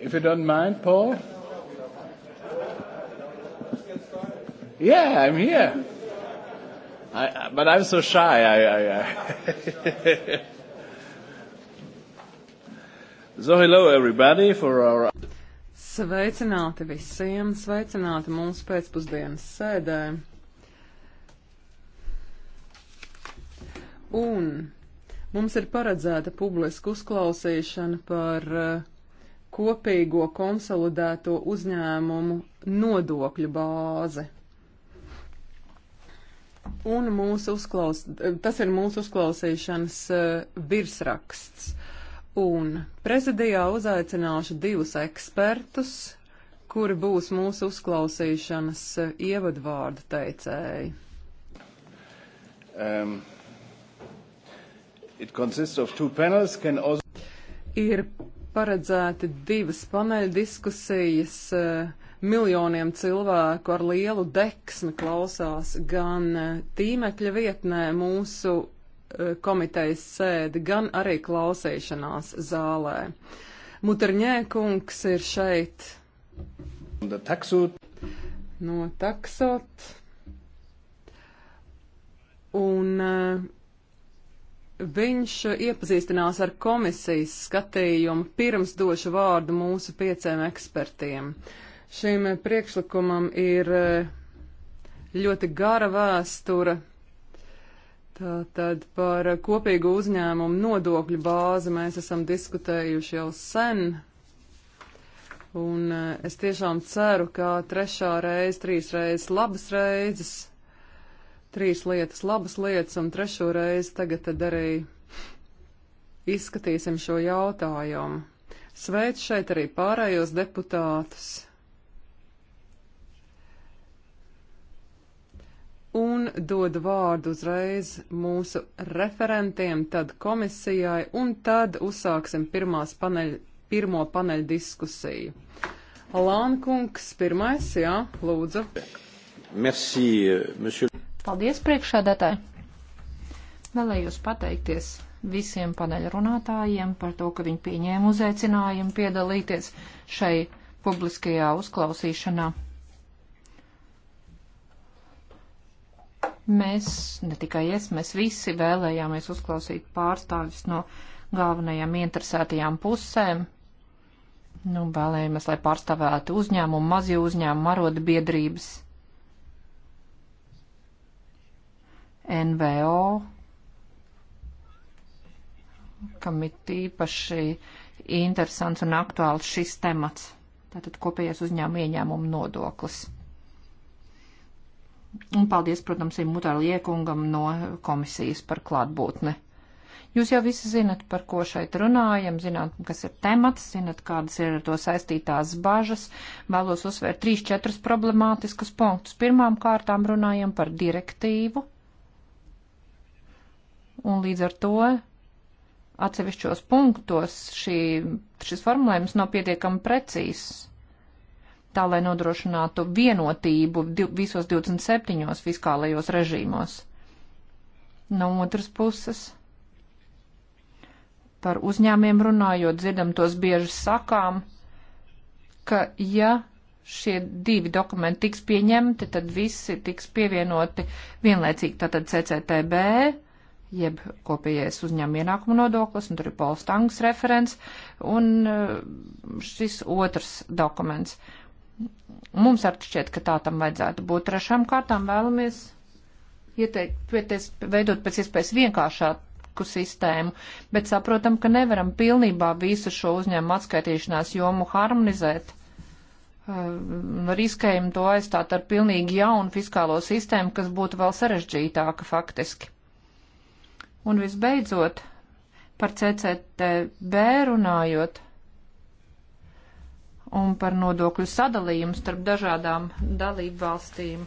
If you don't mind, Paul? Yeah, I'm here. I, but I'm so shy. I, I, I so hello everybody for our. Sveicināti visiem, sveicināti mūsu pēcpusdienas sēdē. Un mums ir paredzēta publiska uzklausīšana par uh, kopīgo konsolidēto uzņēmumu nodokļu bāzi. Un mūsu uzklaus, tas ir mūsu uzklausīšanas eh, virsraksts. Un prezidijā uzaicināšu divus ekspertus, kuri būs mūsu uzklausīšanas eh, ievadvārdu teicēji. Um, also... Ir paredzēti divas paneļdiskusijas. Eh, miljoniem cilvēku ar lielu deksmi klausās gan eh, tīmekļa vietnē mūsu eh, komitejas sēdi, gan arī klausīšanās zālē. Mutarņē kungs ir šeit. No taksot. Un uh, Viņš uh, iepazīstinās ar komisijas skatījumu pirms došu vārdu mūsu pieciem ekspertiem. Šim uh, priekšlikumam ir uh, ļoti gara vēstura. Tātad par kopīgu uzņēmumu nodokļu bāzi mēs esam diskutējuši jau sen. Un es tiešām ceru, ka trešā reize, trīs reizes, labas reizes trīs lietas, labas lietas, un trešo reizi tagad tad arī izskatīsim šo jautājumu. Sveic šeit arī pārējos deputātus. Un dod vārdu uzreiz mūsu referentiem, tad komisijai, un tad uzsāksim pirmās paneļ, pirmo paneļu diskusiju. Alāna kungs, pirmais, jā, lūdzu. Merci, monsieur. Paldies, priekšsēdētāji! Vēlējos pateikties visiem paneļrunātājiem par to, ka viņi pieņēma uzaicinājumu piedalīties šai publiskajā uzklausīšanā. Mēs, ne tikai es, mēs visi vēlējāmies uzklausīt pārstāvis no galvenajām interesētajām pusēm. Nu, vēlējamies, lai pārstāvētu uzņēmumu, mazie uzņēmumu, arodu biedrības NVO, kam ir tīpaši interesants un aktuāls šis temats. Tātad kopējais uzņēmuma ieņēmuma nodoklis. Un paldies, protams, ir Mutāli Iekungam no komisijas par klātbūtni. Jūs jau visi zinat, par ko šeit runājam, zināt, kas ir temats, zināt, kādas ir ar to saistītās bažas. Vēlos uzsvērt trīs, četrus problemātiskus punktus. Pirmām kārtām runājam par direktīvu, un līdz ar to atsevišķos punktos šī, šis formulējums nav pietiekami precīzs, tā lai nodrošinātu vienotību visos 27 fiskālajos režīmos. No otras puses, par uzņēmiem runājot, dzirdam tos bieži sakām, ka ja šie divi dokumenti tiks pieņemti, tad visi tiks pievienoti vienlaicīgi, tātad CCTB jeb kopējais uzņēmuma ienākuma nodoklis, un tur ir Pols Tangs referents, un uh, šis otrs dokuments. Mums arī šķiet, ka tā tam vajadzētu būt. Trešām kārtām vēlamies ieteikt, pieties, veidot pēc iespējas vienkāršāku sistēmu, bet saprotam, ka nevaram pilnībā visu šo uzņēmumu atskaitīšanās jomu harmonizēt uh, riskējam to aizstāt ar pilnīgi jaunu fiskālo sistēmu, kas būtu vēl sarežģītāka faktiski. Un visbeidzot, par CCTB runājot un par nodokļu sadalījumu starp dažādām dalību valstīm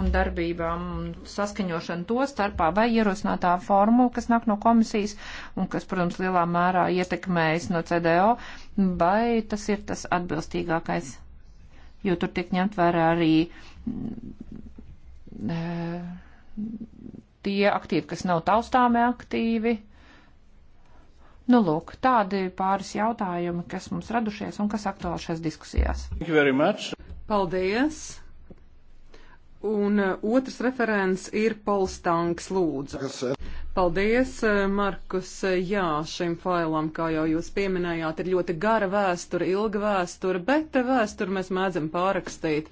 un darbībām un saskaņošanu to starpā vai ierosinātā formula, kas nāk no komisijas un kas, protams, lielā mērā ietekmējas no CDO, vai tas ir tas atbilstīgākais, jo tur tiek ņemt vērā arī. E, tie aktīvi, kas nav taustāmi aktīvi. Nu, lūk, tādi pāris jautājumi, kas mums radušies un kas aktuāli šajās diskusijās. Paldies! Un uh, otrs referents ir Polstanks Lūdzu. Paldies, uh, Markus. Jā, šim failam, kā jau jūs pieminējāt, ir ļoti gara vēsture, ilga vēsture, bet vēsturi mēs mēdzam pārakstīt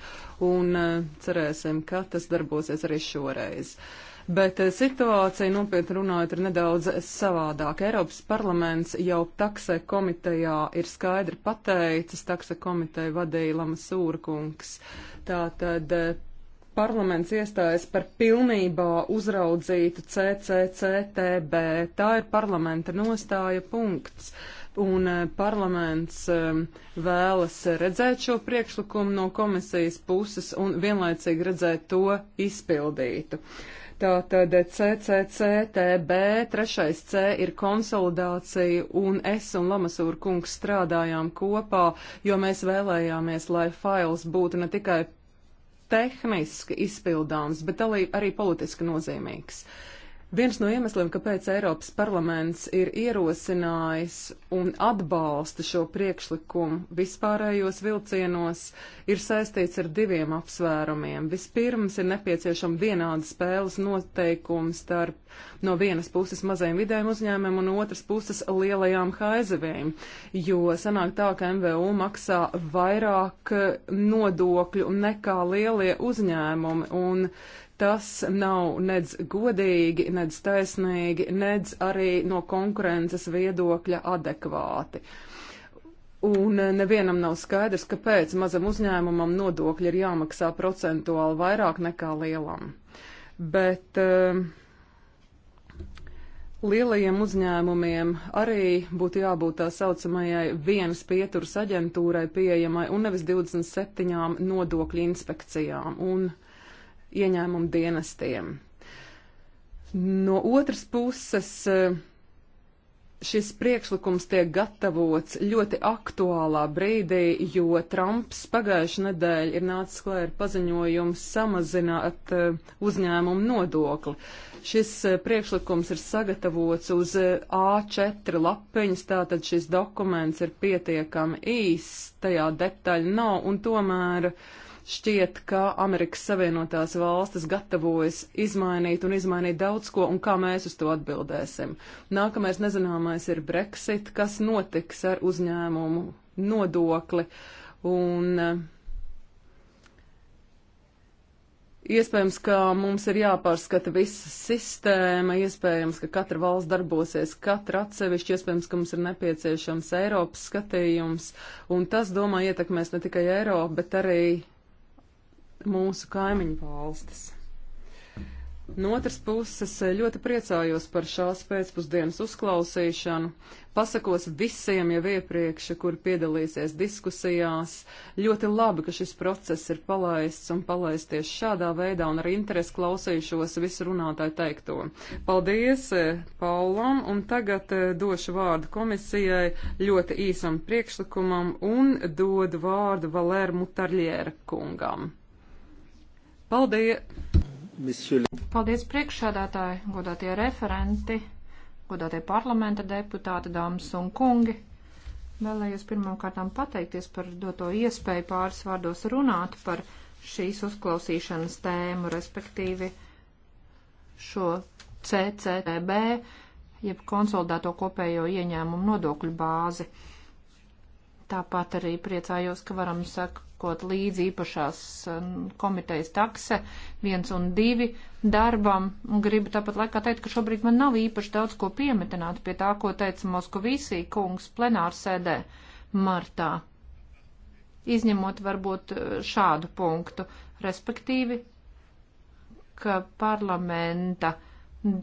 un uh, cerēsim, ka tas darbosies arī šoreiz. Uh, bet eh, situācija, nopietni runājot, ir nedaudz savādāka. Eiropas parlaments jau taksē komitejā ir skaidri pateicis, taksē komiteja vadīja Lama Sūrkungs. Tātad eh, parlaments iestājas par pilnībā uzraudzītu CCCTB. Tā ir parlamenta nostāja punkts. Uh, un eh, parlaments eh, vēlas redzēt šo priekšlikumu no komisijas puses un vienlaicīgi redzēt to izpildītu. Tātad CCCTB, trešais C ir konsolidācija, un es un Lamasūra kungs strādājām kopā, jo mēs vēlējāmies, lai fails būtu ne tikai tehniski izpildāms, bet arī, arī politiski nozīmīgs. Uh, Viens no iemesliem, kāpēc Eiropas parlaments ir ierosinājis un atbalsta šo priekšlikumu vispārējos vilcienos, ir saistīts ar diviem apsvērumiem. Vispirms ir nepieciešama vienāda spēles noteikuma starp no vienas puses mazajiem vidējiem uzņēmumiem un otras puses lielajām haizaviem, jo sanāk tā, ka MVU maksā vairāk nodokļu nekā lielie uzņēmumi. Un Tas nav nedz godīgi, nedz taisnīgi, nedz arī no konkurences viedokļa adekvāti. Un eh, nevienam nav skaidrs, kāpēc mazam uzņēmumam nodokļi ir jāmaksā procentuāli vairāk nekā lielam. Bet uh, lielajiem uzņēmumiem arī būtu jābūt tā saucamajai vienas pieturas aģentūrai pieejamai un nevis 27 nodokļu inspekcijām. Un ieņēmumu dienestiem. No otras puses, eh, šis priekšlikums tiek gatavots ļoti aktuālā brīdī, jo Trumps pagājušajā nedēļā ir nācis klāja ar paziņojumu samazināt eh, uzņēmumu nodokli. Šis eh, priekšlikums ir sagatavots uz A4 lapiņas, tātad šis dokuments ir pietiekami īs, tajā detaļa nav, un tomēr uh, Šķiet, ka Amerikas Savienotās valstis gatavojas izmainīt un izmainīt daudz ko, un kā mēs uz to atbildēsim. Nākamais nezināmais ir Brexit, kas notiks ar uzņēmumu nodokli. Un, eh, Iespējams, ka mums ir jāpārskata visa sistēma, iespējams, ka katra valsts darbosies katra atsevišķi, iespējams, ka mums ir nepieciešams Eiropas skatījums, un tas, domāju, ietekmēs ne tikai Eiropu, bet arī mūsu kaimiņu valstis. No otras puses, ļoti priecājos par šās pēcpusdienas uzklausīšanu. Pasakos visiem jau iepriekš, kur piedalīsies diskusijās. Ļoti labi, ka šis process ir palaists un palaisties šādā veidā, un ar interesi klausīšos visu runātāju teikto. Paldies Paulam, un tagad eh, došu vārdu komisijai ļoti īsam priekšlikumam un dodu vārdu Valēru Mutarļēra kungam. Paldies! Monsieur. Paldies priekšsādātāji, godātie referenti, godātie parlamenta deputāti, dāmas un kungi. Vēlējos pirmkārtām pateikties par doto iespēju pāris vārdos runāt par šīs uzklausīšanas tēmu, respektīvi šo CCTB, jeb konsolidēto kopējo ieņēmumu nodokļu bāzi. Tāpat arī priecājos, ka varam sak, sekot līdzi īpašās um, komitejas takse viens un divi darbam. Un gribu tāpat laikā teikt, ka šobrīd man nav īpaši daudz ko piemetināt pie tā, ko teica Moskavīsī kungs plenārsēdē martā. Izņemot varbūt uh, šādu punktu, respektīvi, ka parlamenta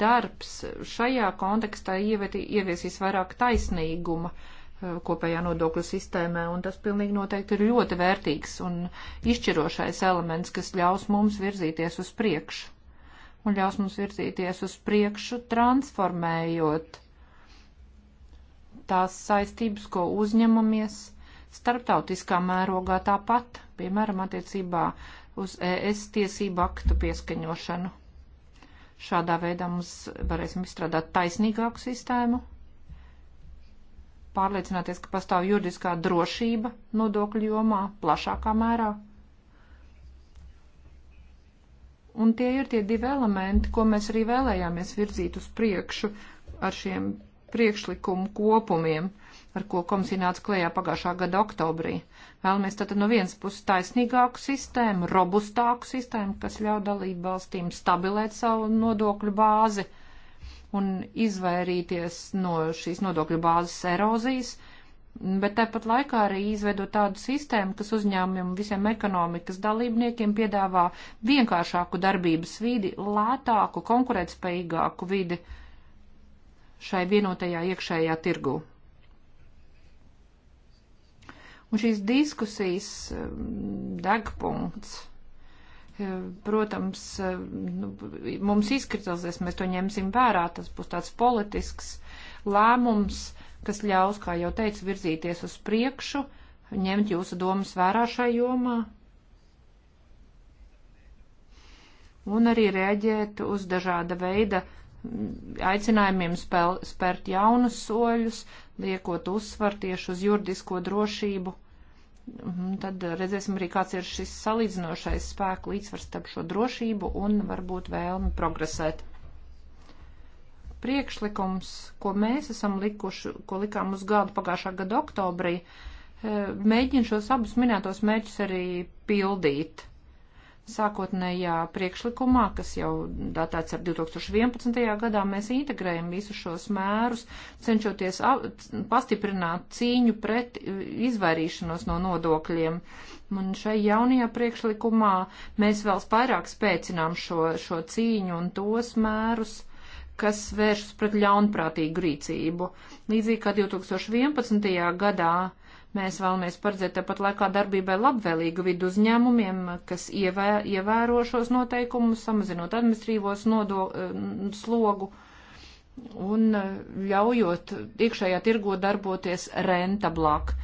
darbs šajā kontekstā ievietī, ieviesīs vairāk taisnīguma. Uh, Eh, kopējā nodokļu sistēmā, un tas pilnīgi noteikti ir ļoti vērtīgs un izšķirošais elements, kas ļaus mums virzīties uz priekšu. Un ļaus mums virzīties uz priekšu, transformējot tās saistības, ko uzņemamies starptautiskā mērogā tāpat, piemēram, attiecībā uz ES tiesību aktu pieskaņošanu. Šādā veidā mums varēsim izstrādāt taisnīgāku sistēmu pārliecināties, ka pastāv juridiskā drošība nodokļu jomā plašākā mērā. Un tie ir tie divi elementi, ko mēs arī vēlējāmies virzīt uz priekšu ar šiem priekšlikumu kopumiem, ar ko komisija nāca klējā pagājušā gada oktobrī. Vēlamies tātad no vienas puses taisnīgāku sistēmu, robustāku sistēmu, kas ļauj dalību valstīm stabilēt savu nodokļu bāzi. Uh, un izvairīties no šīs nodokļu bāzes erozijas, bet tāpat laikā arī izveidot tādu sistēmu, kas uzņēmumiem visiem ekonomikas dalībniekiem piedāvā vienkāršāku darbības vidi, lētāku, konkurētspējīgāku vidi šai vienotajā iekšējā tirgū. Un šīs diskusijas um, degpunkts Eh, protams, eh, nu, mums izkristalizēs, mēs to ņemsim vērā, tas būs tāds politisks lēmums, kas ļaus, kā jau teicu, virzīties uz priekšu, ņemt jūsu domas vērā šai jomā un arī reaģēt uz dažāda veida mm, aicinājumiem spēl, spērt jaunus soļus, liekot uzsvar tieši uz juridisko drošību Mhm, tad eh, redzēsim arī, kāds ir šis salīdzinošais spēku līdzsvars starp šo drošību un varbūt vēlmi progresēt. Priekšlikums, ko mēs esam likuši, ko likām uz gadu pagājušā gada oktobrī, eh, mēģina šos abus minētos mērķus arī pildīt sākotnējā priekšlikumā, kas jau datēts ar 2011. gadā, mēs integrējam visus šos mērus, cenšoties pastiprināt cīņu pret uh, izvairīšanos no nodokļiem. Un šai jaunajā priekšlikumā mēs vēl vairāk spēcinām šo, šo cīņu un tos mērus, kas vēršas pret ļaunprātīgu rīcību. Līdzīgi kā 2011. gadā Mēs vēlamies paredzēt tāpat laikā darbībai labvēlīgu vidu uzņēmumiem, kas ievē, ievēro šos noteikumus, samazinot administrīvos nodo, eh, slogu un eh, ļaujot iekšējā tirgo darboties rentablāk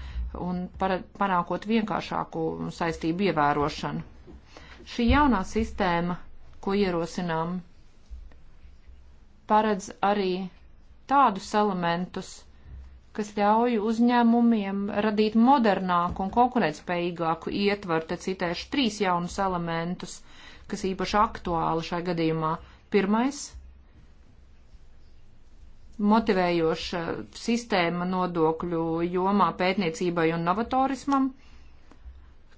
un panākot vienkāršāku saistību ievērošanu. Šī jaunā sistēma, ko ierosinām, paredz arī tādus elementus, kas ļauj uzņēmumiem radīt modernāku un konkurētspējīgāku ietvaru. Te citēšu trīs jaunus elementus, kas īpaši aktuāli šai gadījumā. Pirmais - motivējoša sistēma nodokļu jomā pētniecībai un novatorismam,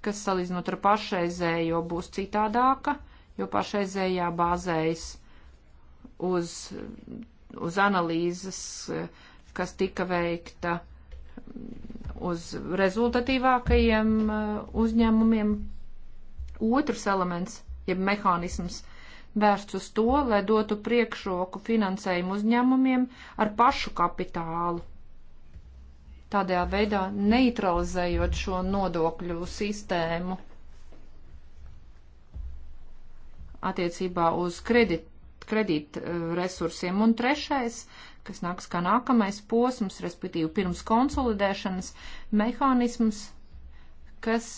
kas salīdzinot ar pašreizējo būs citādāka, jo pašreizējā bāzējas uz, uz analīzes uh, kas tika veikta uz rezultatīvākajiem uh, uzņēmumiem. Otrs elements, jeb ja mehānisms, vērsts uz to, lai dotu priekšroku finansējumu uzņēmumiem ar pašu kapitālu. Tādējā veidā neutralizējot šo nodokļu sistēmu attiecībā uz kredit, kredīt uh, resursiem. Un trešais kas nāks kā nākamais posms, respektīvi pirms konsolidēšanas mehānisms, kas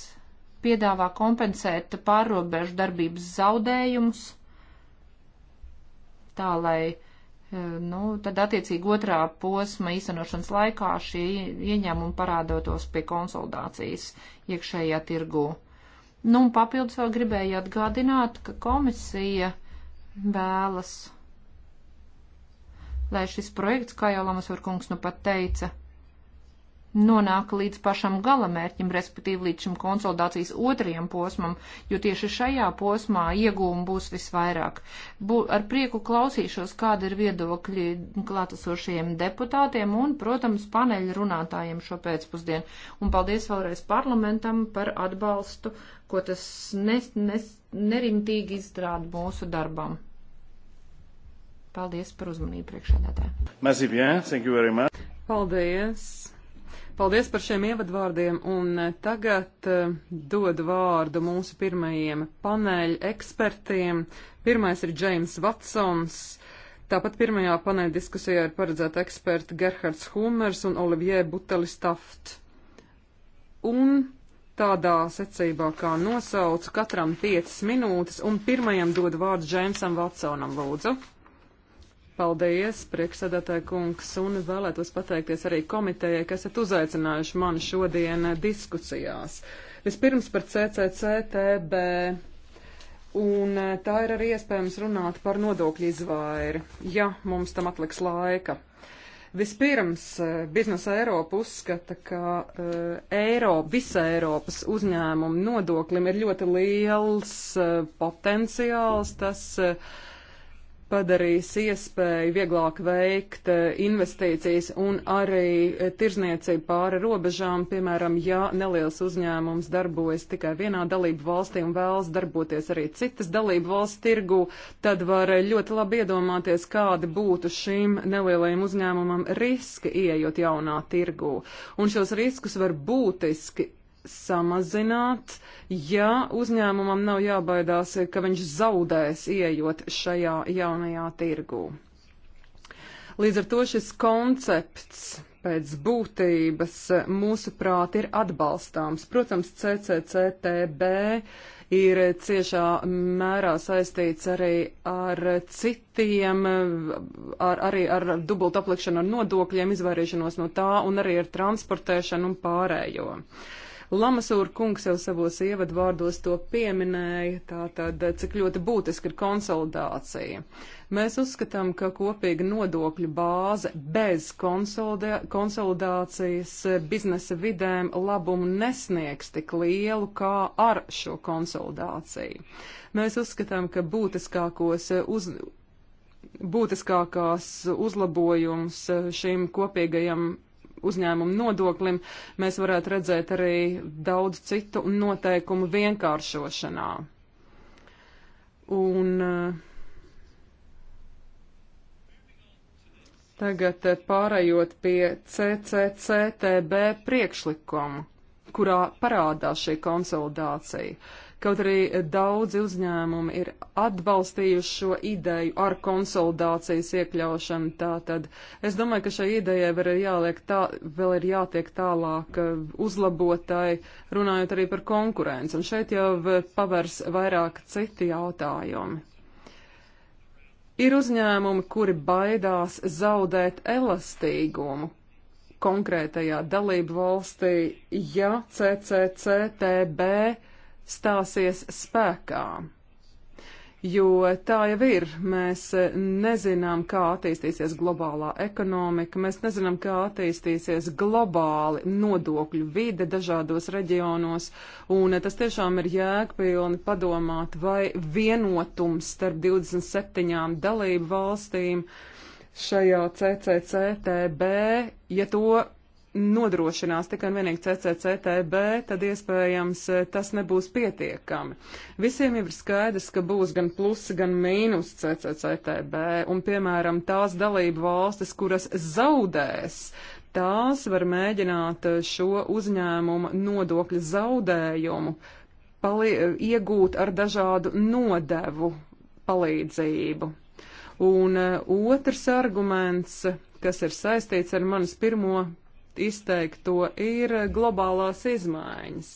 piedāvā kompensēt pārrobežu darbības zaudējumus, tā lai, eh, nu, tad attiecīgi otrā posma īstenošanas laikā šī ieņēmuma parādotos pie konsolidācijas iekšējā tirgū. Nu, un papildus vēl gribēju atgādināt, ka komisija vēlas lai šis projekts, kā jau Lamas Urkungs nu pat teica, nonāk līdz pašam galamērķim, respektīvi līdz šim konsolidācijas otrajam posmam, jo tieši šajā posmā iegūmu būs visvairāk. Bū, ar prieku klausīšos, kāda ir viedokļi klātesošajiem deputātiem un, protams, paneļa runātājiem šo pēcpusdienu. Un paldies vēlreiz parlamentam par atbalstu, ko tas nes, nes, nerimtīgi izstrāda mūsu darbam. Paldies par uzmanību priekšādātē. Paldies! Paldies par šiem ievadvārdiem, un tagad uh, eh, dodu vārdu mūsu pirmajiem paneļa ekspertiem. Pirmais ir Džeims Vatsons. Tāpat pirmajā paneļa diskusijā ir paredzēta eksperta Gerhards Hummers un Olivier Butelis Taft. Un tādā secībā, kā nosaucu, katram 5 minūtes, un pirmajam dod vārdu Džeimsam Vatsonam, lūdzu. Paldies, priekšsēdētāji kungs, un vēlētos pateikties arī komitejai, kas esat uzaicinājuši mani šodien diskusijās. Vispirms par CCCTB, un e, tā ir arī iespējams runāt par nodokļu izvairi, ja mums tam atliks laika. Vispirms e, biznesa Eiropa uzskata, ka uh, Eiro, visa Eiropas uzņēmuma nodoklim ir ļoti liels uh, potenciāls. Tas, uh, padarīs iespēju vieglāk veikt eh, investīcijas un arī eh, tirzniecību pāri robežām, piemēram, ja neliels uzņēmums darbojas tikai vienā dalību valstī un vēlas darboties arī citas dalību valsts tirgu, tad var eh, ļoti labi iedomāties, kādi būtu šim nelielajam uzņēmumam riski, ieejot jaunā tirgu. Un šos riskus var būtiski samazināt, ja uzņēmumam nav jābaidās, ka viņš zaudēs ieejot šajā jaunajā tirgū. Līdz ar to šis koncepts pēc būtības mūsuprāt ir atbalstāms. Protams, CCCTB ir ciešā mērā saistīts arī ar citiem, ar, arī ar dubultu aplikšanu ar nodokļiem, izvairīšanos no tā un arī ar transportēšanu un pārējo. Uh, Lamasūra kungs jau savos ievadvārdos to pieminēja, tātad cik ļoti būtiski ir konsolidācija. Mēs uzskatām, ka kopīga nodokļu bāze bez konsolidācijas eh, biznesa vidēm labumu nesniegs tik lielu kā ar šo konsolidāciju. Mēs uzskatām, ka būtiskākos eh, uz, būtiskākās uzlabojums eh, šim kopīgajam uzņēmumu nodoklim, mēs varētu redzēt arī daudz citu noteikumu vienkāršošanā. Un eh, tagad eh, pārējot pie CCCTB priekšlikumu, kurā parādās šī konsolidācija. Kaut arī daudzi uzņēmumi ir atbalstījuši šo ideju ar konsolidācijas iekļaušanu, tātad es domāju, ka šai idejai vēl ir, jāliek tā, vēl ir jātiek tālāk eh, uzlabotai, runājot arī par konkurenci. Un šeit jau pavērs vairāk citi jautājumi. Ir uzņēmumi, kuri baidās zaudēt elastīgumu, konkrētajā dalību valstī, ja CCCTB stāsies spēkā. Jo tā jau ir, mēs eh, nezinām, kā attīstīsies globālā ekonomika, mēs nezinām, kā attīstīsies globāli nodokļu vide dažādos reģionos, un eh, tas tiešām ir jēgpilni padomāt, vai vienotums starp 27 dalību valstīm šajā CCCTB, ja to nodrošinās tikai un vienīgi CCCTB, tad iespējams eh, tas nebūs pietiekami. Visiem jau ir skaidrs, ka būs gan plusi, gan mīnus CCCTB, un piemēram tās dalību valstis, kuras zaudēs, tās var mēģināt eh, šo uzņēmumu nodokļu zaudējumu iegūt ar dažādu nodevu palīdzību. Un eh, otrs arguments, kas ir saistīts ar manas pirmo izteikto ir globālās izmaiņas.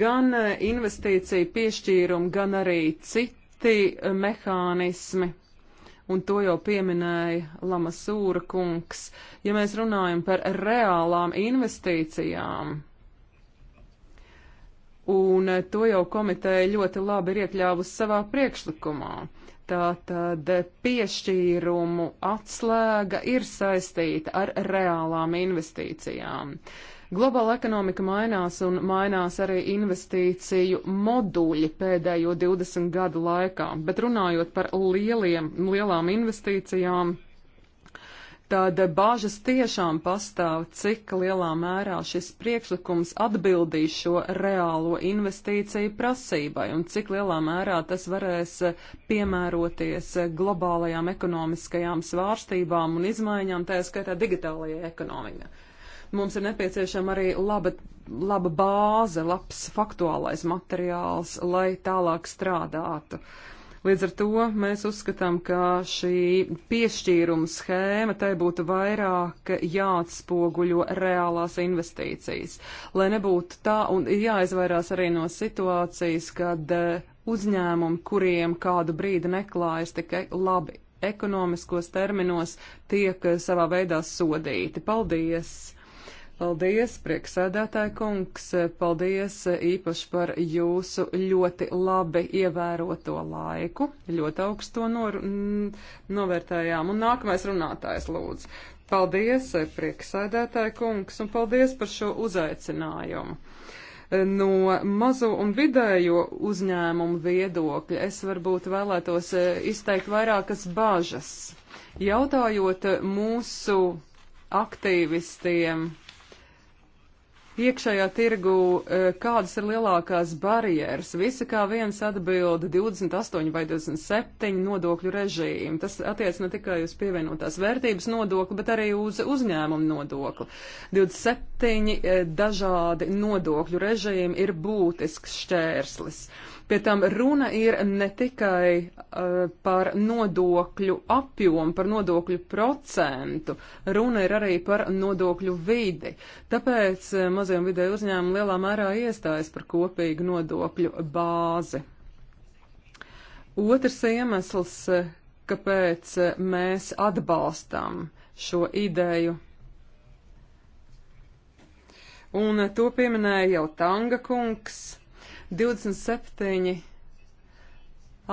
Gan e, investīcija piešķīrumi, gan arī citi e, mehānismi un to jau pieminēja Lamasūra kungs, ja mēs runājam par reālām investīcijām. Un e, to jau komiteja ļoti labi ir iekļāvusi savā priekšlikumā. Tātad piešķīrumu atslēga ir saistīta ar reālām investīcijām. Globāla ekonomika mainās un mainās arī investīciju moduļi pēdējo 20 gadu laikā, bet runājot par lieliem, lielām investīcijām, Tad bāžas tiešām pastāv, cik lielā mērā šis priekšlikums atbildīs šo reālo investīciju prasībai un cik lielā mērā tas varēs piemēroties globālajām ekonomiskajām svārstībām un izmaiņām, tā skaitā digitālajai ekonomikai. Mums ir nepieciešama arī laba, laba bāze, labs faktuālais materiāls, lai tālāk strādātu. Uh, Līdz ar to mēs uzskatām, ka šī piešķīruma schēma tai būtu vairāk jāatspoguļo reālās investīcijas, lai nebūtu tā un jāizvairās arī no situācijas, kad eh, uzņēmumi, kuriem kādu brīdi neklājas tikai labi ekonomiskos terminos, tiek eh, savā veidā sodīti. Paldies! Paldies, prieksēdētāji kungs, paldies īpaši par jūsu ļoti labi ievēroto laiku, ļoti augstu nor novērtējām. Un nākamais runātājs lūdzu. Paldies, prieksēdētāji kungs, un paldies par šo uzaicinājumu. No mazo un vidējo uzņēmumu viedokļa es varbūt vēlētos e, izteikt vairākas bažas. Jautājot mūsu aktīvistiem, iekšējā tirgu, e, kādas ir lielākās barjeras? Visi kā viens atbilda 28 vai 27 nodokļu režīmu. Tas attiec ne tikai uz pievienotās vērtības nodokli, bet arī uz uzņēmumu nodokli. 27 e, dažādi nodokļu režīmi ir būtisks šķērslis. Pie tam runa ir ne tikai uh, par nodokļu apjomu, par nodokļu procentu, runa ir arī par nodokļu vidi. Tāpēc uh, eh, mazajam vidēju uzņēmumu lielā mērā iestājas par kopīgu nodokļu bāzi. Otrs iemesls, eh, kāpēc mēs atbalstam šo ideju un to pieminēja jau Tanga kungs. 27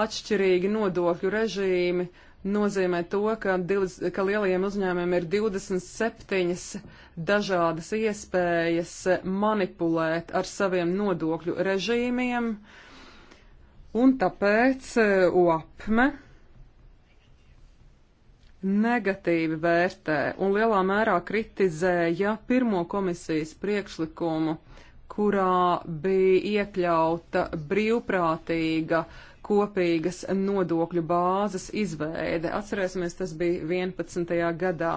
atšķirīgi nodokļu režīmi nozīmē to, ka, divz, ka lielajiem uzņēmumiem ir 27 dažādas iespējas manipulēt ar saviem nodokļu režīmiem, un tāpēc UAPME e negatīvi vērtē un lielā mērā kritizēja pirmo komisijas priekšlikumu kurā bija iekļauta brīvprātīga kopīgas nodokļu bāzes izveide. Atcerēsimies, tas bija 11. gadā.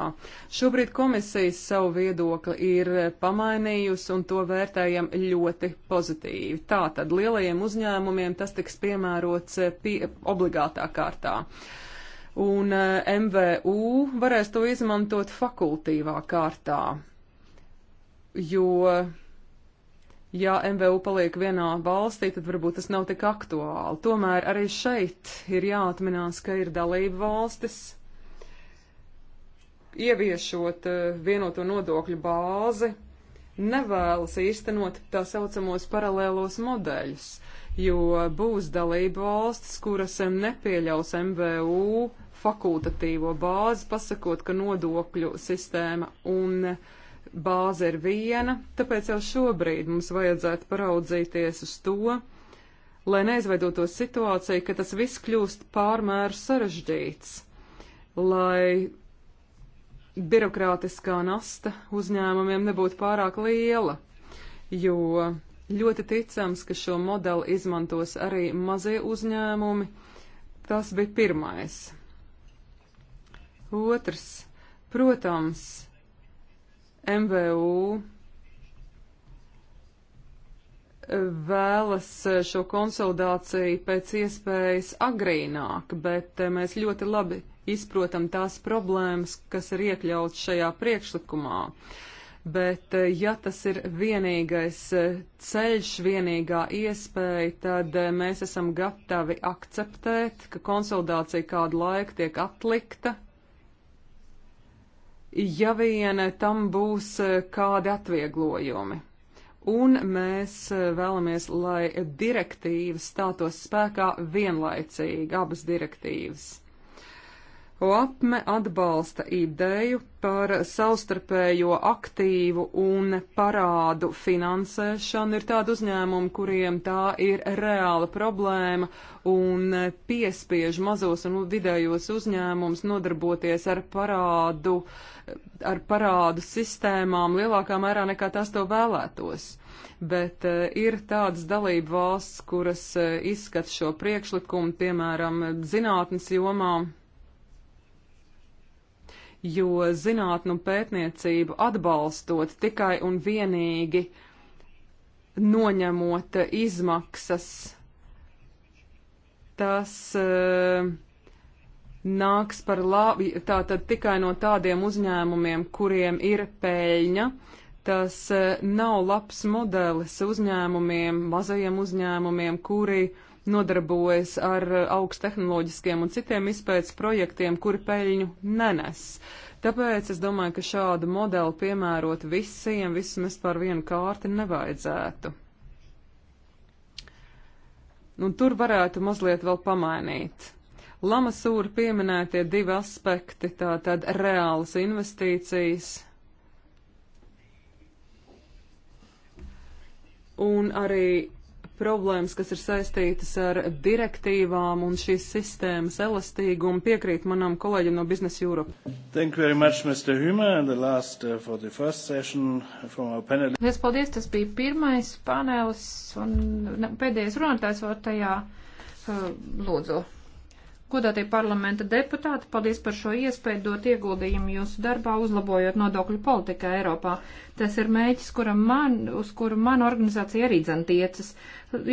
Šobrīd komisijas savu viedokli ir pamainījusi un to vērtējam ļoti pozitīvi. Tātad lielajiem uzņēmumiem tas tiks piemērots eh, pie, obligātā kārtā. Un eh, MVU varēs to izmantot fakultīvā kārtā, jo ja MVU paliek vienā valstī, tad varbūt tas nav tik aktuāli. Tomēr arī šeit ir jāatminās, ka ir dalība valstis. Ieviešot eh, vienoto nodokļu bāzi, nevēlas īstenot tā saucamos paralēlos modeļus, jo būs dalība valstis, kuras nepieļaus MVU fakultatīvo bāzi, pasakot, ka nodokļu sistēma un uh, bāze ir viena, tāpēc jau šobrīd mums vajadzētu paraudzīties uz to, lai neizveidotos situācija, ka tas viss kļūst pārmēru sarežģīts, lai birokrātiskā nasta uzņēmumiem nebūtu pārāk liela, jo ļoti ticams, ka šo modeli izmantos arī mazie uzņēmumi. Tas bija pirmais. Otrs, protams, MVU vēlas šo konsolidāciju pēc iespējas agrīnāk, bet eh, mēs ļoti labi izprotam tās problēmas, kas ir iekļauts šajā priekšlikumā. Bet eh, ja tas ir vienīgais eh, ceļš, vienīgā iespēja, tad mēs esam gatavi akceptēt, ka konsolidācija kādu laiku tiek atlikta, ja vien tam būs e, kādi atvieglojumi. Un mēs e, vēlamies, lai direktīvas stātos spēkā vienlaicīgi, abas direktīvas. Lapme atbalsta ideju par savstarpējo aktīvu un parādu finansēšanu. Ir tādi uzņēmumi, kuriem tā ir reāla problēma un piespiež mazos un vidējos uzņēmumus nodarboties ar parādu, ar parādu sistēmām lielākā mērā nekā tas to vēlētos bet uh, ir tādas dalību valsts, kuras uh, eh, izskata šo priekšlikumu, piemēram, zinātnes jomā jo zinātnu un pētniecību atbalstot tikai un vienīgi noņemot izmaksas, tas uh, nāks par labu tātad tikai no tādiem uzņēmumiem, kuriem ir pēļņa. Tas uh, nav labs modelis uzņēmumiem, mazajiem uzņēmumiem, kuri uh, nodarbojas ar augsttehnoloģiskiem un citiem izpētes projektiem, kuri peļņu nenes. Tāpēc es domāju, ka šādu modeli piemērot visiem, visus mēs par vienu kārti nevajadzētu. Un tur varētu mazliet vēl pamainīt. Lamasūra pieminētie divi aspekti, tātad reālas investīcijas un arī problēmas, kas ir saistītas ar direktīvām un šīs sistēmas elastīgumu, piekrīt manam kolēģim no Business Europe. Thank you very much, Mr. Humer, the last uh, for the first session from our panel. Lies paldies, tas bija pirmais panelis un pēdējais runātājs var tajā uh, lūdzu. Godātie parlamenta deputāti, paldies par šo iespēju dot ieguldījumu jūsu darbā, uzlabojot nodokļu politiku Eiropā. Tas ir mēģis, man, uz kuru mana organizācija arī dzantiecas.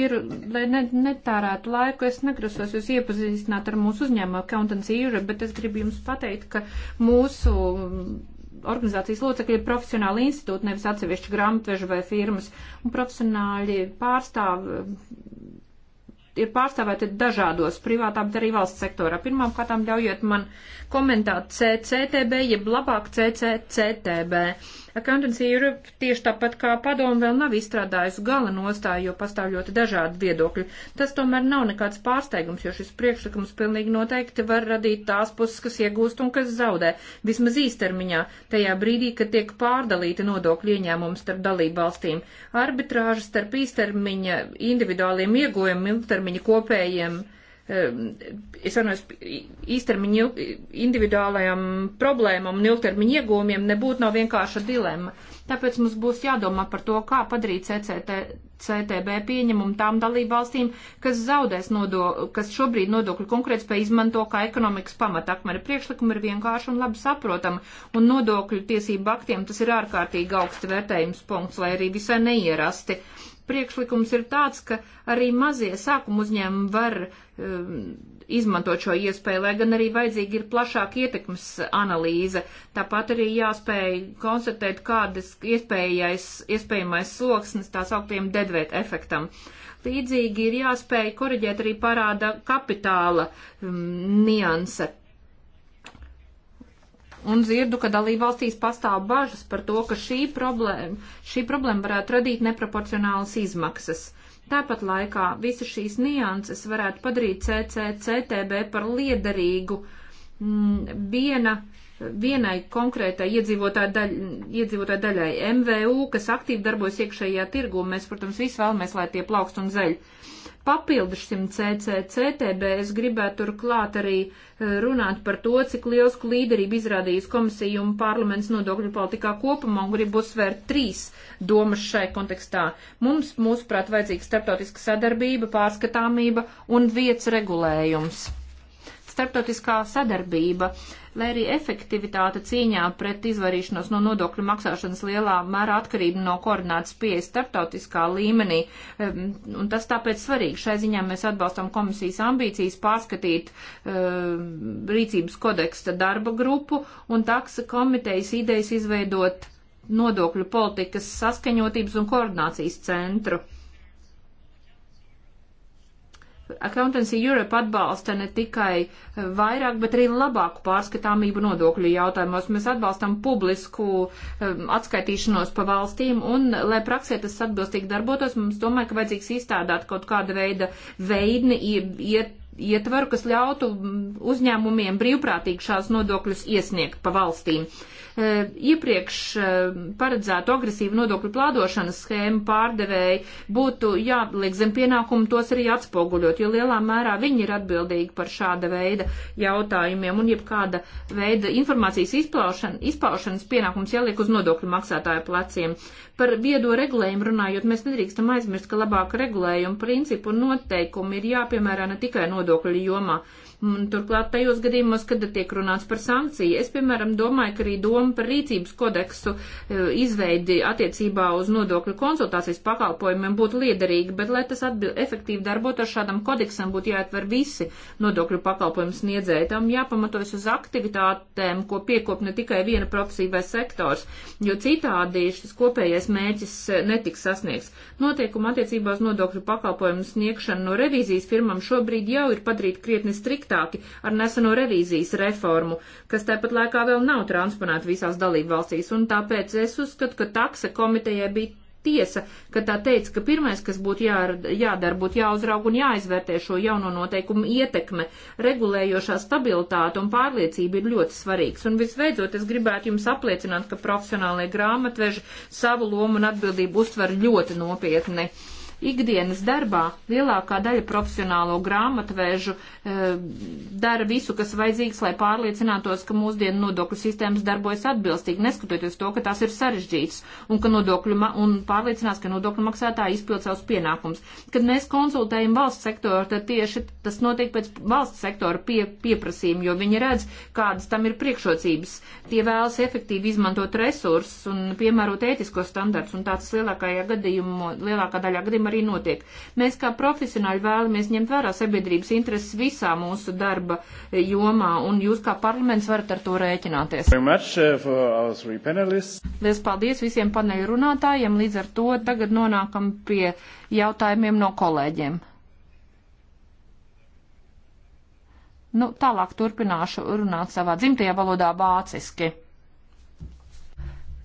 Ir, lai ne, netārētu laiku, es negrasos jūs iepazīstināt ar mūsu uzņēmumu Accountants Europe, bet es gribu jums pateikt, ka mūsu organizācijas locekļi ir profesionāli institūti, nevis atsevišķi grāmatveži vai firmas, un profesionāļi pārstāv ir pārstāvēti dažādos privātā, bet arī valsts sektorā. Pirmām kārtām ļaujiet man komentēt CCTB, jeb labāk CCCTB. Accountants Europe tieši tāpat kā padomu vēl nav izstrādājusi gala nostāju, jo pastāv ļoti dažādi viedokļi. Tas tomēr nav nekāds pārsteigums, jo šis priekšlikums pilnīgi noteikti var radīt tās puses, kas iegūst un kas zaudē, vismaz īstermiņā, tajā brīdī, kad tiek pārdalīti nodokļu ieņēmumi starp dalību valstīm. Arbitrāža starp īstermiņa individuāliem iegojumiem, ilgtermiņa kopējiem es atvainojos, īstermiņa individuālajām problēmām un ilgtermiņa iegūmiem nebūtu nav vienkārša dilemma. Tāpēc mums būs jādomā par to, kā padarīt CCT, CTB pieņemumu tām dalībvalstīm, kas zaudēs nodo, kas šobrīd nodokļu konkurētspēju izmanto kā ekonomikas pamatakmeri. Priekšlikumi ir vienkārši un labi saprotami, un nodokļu tiesību aktiem tas ir ārkārtīgi augsts vērtējums punkts, lai arī visai neierasti priekšlikums ir tāds, ka arī mazie sākuma uzņēmumi var um, izmantot šo iespēju, lai gan arī vajadzīga ir plašāka ietekmes analīze. Tāpat arī jāspēj konstatēt, kādas iespējamais sloksnes tās augtiem dedvēt efektam. Līdzīgi ir jāspēj koreģēt arī parāda kapitāla um, nianse Un dzirdu, ka dalībvalstīs pastāv bažas par to, ka šī problēma, šī problēma varētu radīt neproporcionālas izmaksas. Tāpat laikā visas šīs nianses varētu padarīt CCCTB par liederīgu m, mm, viena, vienai konkrētai iedzīvotāju, daļ, iedzīvotāju daļai MVU, kas aktīvi darbojas iekšējā tirgu. Mēs, protams, visi vēlamies, lai tie plaukst un zeļ. Uh, Papildus šim CCCTB es gribētu turklāt arī eh, runāt par to, cik liels līderību izrādījis komisija un parlaments nodokļu politikā kopumā un gribu uzsvērt trīs domas šai kontekstā. Mums, mūsuprāt, vajadzīga starptautiska sadarbība, pārskatāmība un vietas regulējums starptautiskā sadarbība, lai arī efektivitāte cīņā pret izvarīšanos no nodokļu maksāšanas lielā mērā atkarība no koordinātas pieejas starptautiskā līmenī. Un tas tāpēc svarīgi. Šai ziņā mēs atbalstam komisijas ambīcijas pārskatīt um, rīcības kodeksta darba grupu un taksa komitejas idejas izveidot nodokļu politikas saskaņotības un koordinācijas centru Accountancy Europe atbalsta ne tikai vairāk, bet arī labāku pārskatāmību nodokļu jautājumos. Mēs atbalstam publisku um, atskaitīšanos pa valstīm, un, lai praksē tas atbilstīgi darbotos, mums domāju, ka vajadzīgs izstādāt kaut kāda veida veidni, iet ietvaru, kas ļautu mm, uzņēmumiem brīvprātīgi šās nodokļus iesniegt pa valstīm. Uh, Eh, iepriekš eh, paredzētu agresīvu nodokļu plādošanas schēmu pārdevēji būtu jāliek zem pienākumu tos arī atspoguļot, jo lielā mērā viņi ir atbildīgi par šāda veida jautājumiem un jebkāda veida informācijas izplaušana, izpaušanas pienākums jāliek uz nodokļu maksātāju pleciem. Par viedo regulējumu runājot, mēs nedrīkstam aizmirst, ka labāka regulējuma principu un noteikumi ir jāpiemērā ne tikai nodokļu jomā. Un turklāt tajos gadījumos, kad tiek runāts par sankciju, es, piemēram, domāju, ka arī doma par rīcības kodeksu e, izveidi attiecībā uz nodokļu konsultācijas pakalpojumiem būtu liederīga, bet, lai tas atbil, efektīvi darbot ar šādam kodeksam, būtu jāatver visi nodokļu pakalpojumu sniedzēji. Tam jāpamatojas uz aktivitātēm, ko piekop ne tikai viena profesija vai sektors, jo citādi šis kopējais mērķis e, netiks sasniegts. Noteikuma attiecībā uz nodokļu pakalpojumu sniegšanu no revīzijas firmām šobrīd jau ir padarīta krietni strikt striktāki ar neseno revīzijas reformu, kas tāpat laikā vēl nav transponēta visās dalību valstīs, un tāpēc es uzskatu, ka taksa komitejai bija tiesa, ka tā teica, ka pirmais, kas būtu jā, jādara, būtu jāuzraug un jāizvērtē šo jauno noteikumu ietekme, regulējošā stabilitāte un pārliecība ir ļoti svarīgs. Un visbeidzot, es gribētu jums apliecināt, ka profesionālie grāmatveži savu lomu un atbildību uztver ļoti nopietni. Uh, ikdienas darbā lielākā daļa profesionālo grāmatvēžu e, dara visu, kas vajadzīgs, lai pārliecinātos, ka mūsdienu nodokļu sistēmas darbojas atbilstīgi, neskatoties to, ka tās ir sarežģītas un, ka nodokļu, un pārliecinās, ka nodokļu maksātāji izpild savus pienākumus. Kad mēs konsultējam valsts sektoru, tad tieši tas notiek pēc valsts sektora pie, pieprasījuma, jo viņi redz, kādas tam ir priekšrocības. Tie vēlas efektīvi izmantot resursus un piemērot ētiskos standarts, un tāds lielākajā gadījumā, lielākā daļā gadījumā gadījumā arī notiek. Mēs kā profesionāļi vēlamies ņemt vērā sabiedrības intereses visā mūsu darba jomā, un jūs kā parlaments varat ar to rēķināties. Uh, Liels paldies visiem paneļu runātājiem, līdz ar to tagad nonākam pie jautājumiem no kolēģiem. Nu, tālāk turpināšu runāt savā dzimtajā valodā vāciski.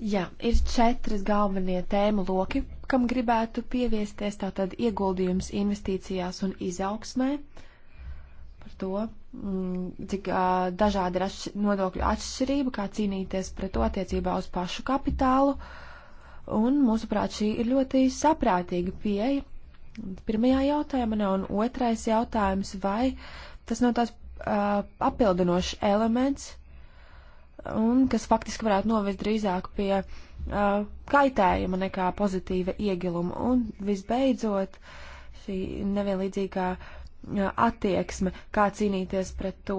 Jā, ir četras galvenie tēmu loki, kam gribētu pieviesties, tātad ieguldījums investīcijās un izaugsmē, par to, mm, cik dažādi ir atš nodokļu atšķirība, kā cīnīties pret to attiecībā uz pašu kapitālu. Un, mūsuprāt, šī ir ļoti saprātīga pieeja. Pirmajā jautājumā, un otrais jautājums, vai tas nav tāds uh, papildinošs elements, un kas faktiski varētu novest drīzāk pie uh, uh, kaitējuma nekā pozitīva iegiluma. Un visbeidzot, šī nevienlīdzīgā uh, attieksme, kā cīnīties pret to.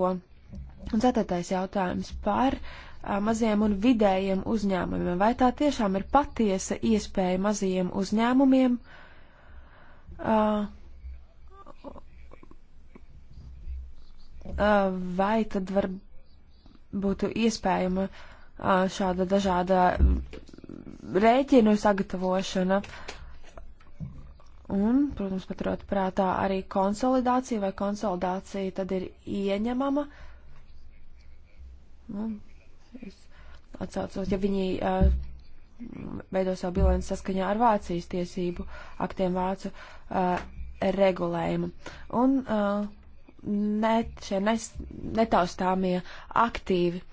Un ceturtais jautājums par uh, maziem un vidējiem uzņēmumiem. Vai tā tiešām ir patiesa iespēja mazajiem uzņēmumiem? Uh, uh, vai tad var būtu iespējama uh, šāda dažāda rēķinu sagatavošana. Un, protams, paturot prātā arī konsolidācija vai konsolidācija tad ir ieņemama. Nu, es atsaucos, ja viņi uh, veido savu bilanci saskaņā ar Vācijas tiesību aktiem Vācu uh, regulējumu. Un uh, ne, šie nes, netaustāmie aktīvi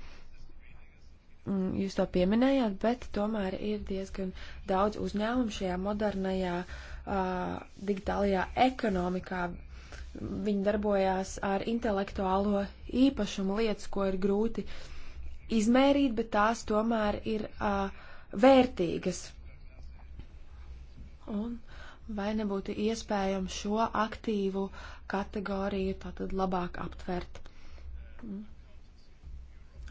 Mm, jūs to pieminējāt, bet tomēr ir diezgan daudz uzņēmumu šajā modernajā uh, digitālajā ekonomikā. Viņi darbojās ar intelektuālo īpašumu lietas, ko ir grūti izmērīt, bet tās tomēr ir uh, vērtīgas. Un vai nebūtu iespējams šo aktīvu kategoriju tātad labāk aptvert? Mm.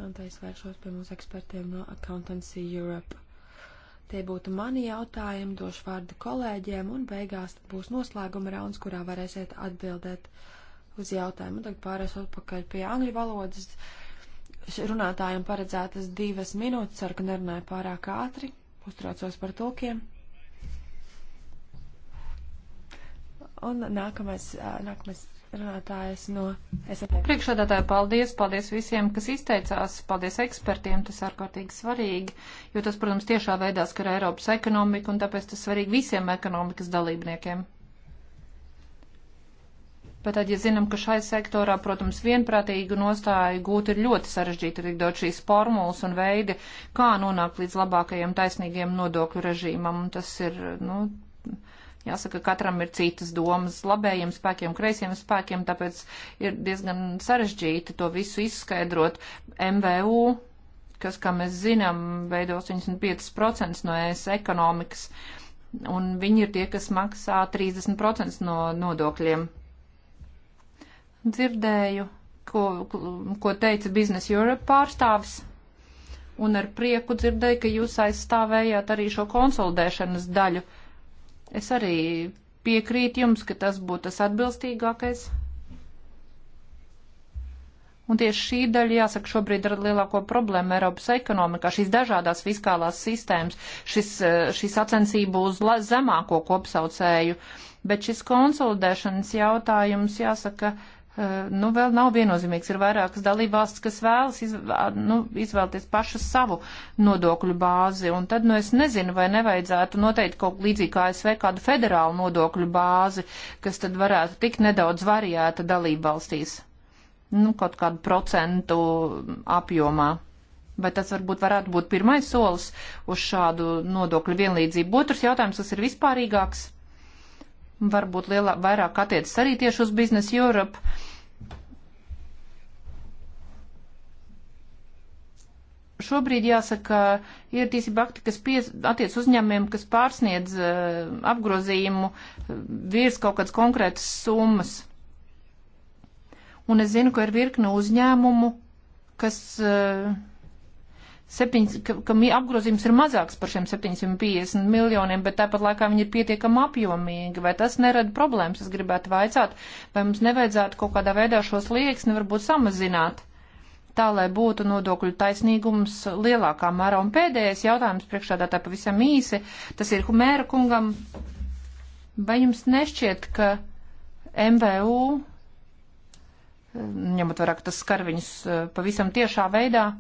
Un tā es vēršos pie mūsu ekspertiem no Accountancy Europe. Tie būtu mani jautājumi, došu vārdu kolēģiem, un beigās būs noslēguma rauns, kurā varēsiet atbildēt uz jautājumu. Un tagad pārēs atpakaļ pie angļu valodas. Runātājiem paredzētas divas minūtes, ar ka nerunāju pārāk ātri, uztraucos par tulkiem. Un nākamais, nākamais runātājs no SMP. Priekšādātāji, paldies, paldies visiem, kas izteicās, paldies ekspertiem, tas ārkārtīgi svarīgi, jo tas, protams, tiešā veidā skar Eiropas ekonomiku, un tāpēc tas svarīgi visiem ekonomikas dalībniekiem. Bet tad, ja zinām, ka šai sektorā, protams, vienprātīgu nostāju gūt ir ļoti sarežģīti, ir dot šīs formulas un veidi, kā nonākt līdz labākajiem taisnīgiem nodokļu režīmam, un tas ir, nu, Jāsaka, katram ir citas domas labējiem spēkiem, kreisiem spēkiem, tāpēc ir diezgan sarežģīti to visu izskaidrot. MVU, kas, kā mēs zinām, veido 85% no ES ekonomikas, un viņi ir tie, kas maksā 30% no nodokļiem. Dzirdēju, ko, ko teica Business Europe pārstāvis un ar prieku dzirdēju, ka jūs aizstāvējāt arī šo konsolidēšanas daļu. Es arī piekrītu jums, ka tas būtu tas atbilstīgākais. Un tieši šī daļa, jāsaka, šobrīd ir lielāko problēmu Eiropas ekonomikā. Šīs dažādās fiskālās sistēmas, šis, eh, šī sacensība uz zemāko kopsaucēju, bet šis konsolidēšanas jautājums, jāsaka, uh, Eh, nu, vēl nav viennozīmīgs. Ir vairākas dalībvalstis, kas vēlas izvēl, nu, izvēlties pašu savu nodokļu bāzi. Un tad, nu, es nezinu, vai nevajadzētu noteikt kaut līdzīgi kā ASV kādu federālu nodokļu bāzi, kas tad varētu tik nedaudz variēta dalībvalstīs. Nu, kaut kādu procentu apjomā. Vai tas varbūt varētu būt pirmais solis uz šādu nodokļu vienlīdzību? Otrs jautājums, kas ir vispārīgāks varbūt lielā, vairāk attiecas arī tieši uz Business Europe. Šobrīd jāsaka, ir tiesība akti, kas pies, attiec uzņēmumiem, kas pārsniedz uh, apgrozījumu eh, virs kaut kādas konkrētas summas. Un es zinu, ka ir virkne uzņēmumu, kas. Uh, Septiņas, ka, ka apgrozījums ir mazāks par šiem 750 miljoniem, bet tāpat laikā viņi ir pietiekami apjomīgi. Vai tas nerada problēmas? Es gribētu vaicāt, vai mums nevajadzētu kaut kādā veidā šos liekas nevarbūt samazināt, tā lai būtu nodokļu taisnīgums lielākā mērā. Un pēdējais jautājums priekšādā tā pavisam īsi, tas ir Humēra kungam. Vai jums nešķiet, ka MVU, ņemot vairāk tas skar viņus eh, pavisam tiešā veidā,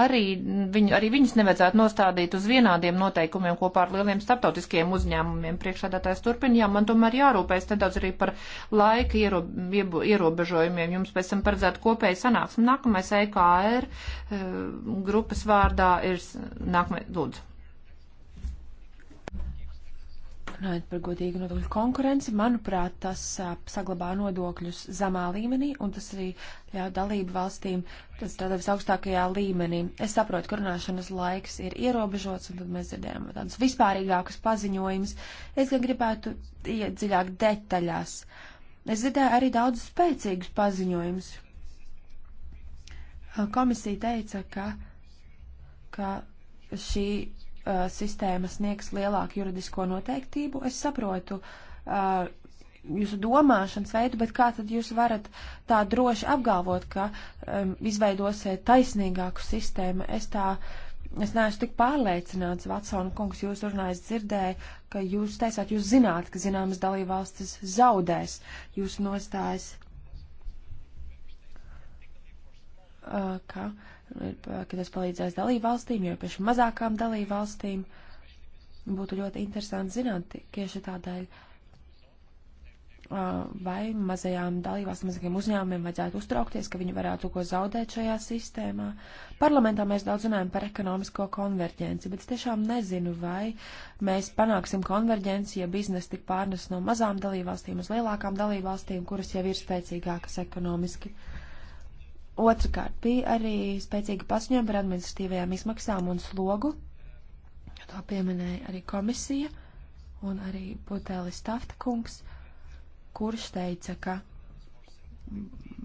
arī, viņu, arī viņas nevajadzētu nostādīt uz vienādiem noteikumiem kopā ar lieliem starptautiskiem uzņēmumiem. Priekšādātājs turpina, jā, man tomēr jārūpējas nedaudz arī par laika iero, ierobežojumiem. Jums pēc tam paredzētu kopēju sanāksmi. Nākamais EKR eh, grupas vārdā ir, nākamais, lūdzu. Runājot par godīgu nodokļu konkurenci, manuprāt, tas uh, saglabā nodokļus zemā līmenī, un tas arī ļauj dalību valstīm, tas tādā visaugstākajā līmenī. Es saprotu, ka runāšanas laiks ir ierobežots, un tad mēs dzirdējām tādus vispārīgākus paziņojumus. Es gan gribētu iet dziļāk detaļās. Es dzirdēju arī daudz spēcīgus paziņojumus. Komisija teica, ka, ka šī uh, sistēma sniegs lielāku juridisko noteiktību. Es saprotu uh, jūsu domāšanas veidu, bet kā tad jūs varat tā droši apgalvot, ka um, izveidosiet taisnīgāku sistēmu? Es tā, es neesmu tik pārliecināts, Vatsona kungs, jūs runājat dzirdēju, ka jūs teicāt, jūs zināt, ka zināmas dalībvalstis zaudēs jūsu nostājas. Uh, ka, uh, ka tas palīdzēs dalībvalstīm, jo pieši mazākām dalībvalstīm būtu ļoti interesanti zināt tieši tādēļ, vai mazajām dalībvalstīm, mazajiem uzņēmumiem vajadzētu uztraukties, ka viņi varētu ko zaudēt šajā sistēmā. Parlamentā mēs daudz runājam par ekonomisko konverģenci, bet es tiešām nezinu, vai mēs panāksim konverģenci, ja biznes tik pārnes no mazām dalībvalstīm uz lielākām dalībvalstīm, kuras jau ir spēcīgākas ekonomiski. Uh, Otrakārt, bija arī spēcīga paziņojuma par administratīvajām izmaksām un slogu. To pieminēja arī komisija un arī Butēlis Tafta kungs, kurš teica, ka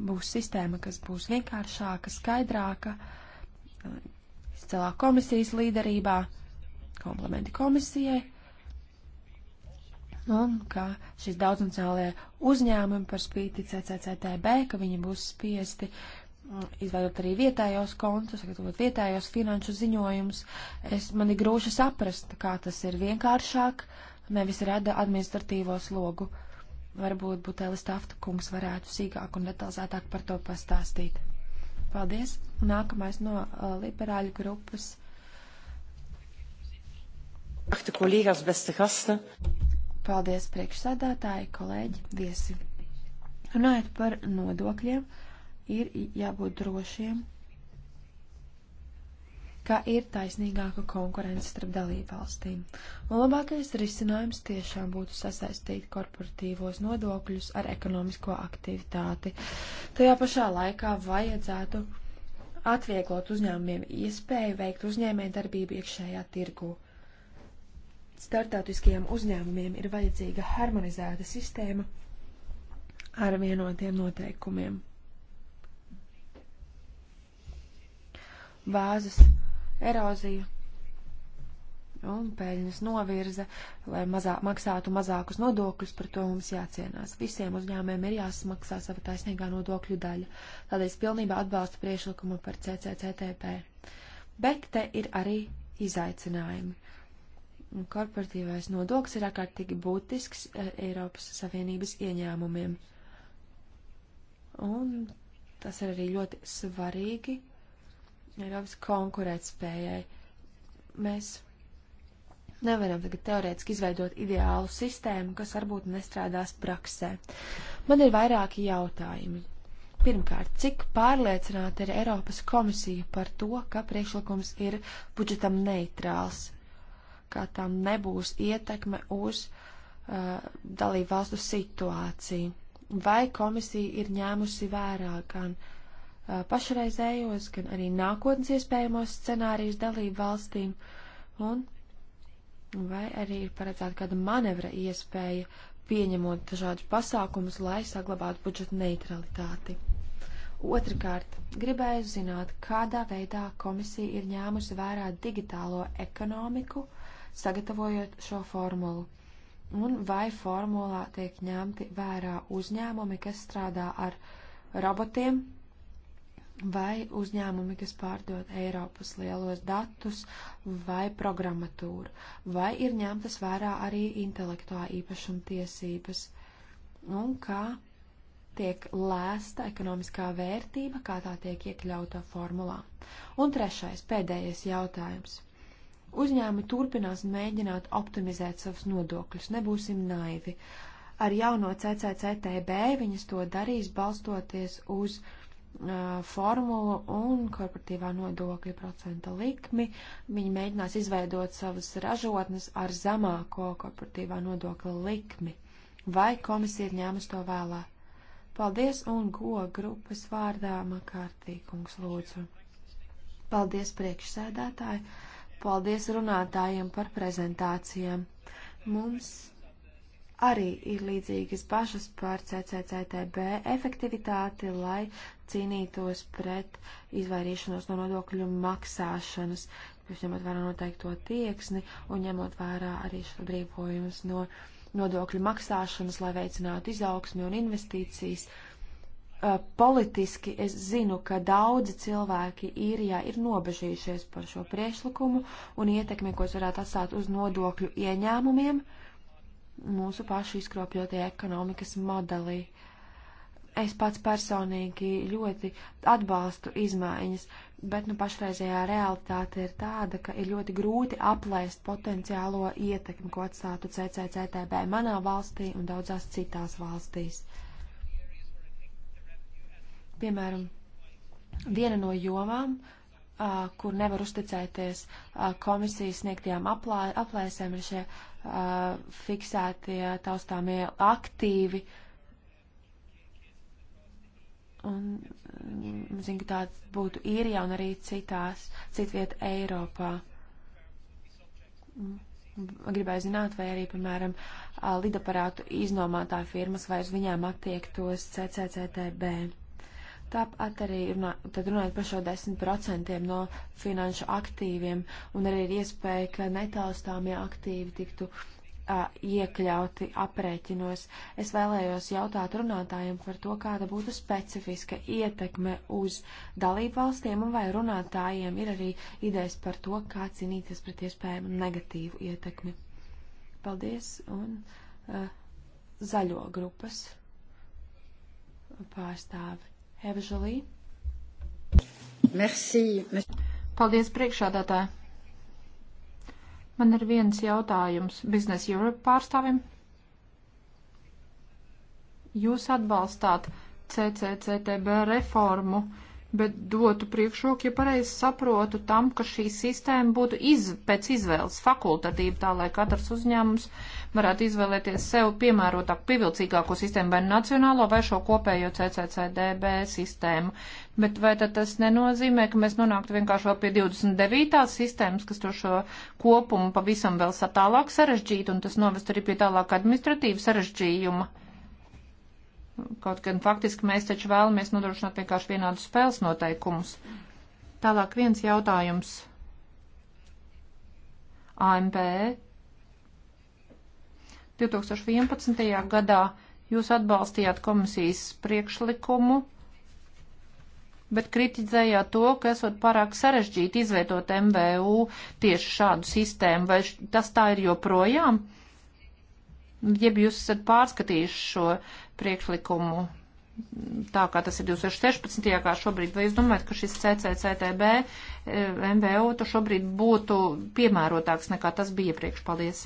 būs sistēma, kas būs vienkāršāka, skaidrāka, izcelā komisijas līderībā, komplementi komisijai, un ka šis daudznacionālajie uzņēmumi par spīti CCCTB, ka viņi būs spiesti izveidot arī vietējos kontus, sagatavot vietējos finanšu ziņojumus. Es, man ir grūti saprast, kā tas ir vienkāršāk, nevis rada administratīvo slogu. Varbūt Butelis Tafta kungs varētu sīkāk un detalizētāk par to pastāstīt. Paldies! Nākamais no uh, liberāļu grupas. Akta kolīgās beste gasta. Paldies priekšsēdētāji, kolēģi, viesi. Runājot par nodokļiem. Uh, ir jābūt drošiem, ka ir taisnīgāka konkurence starp dalībvalstīm. Un labākais risinājums tiešām būtu sasaistīt korporatīvos nodokļus ar ekonomisko aktivitāti. Tajā pašā laikā vajadzētu atvieglot uzņēmumiem iespēju veikt uzņēmē darbību iekšējā tirgu. Startautiskajiem uzņēmumiem ir vajadzīga harmonizēta sistēma ar vienotiem noteikumiem. bāzes eroziju un peļņas novirze, lai mazā, maksātu mazākus nodokļus, par to mums jācienās. Visiem uzņēmējiem ir jāsmaksā sava taisnīgā nodokļu daļa. Tādēļ es pilnībā atbalstu priešlikumu par CCCTP. Bet te ir arī izaicinājumi. Korporatīvais nodoklis ir ārkārtīgi būtisks e, Eiropas Savienības ieņēmumiem. Un tas ir arī ļoti svarīgi Eiropas konkurētspējai. Mēs nevaram tagad teorētiski izveidot ideālu sistēmu, kas varbūt nestrādās praksē. Man ir vairāki jautājumi. Pirmkārt, cik pārliecināta ir Eiropas komisija par to, ka priekšlikums ir budžetam neitrāls, kā tam nebūs ietekme uz uh, dalību valstu situāciju? Vai komisija ir ņēmusi vērā gan uh, Uh, pašreizējos, gan arī nākotnes iespējamos scenārijus dalību valstīm, un vai arī ir paredzēta kāda manevra iespēja pieņemot dažādus pasākumus, lai saglabātu budžeta neutralitāti. Otrakārt, gribēju zināt, kādā veidā komisija ir ņēmusi vērā digitālo ekonomiku, sagatavojot šo formulu, un vai formulā tiek ņemti vērā uzņēmumi, kas strādā ar robotiem, vai uzņēmumi, kas pārdod Eiropas lielos datus vai programmatūru, vai ir ņemtas vērā arī intelektuā īpašuma tiesības, un kā tiek lēsta ekonomiskā vērtība, kā tā tiek iekļauta formulā. Un trešais, pēdējais jautājums. Uzņēmumi turpinās mēģināt optimizēt savus nodokļus, nebūsim naivi. Ar jauno CCCTB viņas to darīs balstoties uz uh, Uh, formulu un korporatīvā nodokļa procenta likmi. Viņi mēģinās izveidot savas ražotnes ar zemāko korporatīvā nodokļa likmi. Vai komisija ir ņēmusi to vēlā? Paldies un go grupas vārdā makārtīkums lūdzu. Paldies priekšsēdētāji, paldies runātājiem par prezentācijām. Mums arī ir līdzīgas bažas par CCCTB efektivitāti, lai cīnītos pret izvairīšanos no nodokļu maksāšanas, pirms ņemot vērā noteikto tieksni un ņemot vērā arī šo brīvojumus no nodokļu maksāšanas, lai veicinātu izaugsmi un investīcijas. Politiski es zinu, ka daudzi cilvēki īrijā ir, ir nobežījušies par šo priešlikumu un ietekmi, ko es varētu atstāt uz nodokļu ieņēmumiem. Uh, mūsu pašu izkropļotajā ekonomikas modelī. Es pats personīgi ļoti atbalstu izmaiņas, bet nu pašreizējā realitāte ir tāda, ka ir ļoti grūti aplēst potenciālo ietekmi, ko atstātu CCCTB manā valstī un daudzās citās valstīs. Piemēram, viena no jomām, kur nevar uzticēties komisijas sniegtajām aplēsēm, ir šie uh, fiksētie taustāmie aktīvi. Un mm, zinu, ka tāds būtu īrijā un arī citās, citviet Eiropā. Mm, gribēju zināt, vai arī, piemēram, uh, lidaparātu iznomātā firmas, vai uz viņām attiektos CCCTB. Tāpat arī runā, tad runājot par šo 10% no finanšu aktīviem, un arī ir iespēja, ka netaustāmie aktīvi tiktu uh, iekļauti aprēķinos. Es vēlējos jautāt runātājiem par to, kāda būtu specifiska ietekme uz dalību valstiem, un vai runātājiem ir arī idejas par to, kā cīnīties pret iespējamu negatīvu ietekmi. Paldies, un uh, zaļo grupas pārstāvi. Eva Žalī. Merci. Paldies priekšādātāji. Man ir viens jautājums Business Europe pārstāvim. Jūs atbalstāt CCCTB reformu, bet dotu priekšroku, ja pareizi saprotu, tam, ka šī sistēma būtu iz, pēc izvēles fakultatīva, tā lai katrs uzņēmums uh, varētu izvēlēties sev piemērotāku, pievilcīgāko sistēmu vai nacionālo vai šo kopējo CCCDB sistēmu. Bet vai tad tas nenozīmē, ka mēs nonāktu vienkārši vēl pie 29. sistēmas, kas to šo kopumu pavisam vēl satālāk sarežģītu un tas novest arī pie tālāk administratīvu sarežģījumu? Kaut gan faktiski mēs taču vēlamies nodrošināt vienkārši vienādus spēles noteikumus. Tālāk viens jautājums. AMP e. 2011. gadā jūs atbalstījāt komisijas priekšlikumu, bet kritizējāt to, ka esot pārāk sarežģīti izveidot MVU tieši šādu sistēmu. Vai tas tā ir joprojām? Jeb jūs esat pārskatījuši šo priekšlikumu tā kā tas ir 2016. kā šobrīd, vai jūs domājat, ka šis CCCTB eh, MVO to šobrīd būtu piemērotāks nekā tas bija iepriekš? Paldies!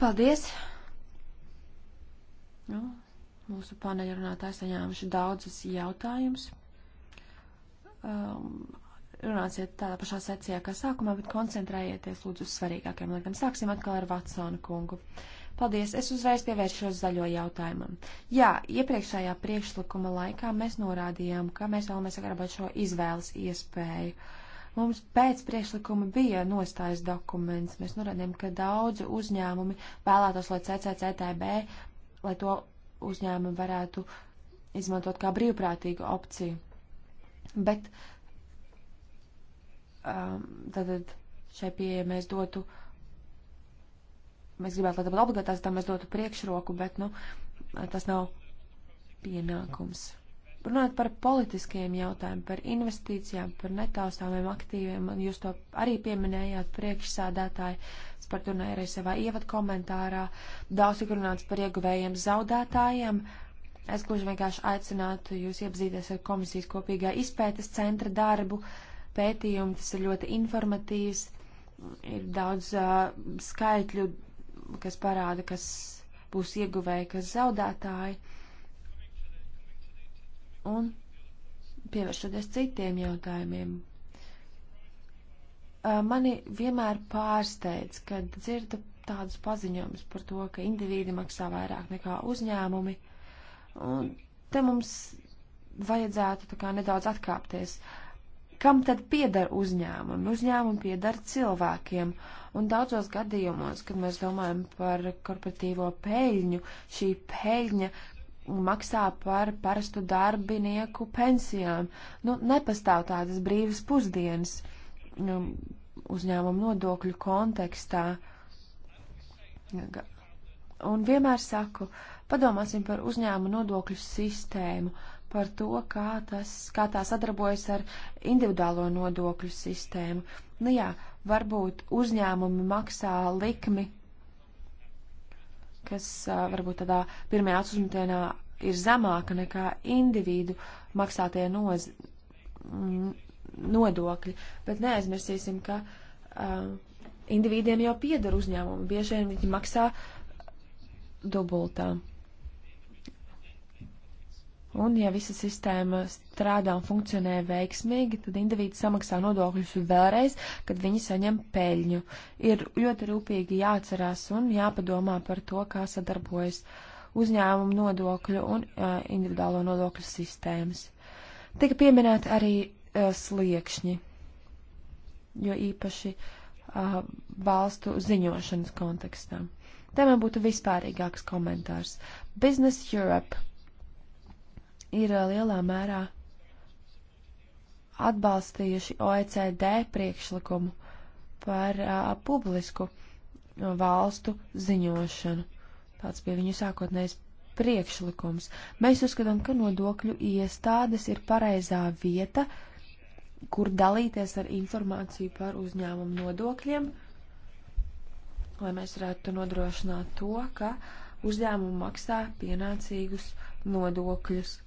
Paldies! Nu, mūsu paneļa runātāji saņēmuši daudzas jautājumus. Um, runāsiet tādā pašā secījā kā sākumā, bet koncentrējieties lūdzu uz svarīgākiem. Lai gan sāksim atkal ar Vatsona kungu. Paldies, es uzreiz pievēršos zaļo jautājumam. Jā, iepriekšējā priekšlikuma laikā mēs norādījām, ka mēs vēlamies saglabāt šo izvēles iespēju. Uh, Mums pēc priekšlikuma bija nostājas dokuments. Mēs norādījām, ka daudzi uzņēmumi vēlētos, lai CCCTB, lai to uzņēmumi varētu izmantot kā brīvprātīgu opciju. Bet um, tad šai pieeja mēs dotu, mēs gribētu, lai tā būtu obligātās, tā mēs dotu priekšroku, bet, nu, tas nav pienākums. Runājot par politiskajiem jautājumiem, par investīcijām, par netaustāmiem aktīviem, un jūs to arī pieminējāt priekšsādātāji, es par to arī savā ievad komentārā, daudz tik runāts par ieguvējiem zaudētājiem. Es gluži vienkārši aicinātu jūs iepazīties ar komisijas kopīgā izpētes centra darbu, pētījumu, tas ir ļoti informatīvs, ir daudz uh, skaitļu, kas parāda, kas būs ieguvēji, kas zaudētāji. Uh, un pievēršoties citiem jautājumiem. Mani vienmēr pārsteidz, kad dzirdu tādus paziņojumus par to, ka indivīdi maksā vairāk nekā uzņēmumi. Un te mums vajadzētu tā kā nedaudz atkāpties. Kam tad pieder uzņēmumi? Uzņēmumi pieder cilvēkiem. Un daudzos gadījumos, kad mēs domājam par korporatīvo peļņu, šī peļņa maksā par parastu darbinieku pensijām. Nu, nepastāv tādas brīvas pusdienas nu, uzņēmumu nodokļu kontekstā. Un vienmēr saku, padomāsim par uzņēmumu nodokļu sistēmu, par to, kā, tas, kā tā sadarbojas ar individuālo nodokļu sistēmu. Nu jā, varbūt uzņēmumi maksā likmi kas varbūt tādā pirmajā atsūtnē ir zemāka nekā individu maksātie noz, mm, nodokļi. Bet neaizmirsīsim, ka uh, individiem jau pieder uzņēmumi. Bieži vien viņi maksā dubultām. Un, ja visa sistēma strādā un funkcionē veiksmīgi, tad indivīds samaksā nodokļus vēlreiz, kad viņi saņem peļņu. Ir ļoti rūpīgi jāatcerās un jāpadomā par to, kā sadarbojas uzņēmumu nodokļu un uh, individuālo nodokļu sistēmas. Tika pieminēti arī uh, sliekšņi, jo īpaši uh, valstu ziņošanas kontekstam. Te man būtu vispārīgāks komentārs. Business Europe ir lielā mērā atbalstījuši OECD priekšlikumu par uh, publisku valstu ziņošanu. Tāds bija viņu sākotnējs priekšlikums. Mēs uzskatām, ka nodokļu iestādes ir pareizā vieta, kur dalīties ar informāciju par uzņēmumu nodokļiem, lai mēs varētu nodrošināt to, ka uzņēmumu maksā pienācīgus nodokļus.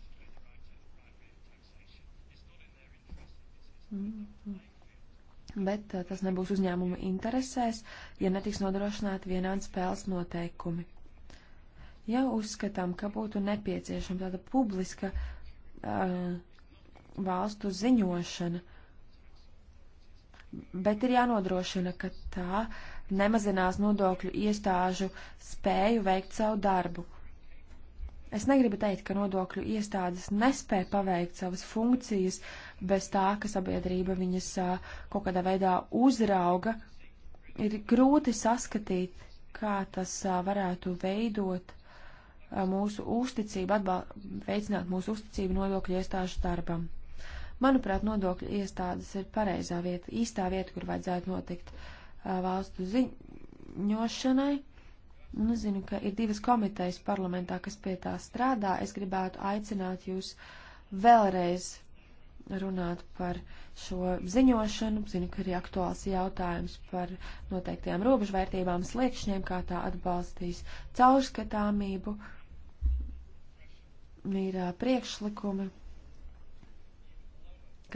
Bet uh, tas nebūs uzņēmuma interesēs, ja netiks nodrošināti vienādi spēles noteikumi. Ja uzskatām, ka būtu nepieciešama tāda publiska uh, valstu ziņošana, bet ir jānodrošina, ka tā nemazinās nodokļu iestāžu spēju veikt savu darbu. Es negribu teikt, ka nodokļu iestādes nespēja paveikt savas funkcijas bez tā, ka sabiedrība viņas kaut kādā veidā uzrauga. Ir grūti saskatīt, kā tas varētu veidot mūsu uzticību, atbal, veicināt mūsu uzticību nodokļu iestāžu darbam. Manuprāt, nodokļu iestādes ir pareizā vieta, īstā vieta, kur vajadzētu notikt valstu ziņošanai Un es zinu, ka ir divas komitejas parlamentā, kas pie tā strādā. Es gribētu aicināt jūs vēlreiz runāt par šo ziņošanu. Zinu, ka ir aktuāls jautājums par noteiktajām robežvērtībām, sliekšņiem, kā tā atbalstīs caurskatāmību. Ir uh, priekšlikumi,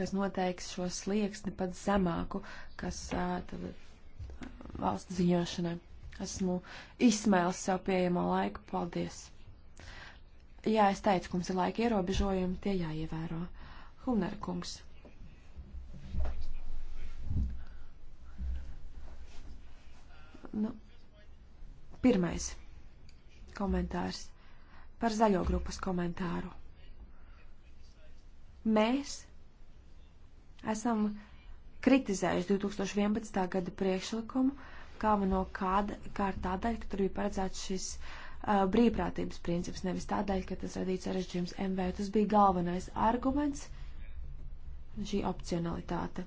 kas noteiks šo slieksni pat zemāku, kas uh, valsts ziņošanai esmu izsmēlis sev pieejamo laiku. Paldies! Jā, es teicu, ka mums ir laika ierobežojumi, tie jāievēro. Humner kungs. Nu, pirmais komentārs par zaļo grupas komentāru. Mēs esam kritizējuši 2011. gada priekšlikumu, galvenokārt tādēļ, ka tur bija paredzēts šis uh, brīvprātības princips, nevis tādēļ, ka tas radīja sarežģījums MV. Tas bija galvenais arguments, šī opcionalitāte.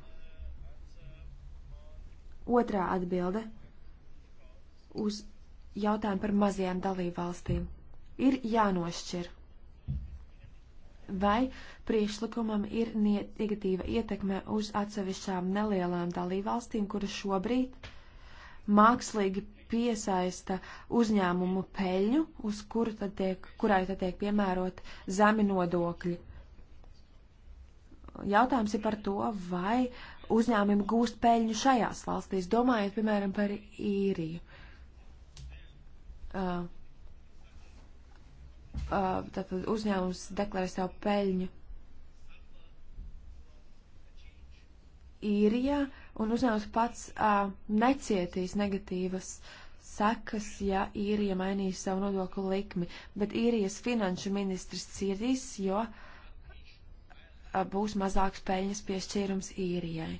Otrā atbilde uz jautājumu par mazajām dalībvalstīm ir jānošķir. Vai priekšlikumam ir negatīva ietekme uz atsevišķām nelielām dalībvalstīm, kuras šobrīd mākslīgi piesaista uzņēmumu peļņu, uz kuru tad tiek, kurai tad tiek piemērot zemi nodokļi. Jautājums ir par to, vai uzņēmumi gūst peļņu šajās valstīs, domājot, piemēram, par īriju. Uh, uh, tātad uzņēmums deklarē savu peļņu īrijā. Ja un uzņēmums pats uh, necietīs negatīvas sekas, ja īrija mainīs savu nodokļu likmi, bet īrijas finanšu ministrs cietīs, jo uh, būs mazāks peļņas piešķīrums īrijai.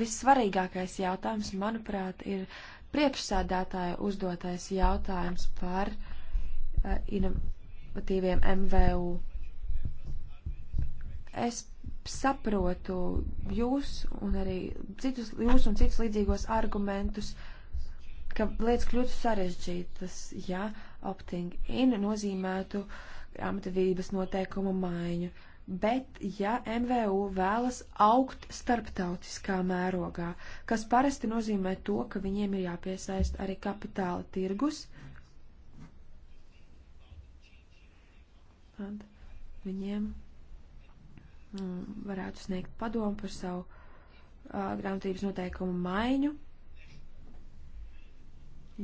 Vissvarīgākais jautājums, manuprāt, ir priekšsādātāja uzdotais jautājums par uh, inovatīviem MVU. Es saprotu jūs un arī citus, jūs un citus līdzīgos argumentus, ka lietas kļūtu sarežģītas, ja opting in nozīmētu grāmatvedības noteikumu maiņu. Bet, ja MVU vēlas augt starptautiskā mērogā, kas parasti nozīmē to, ka viņiem ir jāpiesaist arī kapitāla tirgus, tad viņiem Mm, varētu sniegt padomu par savu uh, grāmatības noteikumu maiņu,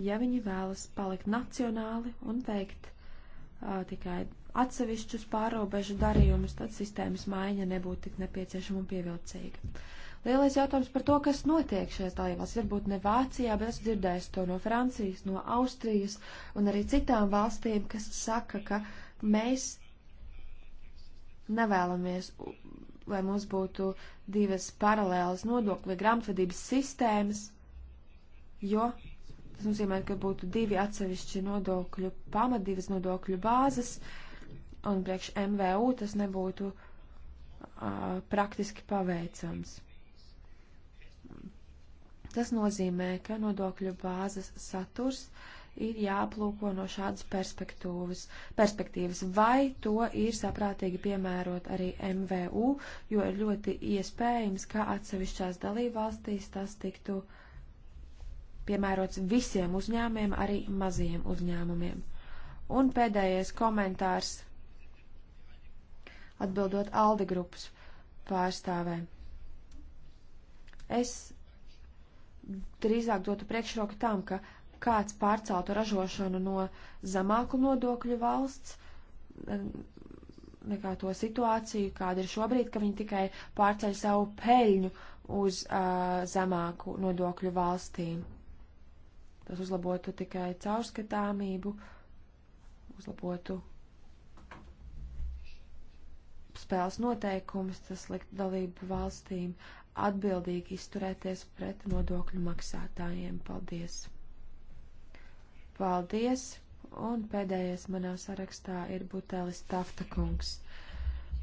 ja viņi vēlas palikt nacionāli un veikt uh, tikai atsevišķus pārobežu darījumus, tad sistēmas maiņa nebūtu tik nepieciešama un pievilcīga. Lielais jautājums par to, kas notiek šajās dalībvalstīs, varbūt ne Vācijā, bet es dzirdēju to no Francijas, no Austrijas un arī citām valstīm, kas saka, ka mēs nevēlamies lai mums būtu divas paralēlas nodokļu vai grāmatvedības sistēmas, jo tas nozīmē, ka būtu divi atsevišķi nodokļu pamat, divas nodokļu bāzes, un priekš MVU tas nebūtu uh, praktiski paveicams. Tas nozīmē, ka nodokļu bāzes saturs uh, ir jāplūko no šādas perspektīvas, perspektīvas, vai to ir saprātīgi piemērot arī MVU, jo ir ļoti iespējams, ka atsevišķās dalībvalstīs tas tiktu piemērots visiem uzņēmiem, arī maziem uzņēmumiem. Un pēdējais komentārs atbildot Alde grupas pārstāvēm es drīzāk dotu priekšroku tam, ka kāds pārceltu ražošanu no zemāku nodokļu valsts eh, nekā to situāciju, kāda ir šobrīd, ka viņi tikai pārceļ savu peļņu uz uh, zemāku nodokļu valstīm. Tas uzlabotu tikai caurskatāmību, uzlabotu spēles noteikumus, tas likt dalību valstīm atbildīgi izturēties pret nodokļu maksātājiem. Paldies! Paldies! Un pēdējais manā sarakstā ir Butēlis Tafta kungs.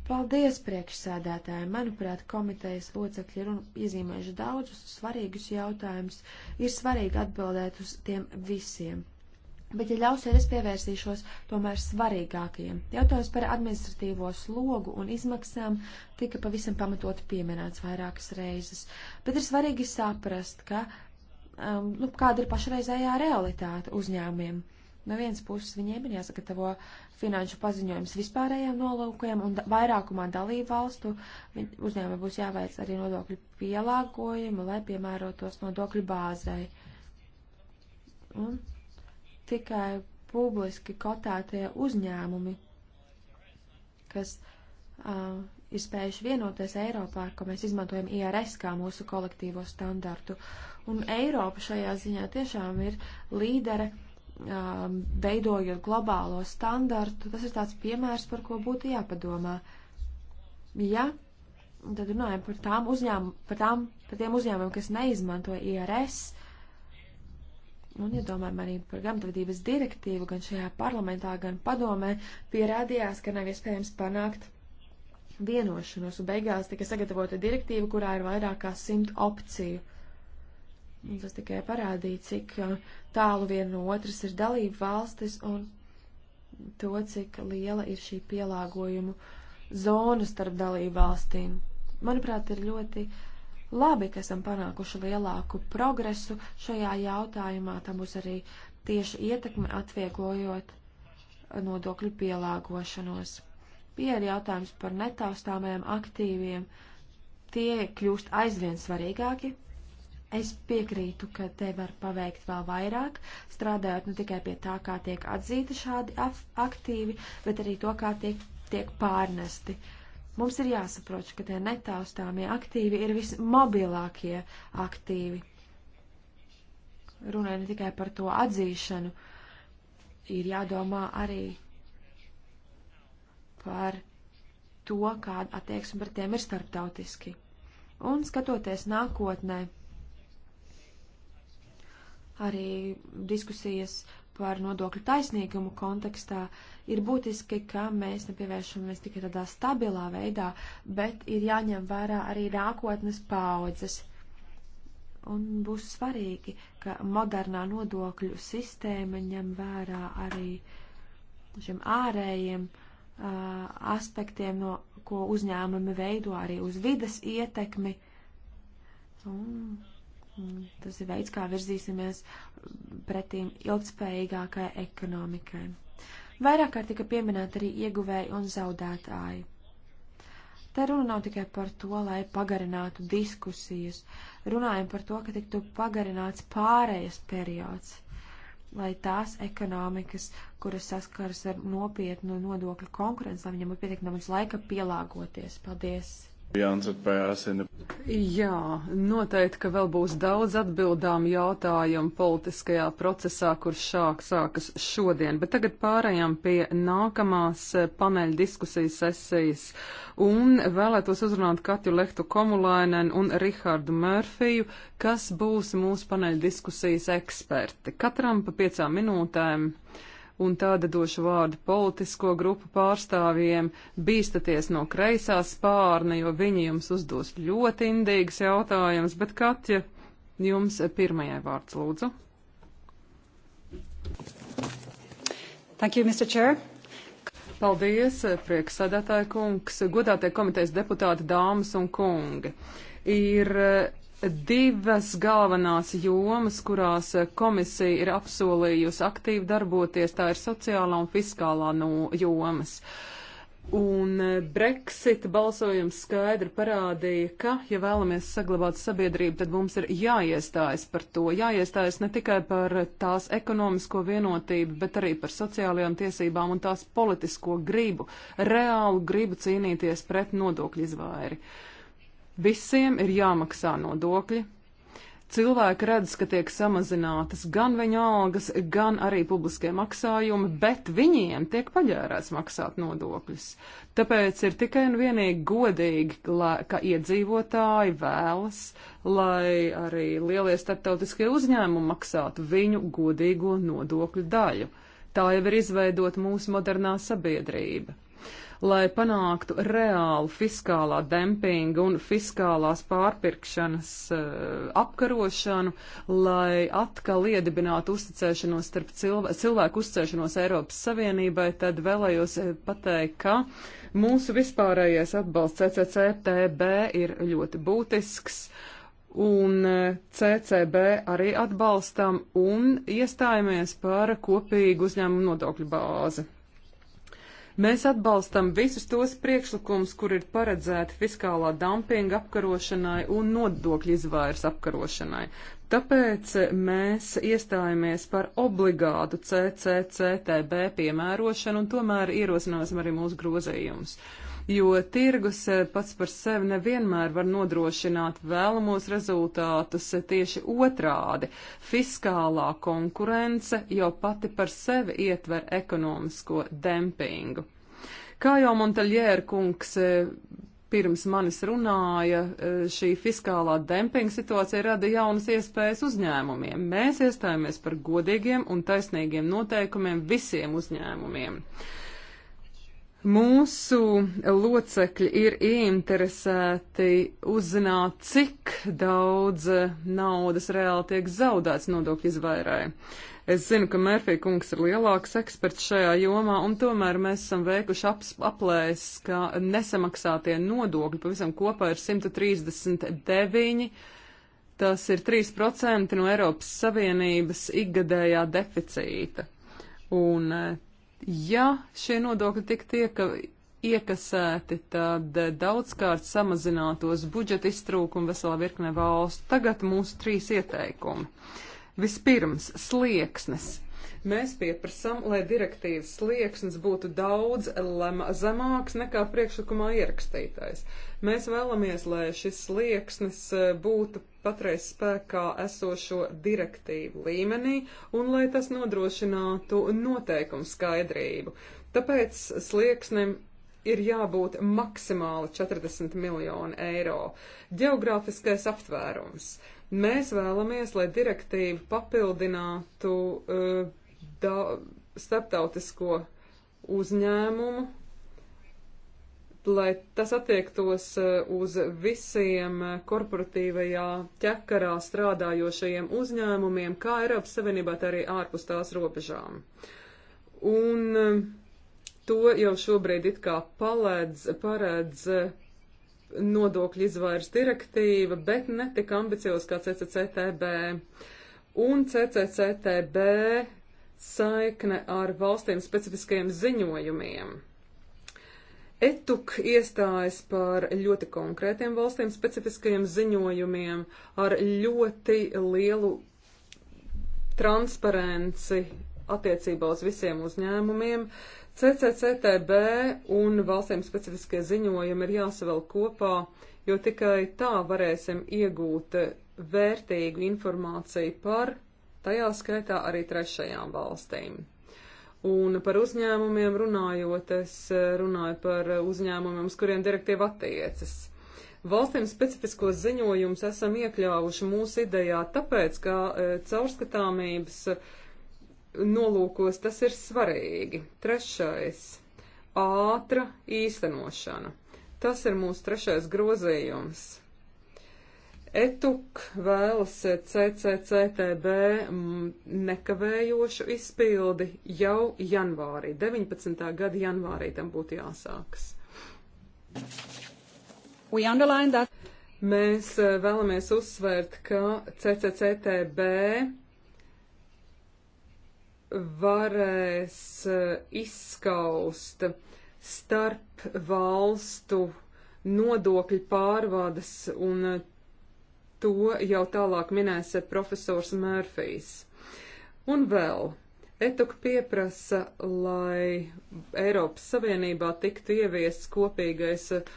Paldies priekšsēdētājai. Manuprāt, komitejas locekļi ir iezīmējuši daudzus svarīgus jautājumus. Ir svarīgi atbildēt uz tiem visiem. Bet, ja ļausiet, es pievērsīšos tomēr svarīgākajiem. Jautājums par administratīvo slogu un izmaksām tika pavisam pamatot pieminēts vairākas reizes. Bet ir svarīgi saprast, ka um, nu, kāda ir pašreizējā realitāte uzņēmumiem. No vienas puses viņiem ir jāsagatavo finanšu paziņojums vispārējiem nolūkiem, un da vairākumā dalību valstu uzņēmumi būs jāveic arī nodokļu pielāgojumi, lai piemērotos nodokļu bāzai. Un tikai publiski kotētie uzņēmumi, kas uh, ir spējuši vienoties Eiropā, ka mēs izmantojam IRS kā mūsu kolektīvo standartu. Un Eiropa šajā ziņā tiešām ir līdere, um, veidojot globālo standartu. Tas ir tāds piemērs, par ko būtu jāpadomā. Ja tad runājam par tām uzņēmumiem, par, tām, par tiem uzņēmumiem, kas neizmanto IRS, un, ja domājam arī par grāmatvedības direktīvu, gan šajā parlamentā, gan padomē, pierādījās, ka nav iespējams panākt vienošanos, un beigās tika sagatavota direktīva, kurā ir vairāk kā simt opciju. Un tas tikai parādīja, cik uh, tālu viena no otras ir dalība valstis un to, cik liela ir šī pielāgojumu zona starp dalību valstīm. Manuprāt, ir ļoti labi, ka esam panākuši lielāku progresu šajā jautājumā. Tam būs arī tieši ietekme atvieglojot nodokļu pielāgošanos. Bija arī jautājums par netaustāmajiem aktīviem. Tie kļūst aizvien svarīgāki. Es piekrītu, ka te var paveikt vēl vairāk, strādājot ne tikai pie tā, kā tiek atzīti šādi aktīvi, bet arī to, kā tiek, tiek pārnesti. Mums ir jāsaprot, ka tie netaustāmie aktīvi ir vismobilākie aktīvi. Runāja ne tikai par to atzīšanu, ir jādomā arī par to, kāda attieksme par tiem ir starptautiski. Un skatoties nākotnē, arī diskusijas par nodokļu taisnīgumu kontekstā ir būtiski, ka mēs nepievēršamies tikai tādā stabilā veidā, bet ir jāņem vērā arī nākotnes paudzes. Un būs svarīgi, ka modernā nodokļu sistēma ņem vērā arī šiem ārējiem uh, Uh, aspektiem, no ko uzņēmumi veido arī uz vidas ietekmi. Un, un tas ir veids, kā virzīsimies pretīm ilgspējīgākai ekonomikai. Vairāk kārt tika pieminēta arī ieguvēji un zaudētāji. Te runa nav tikai par to, lai pagarinātu diskusijas. Runājam par to, ka tiktu pagarināts pārējais periods lai tās ekonomikas, kuras saskaras ar nopietnu nodokļu konkurenci, lai viņam ir pietiekami daudz laika pielāgoties. Paldies! Jā, noteikti, ka vēl būs daudz atbildām jautājumu politiskajā procesā, kurš šāk sākas šodien, bet tagad pārējām pie nākamās eh, paneļa diskusijas sesijas un vēlētos uzrunāt Katju Lehtu Komulainen un Rihardu Mērfiju, kas būs mūsu paneļa diskusijas eksperti. Katram pa piecām minūtēm. Uh, un tāda došu vārdu politisko grupu pārstāvjiem. Bīstaties no kreisā spārna, jo viņi jums uzdos ļoti indīgas jautājumas, bet Katja, jums pirmajai vārds lūdzu. Thank you, Mr. Chair. Paldies, priekšsēdētāja kungs, godātie komitejas deputāti, dāmas un kungi. Ir divas galvenās jomas, kurās komisija ir apsolījusi aktīvi darboties, tā ir sociālā un fiskālā no jomas. Un eh, Brexit balsojums skaidri parādīja, ka, ja vēlamies saglabāt sabiedrību, tad mums ir jāiestājas par to. Jāiestājas ne tikai par tās ekonomisko vienotību, bet arī par sociālajām tiesībām un tās politisko gribu, reālu gribu cīnīties pret nodokļu izvairi. Uh, Visiem ir jāmaksā nodokļi. Cilvēki redz, ka tiek samazinātas gan viņa algas, gan arī publiskie maksājumi, bet viņiem tiek paģērēts maksāt nodokļus. Tāpēc ir tikai un vienīgi godīgi, lai, ka iedzīvotāji vēlas, lai arī lielie starptautiskie uzņēmumi maksātu viņu godīgo nodokļu daļu. Tā jau ir izveidota mūsu modernā sabiedrība lai panāktu reālu fiskālā dempinga un fiskālās pārpirkšanas uh, apkarošanu, lai atkal iedibinātu uzticēšanos starp cilvēku, cilvēku uzticēšanos Eiropas Savienībai, tad vēlējos eh, pateikt, ka mūsu vispārējais atbalsts CCCTB ir ļoti būtisks un eh, CCB arī atbalstam un iestājamies par kopīgu uzņēmumu nodokļu bāzi. Mēs atbalstam visus tos priekšlikumus, kur ir paredzēti fiskālā dumpinga apkarošanai un nodokļu izvairs apkarošanai. Tāpēc mēs iestājamies par obligātu CCCTB piemērošanu un tomēr ierosināsim arī mūsu grozījumus jo tirgus eh, pats par sevi nevienmēr var nodrošināt vēlamos rezultātus eh, tieši otrādi. Fiskālā konkurence jau pati par sevi ietver ekonomisko dempingu. Kā jau Montaļēra kungs eh, pirms manis runāja, šī fiskālā dempinga situācija rada jaunas iespējas uzņēmumiem. Mēs iestājāmies par godīgiem un taisnīgiem noteikumiem visiem uzņēmumiem. Uh, Mūsu locekļi ir ieinteresēti uzzināt, cik daudz naudas reāli tiek zaudēts nodokļu izvairai. Es zinu, ka Mērfija kungs ir lielāks eksperts šajā jomā, un tomēr mēs esam veikuši aps, aplēs, ka nesamaksātie nodokļi pavisam kopā ir 139. Tas ir 3% no Eiropas Savienības ikgadējā deficīta. Un eh, Ja šie nodokļi tik tiek iekasēti, tad daudzkārt samazinātos budžeta iztrūkumu veselā virknē valstu. Tagad mūsu trīs ieteikumi. Vispirms, slieksnes Mēs pieprasām, lai direktīvas slieksnis būtu daudz zemāks nekā priekšlikumā ierakstītais. Mēs vēlamies, lai šis slieksnis e, būtu patreiz spēkā esošo direktīvu līmenī un lai tas nodrošinātu noteikumu skaidrību. Tāpēc slieksnim ir jābūt maksimāli 40 miljoni eiro. Geogrāfiskais aptvērums. Mēs vēlamies, lai direktīva papildinātu uh, da, starptautisko uzņēmumu, lai tas attiektos eh, uz visiem eh, korporatīvajā ķekarā strādājošajiem uzņēmumiem, kā Eiropas Savienībā, tā arī ārpus tās robežām. Un eh, to jau šobrīd it kā paredz, paredz nodokļu izvairs direktīva, bet netika ambiciozs kā CCCTB. Un CCCTB saikne ar valstīm specifiskajiem ziņojumiem. ETUK iestājas par ļoti konkrētiem valstīm specifiskajiem ziņojumiem ar ļoti lielu transparenci attiecībā uz visiem uzņēmumiem. CCCTB un valstīm specifiskie ziņojumi ir jāsavēl kopā, jo tikai tā varēsim iegūt vērtīgu informāciju par tajā skaitā arī trešajām valstīm. Un par uzņēmumiem runājot, es eh, runāju par uzņēmumiem, uz kuriem direktīva attiecas. Valstīm specifiskos ziņojumus esam iekļāvuši mūsu idejā, tāpēc, ka e, caurskatāmības nolūkos tas ir svarīgi. Trešais - ātra īstenošana. Tas ir mūsu trešais grozījums. ETUK vēlas CCCTB mm, nekavējošu izpildi jau janvārī, 19. gada janvārī tam būtu jāsākas. Mēs eh, vēlamies uzsvērt, ka CCCTB varēs eh, izskaust starp valstu nodokļu pārvades un to jau tālāk minēs profesors Mērfijs. Un vēl. ETUK pieprasa, lai Eiropas Savienībā tiktu ieviests kopīgais uh,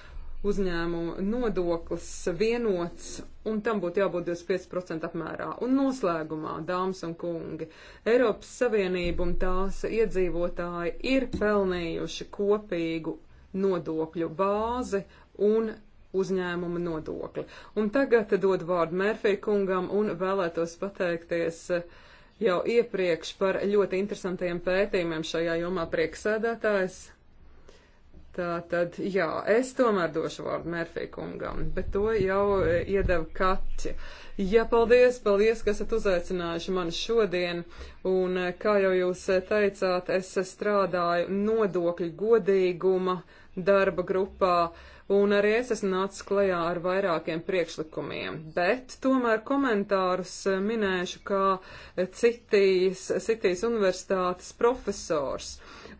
uzņēmumu nodoklis vienots, un tam būtu jābūt 25% apmērā. Un noslēgumā, dāmas un kungi, Eiropas Savienība un tās iedzīvotāji ir pelnījuši kopīgu nodokļu bāzi un uzņēmuma nodokli. Un tagad dod vārdu Mērfī kungam un vēlētos pateikties eh, jau iepriekš par ļoti interesantajiem pētījumiem šajā jomā prieksēdētājs. Tā tad, jā, es tomēr došu vārdu Mērfī kungam, bet to jau eh, iedeva Kaķi. Jā, paldies, paldies, ka esat uzaicinājuši mani šodien. Un, eh, kā jau jūs teicāt, es strādāju nodokļu godīguma darba grupā. Uh, un arī es esmu nācis klajā ar vairākiem priekšlikumiem, bet tomēr komentārus eh, minēšu kā eh, citīs, citīs universitātes profesors.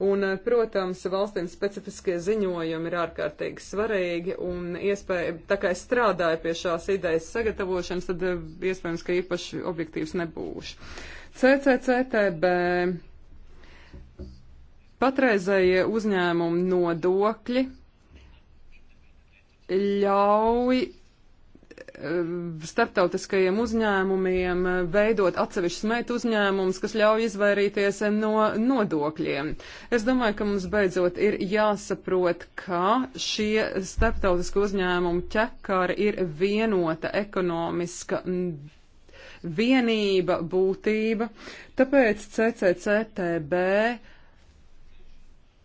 Un, eh, protams, valstīm specifiskie ziņojumi ir ārkārtīgi svarīgi, un iespēja, tā kā es strādāju pie šās idejas sagatavošanas, tad iespējams, ka īpaši objektīvs nebūšu. CCCTB. Patreizējie uzņēmumu nodokļi ļauj eh, starptautiskajiem uzņēmumiem veidot atsevišķus meitu uzņēmumus, kas ļauj izvairīties no nodokļiem. Es domāju, ka mums beidzot ir jāsaprot, ka šie starptautiski uzņēmumi ķekari ir vienota ekonomiska vienība, būtība. Tāpēc CCCTB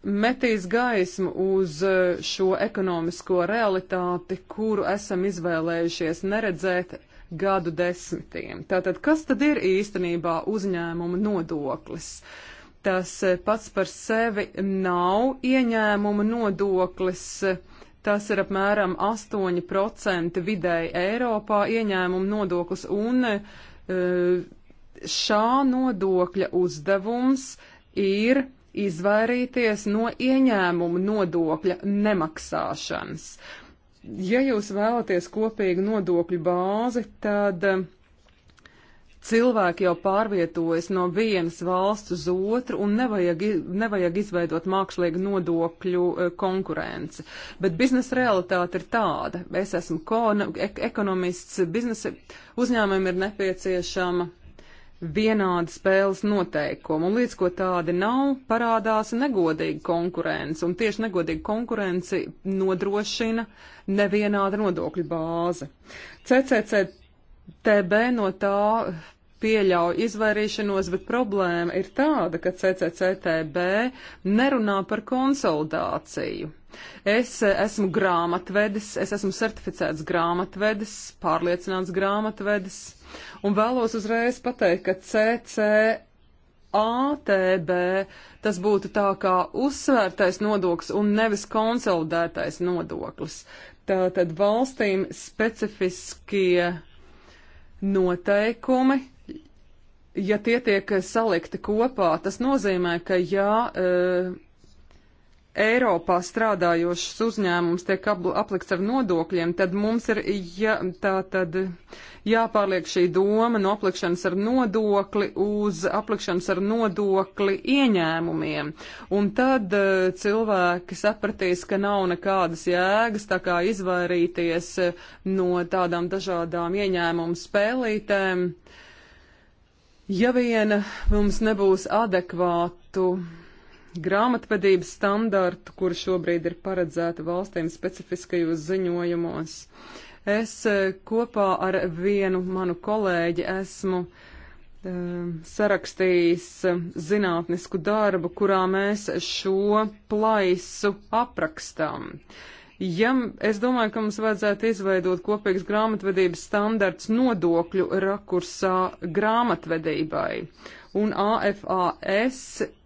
metīs gaismu uz e, šo ekonomisko realitāti, kuru esam izvēlējušies neredzēt gadu desmitiem. Tātad, kas tad ir īstenībā uzņēmuma nodoklis? Tas e, pats par sevi nav ieņēmuma nodoklis. Tas ir apmēram 8% vidēji Eiropā ieņēmuma nodoklis, un e, šā nodokļa uzdevums ir izvairīties no ieņēmumu nodokļa nemaksāšanas. Ja jūs vēlaties kopīgu nodokļu bāzi, tad eh, cilvēki jau pārvietojas no vienas valsts uz otru un nevajag, nevajag izveidot mākslīgu nodokļu eh, konkurenci. Bet biznesa realitāte ir tāda. Es esmu ekonomists, biznesa uzņēmumiem ir nepieciešama vienādi spēles noteikumi, un līdz ko tādi nav, parādās negodīga konkurence, un tieši negodīga konkurence nodrošina nevienāda nodokļu bāze. CCCTB no tā pieļauj izvairīšanos, bet problēma ir tāda, ka CCCTB nerunā par konsolidāciju. Es esmu grāmatvedis, es esmu certificēts grāmatvedis, pārliecināts grāmatvedis Un vēlos uzreiz pateikt, ka CCATB tas būtu tā kā uzsvērtais nodoklis un nevis konsolidētais nodoklis. Tātad valstīm specifiskie noteikumi ja tie tiek salikti kopā, tas nozīmē, ka ja uh, Eiropā strādājošs uzņēmums tiek aplikts ar nodokļiem, tad mums ir jā, tā tad jāpārliek šī doma no aplikšanas ar nodokli uz aplikšanas ar nodokli ieņēmumiem. Un tad uh, cilvēki sapratīs, ka nav nekādas jēgas tā kā izvairīties eh, no tādām dažādām ieņēmumu spēlītēm. Ja vien mums nebūs adekvātu grāmatvedības standartu, kur šobrīd ir paredzēta valstīm specifiskajos ziņojumos. Es e, kopā ar vienu manu kolēģi esmu e, sarakstījis e, zinātnisku darbu, kurā mēs šo plaisu aprakstām. Ja es domāju, ka mums vajadzētu izveidot kopīgs grāmatvedības standarts nodokļu rakursā grāmatvedībai, un AFAS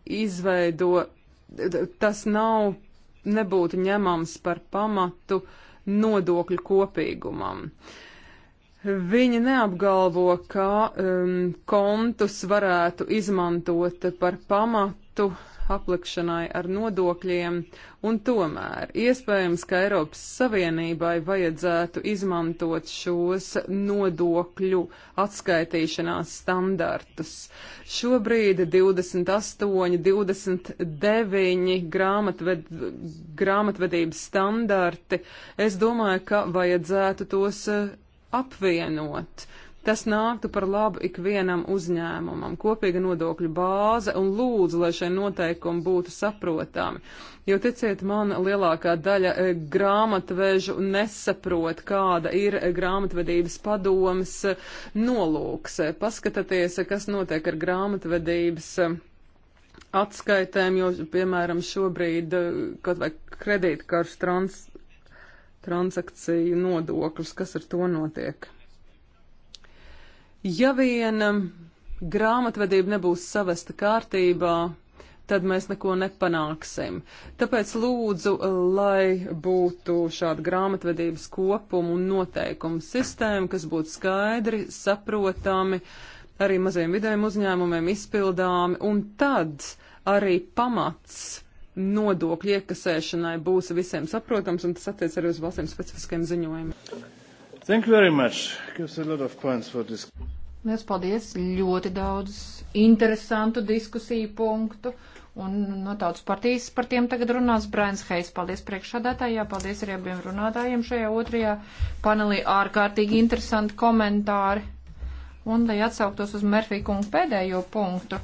izveido, tas nav, nebūtu ņemams par pamatu nodokļu kopīgumam. Viņi neapgalvo, ka um, kontus varētu izmantot par pamatu uh, aplikšanai ar nodokļiem, un tomēr iespējams, ka Eiropas Savienībai vajadzētu izmantot šos nodokļu atskaitīšanās standartus. Šobrīd 28, 29 grāmatved, grāmatvedības standarti, es domāju, ka vajadzētu tos eh, apvienot Tas nāktu par labu ikvienam uzņēmumam, kopīga nodokļu bāze un lūdzu, lai šie noteikumi būtu saprotami. Jo ticiet man, lielākā daļa e, grāmatvežu nesaprot, kāda ir e, grāmatvedības padomas e, nolūks. Paskatieties, kas notiek ar grāmatvedības atskaitēm, jo, piemēram, šobrīd kaut vai kredītkaršu trans transakciju nodoklis, kas ar to notiek? Ja vien um, grāmatvedība nebūs savesta kārtībā, tad mēs neko nepanāksim. Tāpēc lūdzu, lai būtu šāda grāmatvedības kopuma un noteikuma sistēma, kas būtu skaidri, saprotami, arī maziem vidējiem uzņēmumiem izpildāmi, un tad arī pamats nodokļu iekasēšanai būs visiem saprotams, un tas attiec arī uz valstīm specifiskiem ziņojumiem. Thank you very much. Gives a lot of points for this. Liels paldies! Ļoti daudz interesantu diskusiju punktu. Un no tautas partijas par tiem tagad runās Brains Heis. Paldies priekšādātājā, paldies arī abiem runātājiem šajā otrajā panelī. Ārkārtīgi interesanti komentāri. Un, lai atsauktos uz Merfī kungu pēdējo punktu,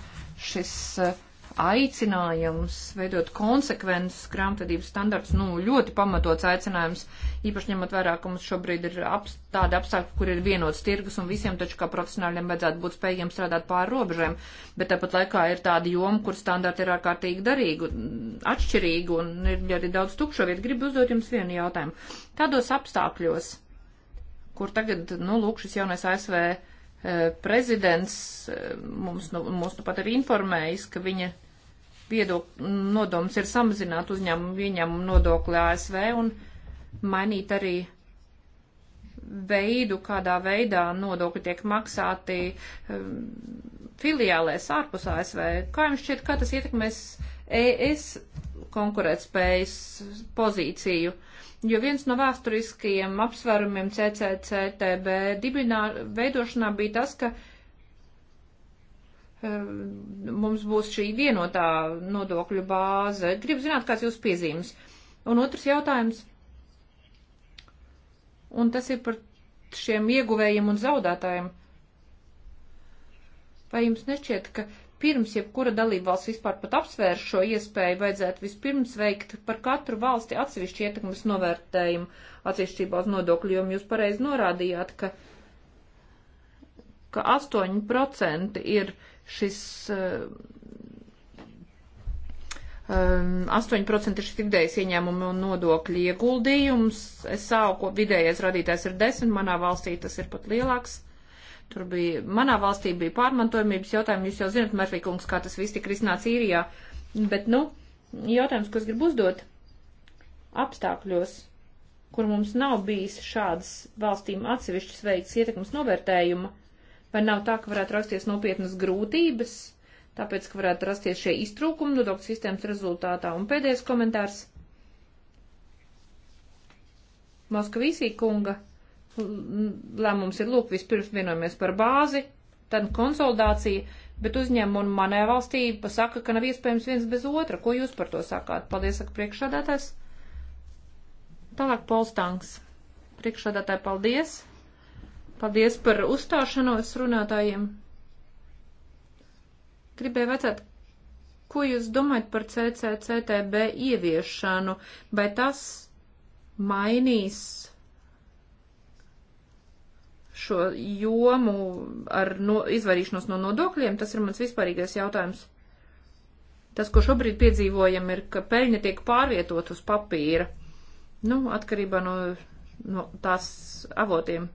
šis uh, aicinājums veidot konsekvences grāmatvedības standarts, nu, ļoti pamatots aicinājums, īpaši ņemot vērā, ka mums šobrīd ir ap, tāda apstākļa, kur ir vienots tirgus un visiem taču kā profesionāļiem vajadzētu būt spējiem strādāt pāri robežēm, bet tāpat laikā ir tāda joma, kur standarti ir ārkārtīgi darīgi, atšķirīgi un ir arī daudz tukšo vietu. Gribu uzdot jums vienu jautājumu. Kādos apstākļos, kur tagad, nu, lūk, šis jaunais ASV eh, prezidents eh, mums nu, mums nu pat ir informējis, ka viņa viedokļu nodoms ir samazināt uzņēmumu ieņēmumu nodokli ASV un mainīt arī veidu, kādā veidā nodokļi tiek maksāti um, filiālēs ārpus ASV. Kā jums šķiet, kā tas ietekmēs ES konkurētspējas pozīciju? Jo viens no vēsturiskajiem apsvērumiem CCCTB dibinā, veidošanā bija tas, ka Ehm, mums būs šī vienotā nodokļu bāze. Gribu zināt, kāds jūs piezīmes. Un otrs jautājums. Un tas ir par šiem ieguvējiem un zaudētājiem. Vai jums nešķiet, ka pirms jebkura dalībvalsts vispār pat apsvēr šo iespēju, vajadzētu vispirms veikt par katru valsti atsevišķi ietekmes novērtējumu atsevišķībā uz nodokļu, jo jūs pareizi norādījāt, ka, ka 8% ir uh, šis um, 8% um, ir šis vidējais ieņēmuma nodokļa ieguldījums. Es sauku, vidējais radītājs ir 10, manā valstī tas ir pat lielāks. Tur bija, manā valstī bija pārmantojumības jautājumi, jūs jau zinat, Merfīkungs, kā tas viss tika risināts īrijā. Bet, nu, jautājums, ko es gribu uzdot, apstākļos, kur mums nav bijis šādas valstīm atsevišķas veikts ietekmes novērtējuma Vai nav tā, ka varētu rasties nopietnas grūtības, tāpēc, ka varētu rasties šie iztrūkumi nodokļu sistēmas rezultātā? Un pēdējais komentārs. Moskavīsī kunga lēmums ir, lūk, vispirms vienojamies par bāzi, tad konsolidācija, bet uzņēmuma un manē valstī pasaka, ka nav iespējams viens bez otra. Ko jūs par to sakāt? Paldies, saka priekšādātājs. Tālāk Polstāns. Priekšādātāji, paldies! Paldies par uzstāšanos runātājiem. Gribēju vecāt, ko jūs domājat par CCCTB ieviešanu? Vai tas mainīs šo jomu ar no, izvairīšanos no nodokļiem? Tas ir mans vispārīgais jautājums. Tas, ko šobrīd piedzīvojam, ir, ka peļņa tiek pārvietot uz papīra, nu, atkarībā no, no tās avotiem.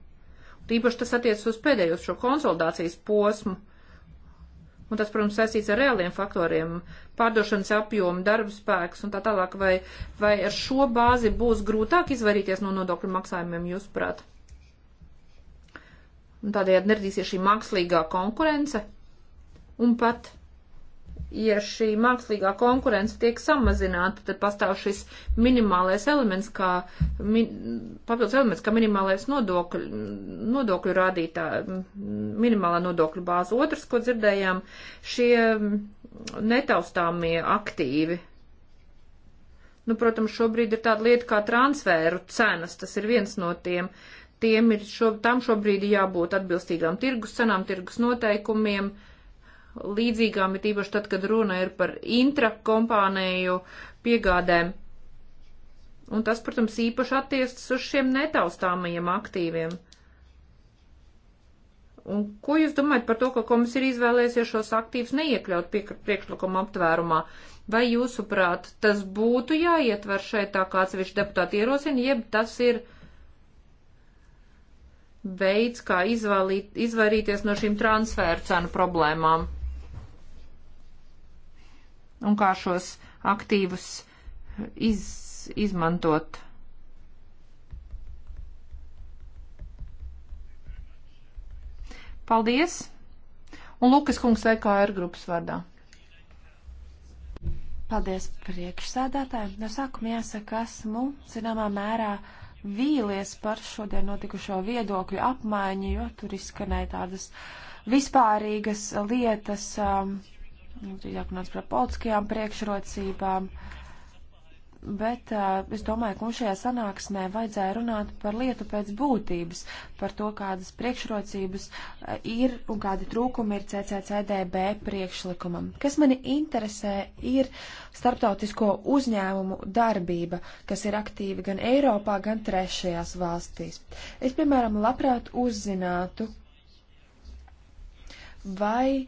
Tīpaši tas attiecas uz pēdējo šo konsolidācijas posmu. Un tas, protams, saistīts ar reāliem faktoriem - pārdošanas apjomu, darba spēks un tā tālāk. Vai, vai ar šo bāzi būs grūtāk izvairīties no nodokļu maksājumiem, jūsuprāt? Un tādējādi neradīsies šī mākslīgā konkurence un pat ja šī mākslīgā konkurence tiek samazināta, tad pastāv šis minimālais elements, kā min, papildus elements, kā minimālais nodokļu, nodokļu rādītā, minimālā nodokļu bāze. Otrs, ko dzirdējām, šie netaustāmie aktīvi. Nu, protams, šobrīd ir tāda lieta kā transferu cenas, tas ir viens no tiem. Tiem ir šo, tam šobrīd jābūt atbilstīgām tirgus cenām, tirgus noteikumiem. Uh, līdzīgām, it īpaši tad, kad runa ir par intrakompānēju piegādēm. Un tas, protams, īpaši attiecas uz šiem netaustāmajiem aktīviem. Un ko jūs domājat par to, ka komisija ir izvēlējusies šos aktīvus neiekļaut priekšlikuma aptvērumā? Vai jūsuprāt, tas būtu jāietver šeit tā kā atsevišķi deputāti ierosina, jeb tas ir veids, kā izvairīt, izvairīties no šīm transfēru cenu problēmām? un kā šos aktīvus iz, izmantot. Paldies! Un Lukas kungs EKR grupas vārdā. Paldies priekšsēdētājiem. No sākuma jāsaka, esmu zināmā mērā vīlies par šodien notikušo viedokļu apmaiņu, jo tur izskanēja tādas vispārīgas lietas. Um, drīzāk runāts par politiskajām priekšrocībām, bet uh, es domāju, ka mums šajā sanāksmē vajadzēja runāt par lietu pēc būtības, par to, kādas priekšrocības uh, ir un kādi trūkumi ir CCCDB priekšlikumam. Kas mani interesē, ir starptautisko uzņēmumu darbība, kas ir aktīvi gan Eiropā, gan trešajās valstīs. Es, piemēram, labprāt uzzinātu, vai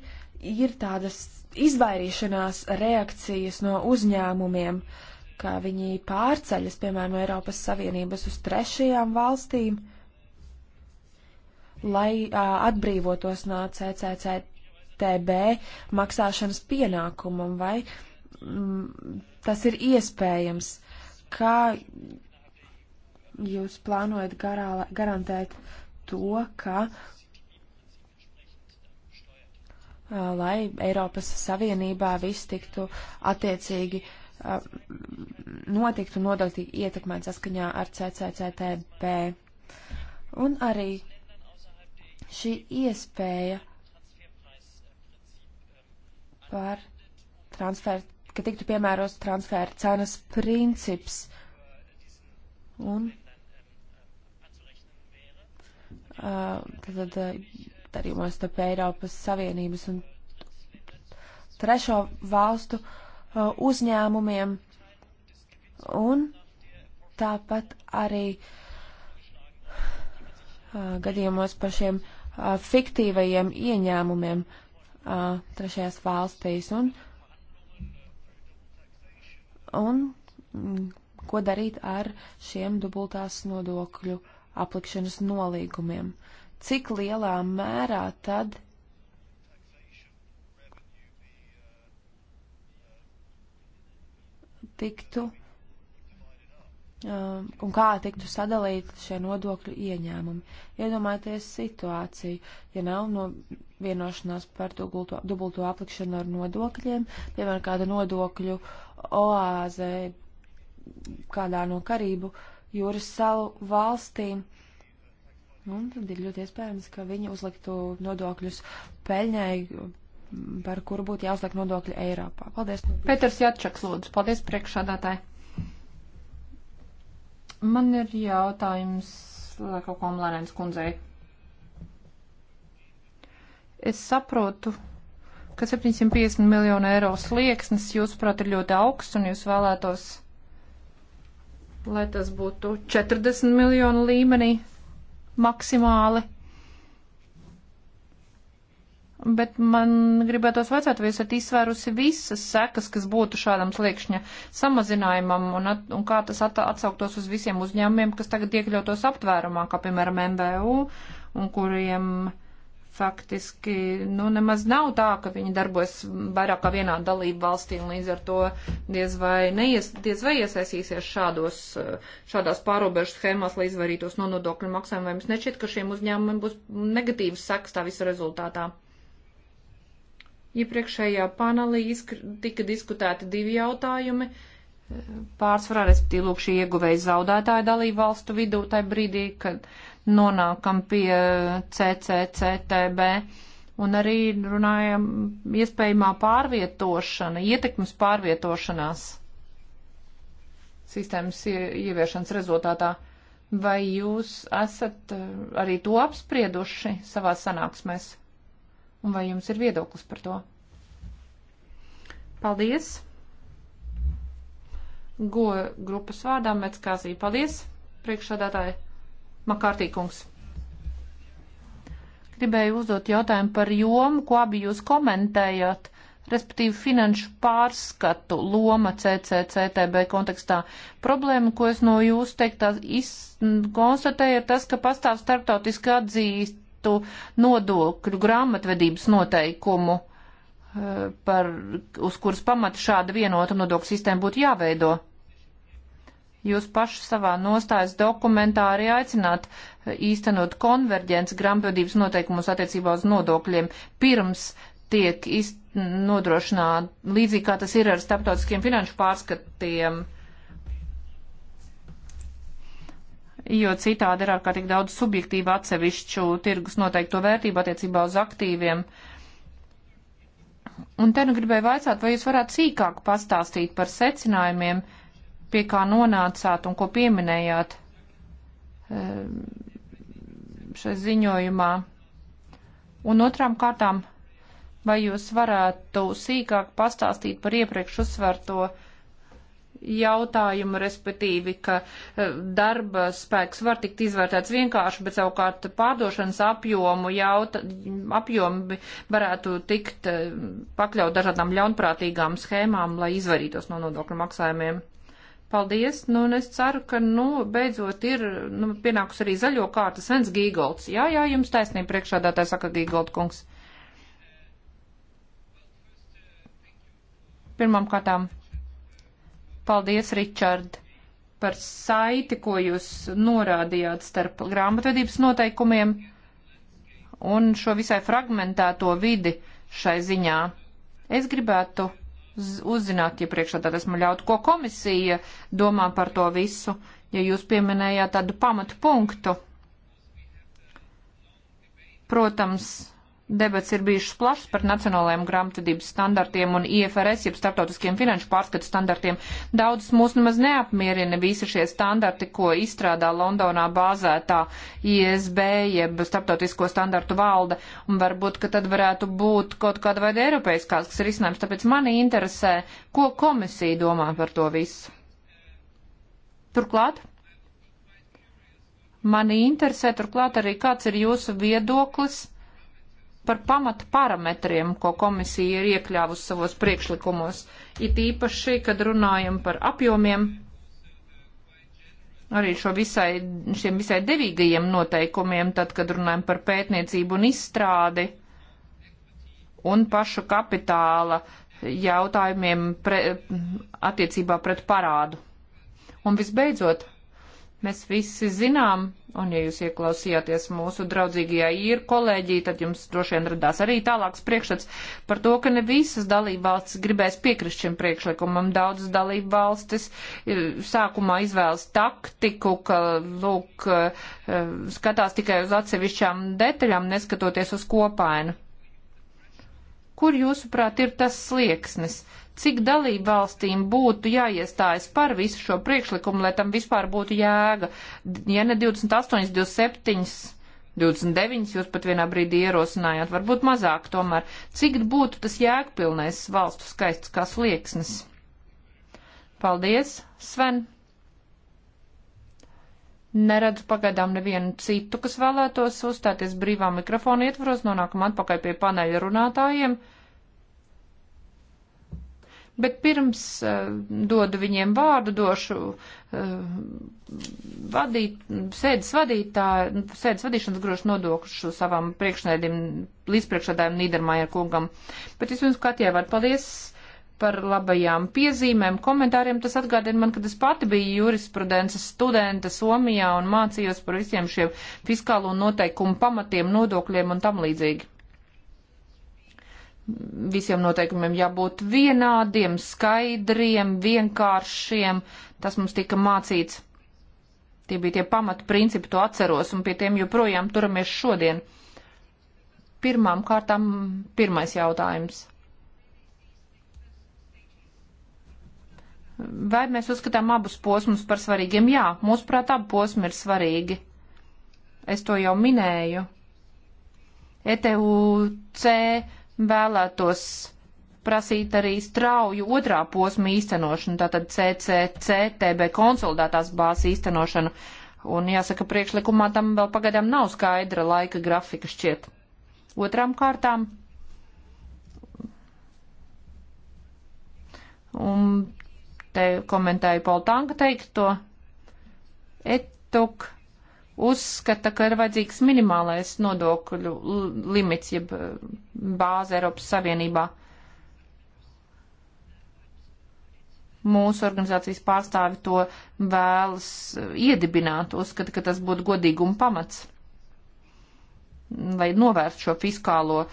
ir tādas izvairīšanās reakcijas no uzņēmumiem, kā viņi pārceļas, piemēram, no Eiropas Savienības uz trešajām valstīm, lai uh, atbrīvotos no CCCTB maksāšanas pienākumam, vai mm, tas ir iespējams? Kā jūs plānojat garā, garantēt to, ka uh, Uh, lai Eiropas Savienībā viss tiktu attiecīgi uh, notiktu nodoktīgi ietekmēt saskaņā ar CCCTB. Un arī šī iespēja par transfer, ka tiktu piemēros transfer cenas princips. Un, uh, tad, uh, partnerījumos starp Eiropas Savienības un trešo valstu uh, uzņēmumiem. Un tāpat arī uh, gadījumos par šiem uh, fiktīvajiem ieņēmumiem trešajās valstīs. Un, un mm, ko darīt ar šiem dubultās nodokļu aplikšanas nolīgumiem. Uh, cik lielā mērā tad tiktu um, un kā tiktu sadalīti šie nodokļu ieņēmumi. Iedomājieties situāciju, ja nav no vienošanās par dubulto, dubulto aplikšanu ar nodokļiem, piemēram, kāda nodokļu oāze kādā no Karību jūras salu valstīm. Uh, Un nu, tad ir ļoti iespējams, ka viņi uzliktu nodokļus peļņai, par kuru būtu jāuzliek nodokļi Eiropā. Paldies. Pēters Jatčaks, lūdzu. Paldies, priekšādātāji. Man ir jautājums Lekokam Lērens kundzei. Es saprotu, ka 750 miljonu eiro slieksnis, jūsuprāt, ir ļoti augsts un jūs vēlētos, lai tas būtu 40 miljonu līmenī maksimāli. Bet man gribētos vajadzētu, vai esat izsvērusi visas sekas, kas būtu šādam sliekšņa samazinājumam, un, at, un kā tas at, atsauktos uz visiem uzņēmumiem, kas tagad iekļautos aptvērumā, kā piemēram MVU, un kuriem uh, faktiski nu, nemaz nav tā, ka viņi darbojas vairāk kā vienā dalību valstī, un līdz ar to diez vai, neies, diez vai iesaistīsies šādos, šādās pārobežu schēmās, lai izvairītos no nodokļu maksājuma, vai jums nešķiet, ka šiem uzņēmumiem būs negatīvas sekas tā visa rezultātā? Iepriekšējā panelī tika diskutēti divi jautājumi. Pārsvarā, respektīvi, lūk, šī ieguvēja zaudētāja dalību valstu vidū tajā brīdī, kad nonākam pie CCCTB. Un arī runājam iespējamā pārvietošana, ietekmes pārvietošanās sistēmas ieviešanas rezultātā. Vai jūs esat eh, arī to apsprieduši savā sanāksmēs? Un vai jums ir viedoklis par to? Paldies! Go grupas vārdā Metskāzī. Paldies, priekšsādātāji! Makārtīkungs. Gribēju uzdot jautājumu par jomu, ko abi jūs komentējat, respektīvi finanšu pārskatu loma CCCTB kontekstā. Problēma, ko es no jūs teiktā konstatēju, ir tas, ka pastāv starptautiski atzīstu nodokļu grāmatvedības noteikumu, eh, par, uz kuras pamata šāda vienota nodokļu sistēma būtu jāveido. Jūs paši savā nostājas dokumentā arī aicināt e, īstenot konverģents grāmatvedības noteikumus attiecībā uz nodokļiem pirms tiek nodrošināt, līdzīgi kā tas ir ar starptautiskiem finanšu pārskatiem, jo citādi ir ārkārtīgi daudz subjektīvu atsevišķu tirgus noteikto vērtību attiecībā uz aktīviem. Un te nu gribēju vaicāt, vai jūs varētu sīkāk pastāstīt par secinājumiem, uh, pie kā nonācāt un ko pieminējāt ehm, šajā ziņojumā? Un otrām kārtām, vai jūs varētu sīkāk pastāstīt par iepriekš uzsvarto jautājumu, respektīvi, ka eh, darba spēks var tikt izvērtēts vienkārši, bet savukārt pārdošanas apjomu, jauta, apjomu varētu tikt eh, pakļaut dažādām ļaunprātīgām schēmām, lai izvarītos no nodokļu maksājumiem. Paldies, nu, un es ceru, ka, nu, beidzot ir, nu, pienākus arī zaļo kārta Svens Gīgolds. Jā, jā, jums taisnība priekšādātāja saka Gīgold kungs. Pirmam kārtām, paldies, Ričard, par saiti, ko jūs norādījāt starp grāmatvedības noteikumiem un šo visai fragmentēto vidi šai ziņā. Es gribētu uzzināt, ja priekšā tad esmu ļaut, ko komisija domā par to visu, ja jūs pieminējāt tādu pamatu punktu. Protams, Debats ir bijušas plašas par nacionālajiem grāmatvedības standartiem un IFRS, jeb startautiskiem finanšu pārskatu standartiem. Daudzus mūs nemaz neapmierina visi šie standarti, ko izstrādā Londonā bāzētā ISB, jeb startautisko standartu valde, un varbūt, ka tad varētu būt kaut kāda veida eiropeiskās, kas ir iznājums. Tāpēc mani interesē, ko komisija domā par to visu. Turklāt. Mani interesē turklāt arī, kāds ir jūsu viedoklis par pamatu parametriem, ko komisija ir iekļāvusi savos priekšlikumos, it īpaši, kad runājam par apjomiem, arī šo visai, šiem visai devīgajiem noteikumiem, tad, kad runājam par pētniecību un izstrādi un pašu kapitāla jautājumiem pre, attiecībā pret parādu. Un visbeidzot, Mēs visi zinām, un ja jūs ieklausījāties mūsu draudzīgajā īru kolēģī, tad jums droši vien radās arī tālāks priekšstats par to, ka ne visas dalībvalstis gribēs piekrist šim priekšlikumam. Daudzas dalībvalstis eh, sākumā izvēlas taktiku, ka, lūk, eh, skatās tikai uz atsevišķām detaļām, neskatoties uz kopainu. Kur jūsuprāt ir tas slieksnis? cik dalību valstīm būtu jāiestājas par visu šo priekšlikumu, lai tam vispār būtu jēga. Ja ne 28, 27, 29, jūs pat vienā brīdī ierosinājāt, varbūt mazāk tomēr, cik būtu tas jēgpilnais valstu skaists kā slieksnis. Paldies, Sven! Neredzu pagaidām nevienu citu, kas vēlētos uzstāties brīvā mikrofona ietvaros, nonākam atpakaļ pie paneļa runātājiem. Uh, Bet pirms uh, dodu viņiem vārdu, došu uh, vadīt, sēdes vadītāju, sēdes vadīšanas grošu nodokšu savam priekšnēdim, līdzpriekšādājiem Nīdermājer kungam. Bet vispirms Katjai var paldies par labajām piezīmēm, komentāriem. Tas atgādina man, kad es pati biju jurisprudences studente Somijā un mācījos par visiem šiem fiskālo noteikumu pamatiem, nodokļiem un tam līdzīgi visiem noteikumiem jābūt vienādiem, skaidriem, vienkāršiem. Tas mums tika mācīts. Tie bija tie pamatu principi, to atceros, un pie tiem joprojām turamies šodien. Pirmām kārtām pirmais jautājums. Vai mēs uzskatām abus posmus par svarīgiem? Jā, mūsuprāt, abi posmi ir svarīgi. Es to jau minēju. ETUC Vēlētos prasīt arī strauju otrā posma īstenošanu, tātad CCCTB konsolidētās bāzes īstenošanu. Un jāsaka, priekšlikumā tam vēl pagaidām nav skaidra laika grafika šķiet. Otrām kārtām. Un te komentēju Poltanka teikto. Etuk uzskata, ka ir vajadzīgs minimālais nodokļu limits, jeb eh, bāze Eiropas Savienībā. Mūsu organizācijas pārstāvi to vēlas eh, iedibināt, uzskata, ka tas būtu godīguma pamats, lai novērst šo fiskālo uh,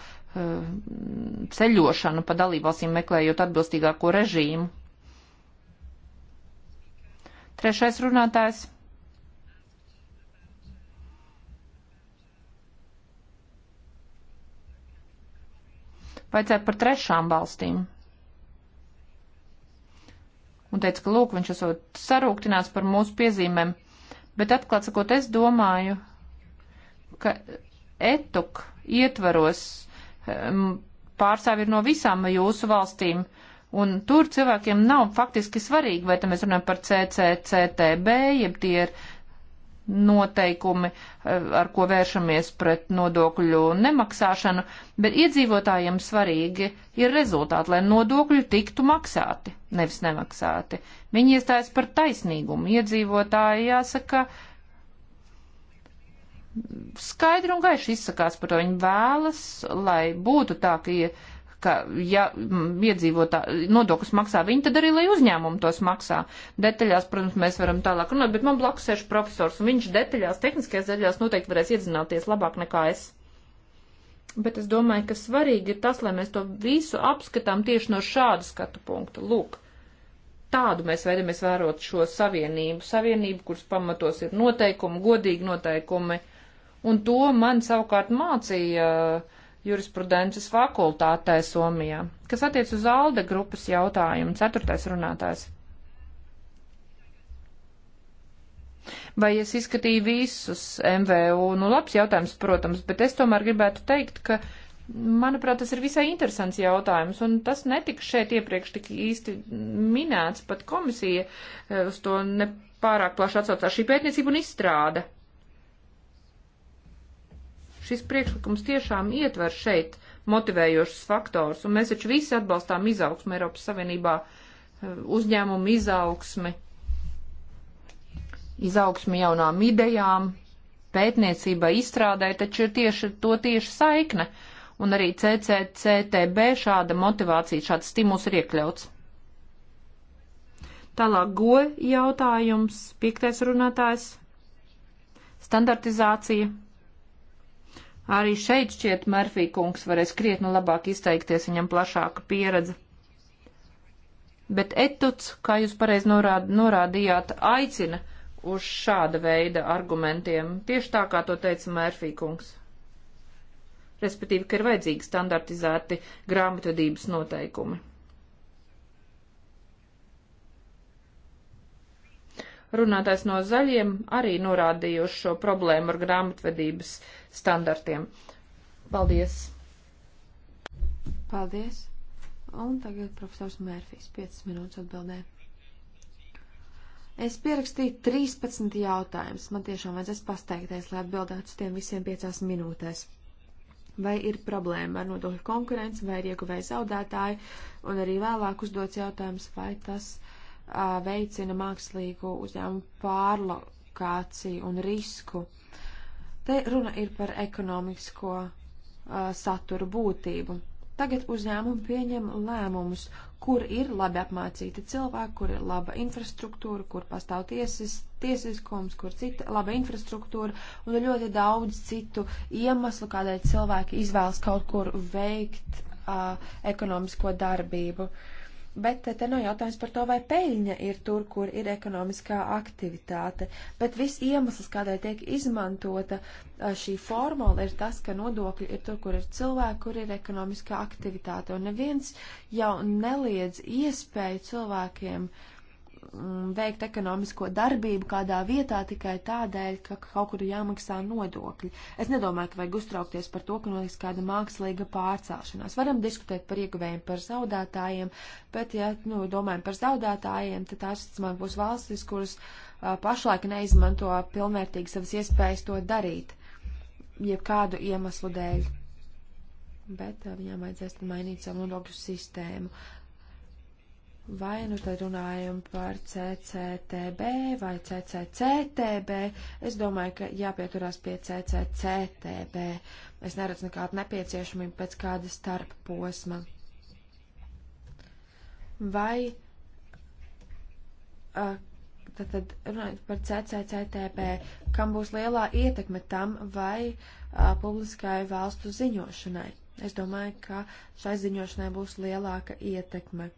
ceļošanu pa dalībvalstīm, meklējot atbilstīgāko režīmu. Trešais runātājs vajadzēja par trešām valstīm. Un teica, ka lūk, viņš esot sarūktināts par mūsu piezīmēm. Bet atklāt sakot, es domāju, ka etuk ietvaros pārstāvi ir no visām jūsu valstīm. Un tur cilvēkiem nav faktiski svarīgi, vai te mēs runājam par CCCTB, jeb tie ir uh, noteikumi, eh, ar ko vēršamies pret nodokļu nemaksāšanu, bet iedzīvotājiem svarīgi ir rezultāti, lai nodokļi tiktu maksāti, nevis nemaksāti. Viņi iestājas par taisnīgumu. Iedzīvotāji jāsaka skaidri un gaiši izsakās par to. Viņi vēlas, lai būtu tā, ka. Ja ka, ja mm, iedzīvotā nodokļus maksā viņi, tad arī, lai uzņēmumu tos maksā. Detaļās, protams, mēs varam tālāk runāt, bet man blakus sēž profesors, un viņš detaļās, tehniskajās detaļās noteikti varēs iedzināties labāk nekā es. Bet es domāju, ka svarīgi ir tas, lai mēs to visu apskatām tieši no šāda skatu punkta. Lūk, tādu mēs vēlamies vērot šo savienību, savienību, kuras pamatos ir noteikumi, godīgi noteikumi, un to man savukārt mācīja uh, jurisprudences fakultātē Somijā. Kas attiec uz ALDE grupas jautājumu, ceturtais runātājs. Vai es izskatīju visus MVU? Nu, labs jautājums, protams, bet es tomēr gribētu teikt, ka, manuprāt, tas ir visai interesants jautājums, un tas netika šeit iepriekš tik īsti minēts, pat komisija eh, uz to nepārāk plaši atsaucās šī pētniecība un izstrāde. Šis priekšlikums tiešām ietver šeit motivējošus faktors, un mēs taču visi atbalstām izaugsmu Eiropas Savienībā, eh, uzņēmumu izaugsmi, izaugsmi jaunām idejām, pētniecībai, izstrādai, taču ir tieši to tieši saikne, un arī CCCTB šāda motivācija, šāds stimuls ir iekļauts. Tālāk go jautājums, piektais runātājs, standartizācija. Arī šeit šķiet Mērfī kungs varēs krietni labāk izteikties, viņam plašāka pieredze. Bet etuts, kā jūs pareizi norād, norādījāt, aicina uz šāda veida argumentiem, tieši tā kā to teica Mērfī kungs. Respektīvi, ka ir vajadzīgi standartizēti grāmatvedības noteikumi. Runātājs no zaļiem arī norādījuši šo problēmu ar grāmatvedības uh, standartiem. Paldies! Paldies! Un tagad profesors Mērfijs 5 minūtes atbildē. Es pierakstīju 13 jautājumus. Man tiešām vajadzēs pasteikties, lai atbildētu uz tiem visiem 5 minūtēs vai ir problēma ar nodokļu konkurenci, vai ir ieguvēji zaudētāji, un arī vēlāk uzdots jautājums, vai tas a, veicina mākslīgu uzņēmumu pārlokāciju un risku. Te runa ir par ekonomisko uh, satura būtību. Tagad uzņēmumi pieņem lēmumus, kur ir labi apmācīti cilvēki, kur ir laba infrastruktūra, kur pastāv tiesis, tiesiskums, kur cita laba infrastruktūra, un ir ļoti daudz citu iemeslu, kādēļ cilvēki izvēlas kaut kur veikt uh, ekonomisko darbību. Uh, Bet te nav jautājums par to, vai peļņa ir tur, kur ir ekonomiskā aktivitāte. Bet viss iemesls, kādēļ tiek izmantota šī formula, ir tas, ka nodokļi ir tur, kur ir cilvēki, kur ir ekonomiskā aktivitāte. Un neviens jau neliedz iespēju cilvēkiem uh, Mm, veikt ekonomisko darbību kādā vietā tikai tādēļ, ka kaut kur ir jāmaksā nodokļi. Es nedomāju, ka vajag uztraukties par to, ka notiks kāda mākslīga pārcelšanās. Varam diskutēt par ieguvējiem, par zaudētājiem, bet, ja nu, domājam par zaudētājiem, tad tās, man būs valstis, kuras uh, pašlaik neizmanto pilnvērtīgi savas iespējas to darīt, jebkādu iemeslu dēļ. Bet uh, viņām vajadzēs mainīt savu nodokļu sistēmu. Uh, Vai nu tad runājam par CCTB vai CCCTB? Es domāju, ka jāpieturās pie CCCTB. Es neredzu nekādu nepieciešamību pēc kāda starp posma. Vai a, tad, tad runājot par CCCTB, kam būs lielā ietekme tam vai a, publiskai valstu ziņošanai? Es domāju, ka šai ziņošanai būs lielāka ietekme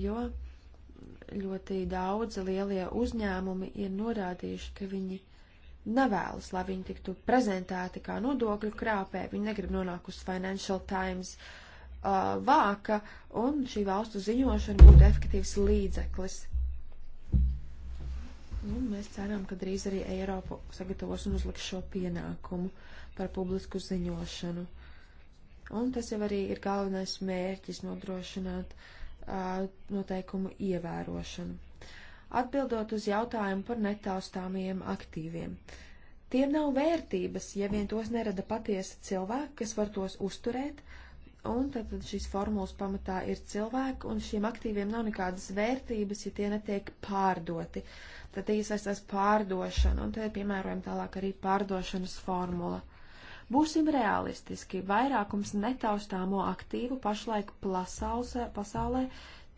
jo ļoti daudzi lielie uzņēmumi ir norādījuši, ka viņi nevēlas, lai viņi tiktu prezentēti kā nodokļu krāpē. Viņi negrib nonākt uz Financial Times uh, vāka, un šī valstu ziņošana būtu efektīvs līdzeklis. Nu, mēs ceram, ka drīz arī Eiropa sagatavos un uzliks šo pienākumu par publisku ziņošanu. Un tas jau arī ir galvenais mērķis nodrošināt uh, noteikumu ievērošanu. Atbildot uz jautājumu par netaustāmiem aktīviem. Tiem nav vērtības, ja vien tos nerada patiesa cilvēka, kas var tos uzturēt, un tad šīs formulas pamatā ir cilvēki, un šiem aktīviem nav nekādas vērtības, ja tie netiek pārdoti. Tad iesaistās pārdošana, un te ir piemērojama tālāk arī pārdošanas formula. Būsim realistiski, vairākums netaustāmo aktīvu pašlaik plasausē, pasaulē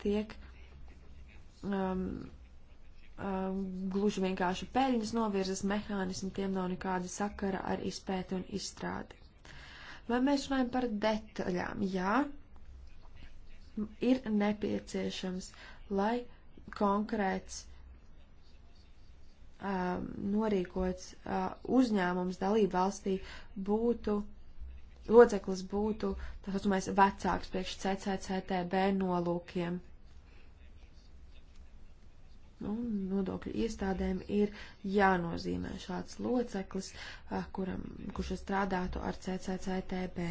tiek um, um, gluži vienkārši peļņas novirzes mehānismi, tiem nav nekāda sakara ar izpēti un izstrādi. Vai mēs runājam par detaļām? Jā, ir nepieciešams, lai konkrēts Um, norīkots uh, uzņēmums dalību valstī būtu, loceklis būtu, tā saucamais, vecāks priekš CCCTB nolūkiem. Un nu, nodokļu iestādēm ir jānozīmē šāds loceklis, uh, kuram, kurš strādātu ar CCCTB.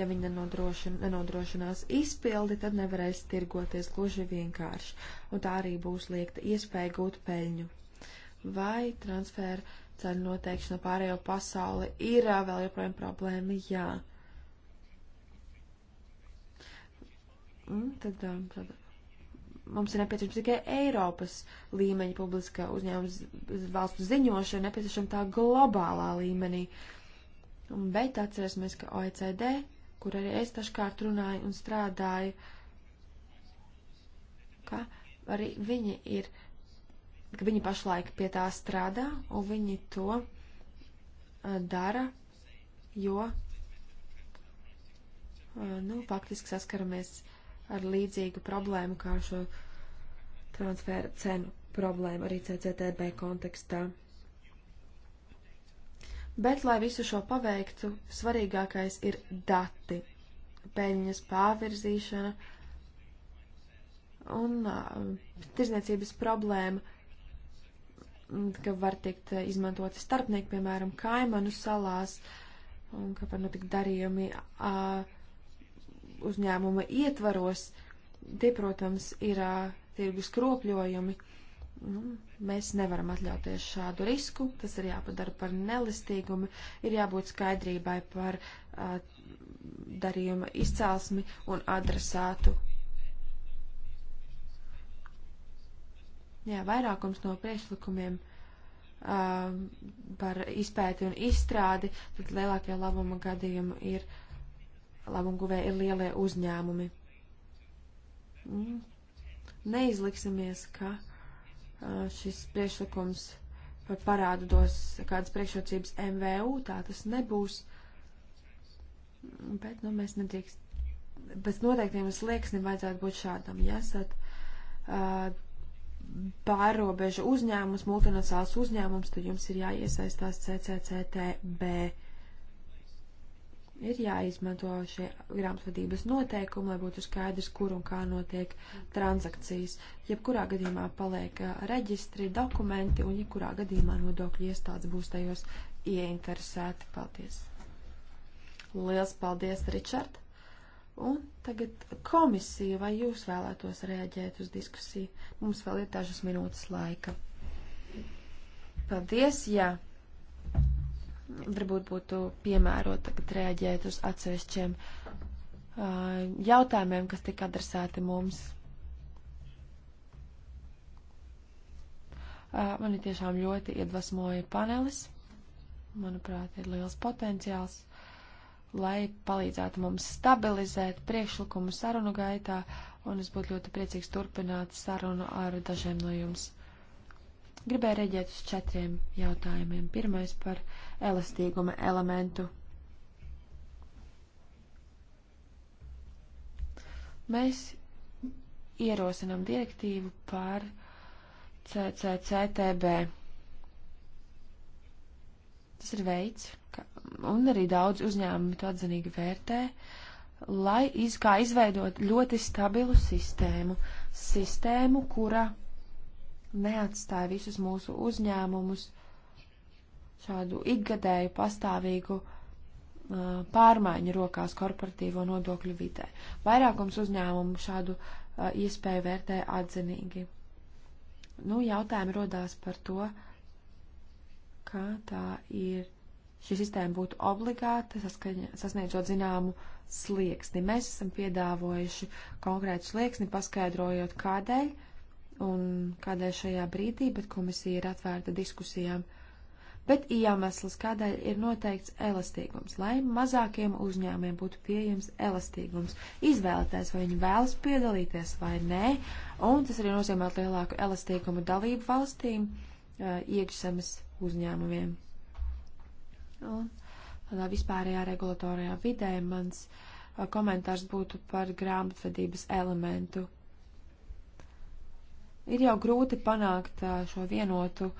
Ja viņi nenodrošin, nenodrošinās izpildi, tad nevarēs tirgoties gluži vienkārši, un tā arī būs liekta iespēja gūt peļņu. Vai transfēra ceļu noteikšana pārējo pasauli ir vēl joprojām problēma? Jā. Un tad, tad mums ir nepieciešams tikai Eiropas līmeņa publiskā uzņēmuma valstu ziņošana, nepieciešama tā globālā līmenī. Bet atcerēsimies, ka OECD, kur arī es taškārt runāju un strādāju, ka arī viņi ir ka viņi pašlaik pie tā strādā, un viņi to uh, dara, jo, uh, nu, faktiski saskaramies ar līdzīgu problēmu kā šo transferu cenu problēmu arī CCTB kontekstā. Bet, lai visu šo paveiktu, svarīgākais ir dati, peļņas pārvirzīšana un uh, tirzniecības problēma ka var tikt eh, izmantoti starpnieki, piemēram, Kaimanu salās, un ka var notikt darījumi uh, uzņēmuma ietvaros. Tie, protams, ir uh, tirgus kropļojumi. Nu, mēs nevaram atļauties šādu risku, tas ir jāpadara par nelistīgumu, ir jābūt skaidrībai par uh, darījuma izcelsmi un adresātu Jā, vairākums no priekšlikumiem uh, par izpēti un izstrādi, tad lielākie labuma gadījumi ir labumguvēji ir lielie uzņēmumi. Mm. Neizliksimies, ka uh, šis priekšlikums par parādu dos kādas priekšrocības MVU, tā tas nebūs. Bet, nu, mēs nedrīkst, bez noteiktiem slieksnim vajadzētu būt šādam. Ja esat uh, pārrobežu uzņēmums, multinacionāls uzņēmums, tad jums ir jāiesaistās CCCTB. Ir jāizmanto šie grāmatvedības noteikumi, lai būtu skaidrs, kur un kā notiek transakcijas. Jebkurā gadījumā paliek reģistri, dokumenti un jebkurā gadījumā nodokļu iestādes būs tajos ieinteresēti. Paldies! Liels paldies, Ričard! Un tagad komisija, vai jūs vēlētos reaģēt uz diskusiju? Mums vēl ir dažas minūtes laika. Paldies, jā. Varbūt būtu piemērot tagad reaģēt uz atsevišķiem uh, jautājumiem, kas tika adresēti mums. Uh, mani tiešām ļoti iedvesmoja panelis. Manuprāt, ir liels potenciāls. Uh, lai palīdzētu mums stabilizēt priekšlikumu sarunu gaitā, un es būtu ļoti priecīgs turpināt sarunu ar dažiem no jums. Gribēju reģēt uz četriem jautājumiem. Pirmais par elastīguma elementu. Mēs ierosinām direktīvu par CCCTB. Tas ir veids, ka un arī daudz uzņēmumi to atzinīgi vērtē, lai iz, kā izveidot ļoti stabilu sistēmu. Sistēmu, kura neatstāja visus mūsu uzņēmumus šādu ikgadēju pastāvīgu uh, pārmaiņu rokās korporatīvo nodokļu vidē. Vairākums uzņēmumu šādu uh, iespēju vērtē atzinīgi. Nu, jautājumi rodās par to, kā tā ir šī sistēma būtu obligāta, saskaņa, sasniedzot zināmu slieksni. Mēs esam piedāvojuši konkrētu slieksni, paskaidrojot, kādēļ un kādēļ šajā brīdī, bet komisija ir atvērta diskusijām. Bet iemesls, kādēļ ir noteikts elastīgums, lai mazākiem uzņēmiem būtu pieejams elastīgums, izvēlēties, vai viņi vēlas piedalīties vai nē, un tas arī nozīmē lielāku elastīgumu dalību valstīm, iekšzemes uzņēmumiem. Un tādā vispārējā regulatorijā vidē mans komentārs būtu par grāmatvedības elementu. Ir jau grūti panākt šo vienotu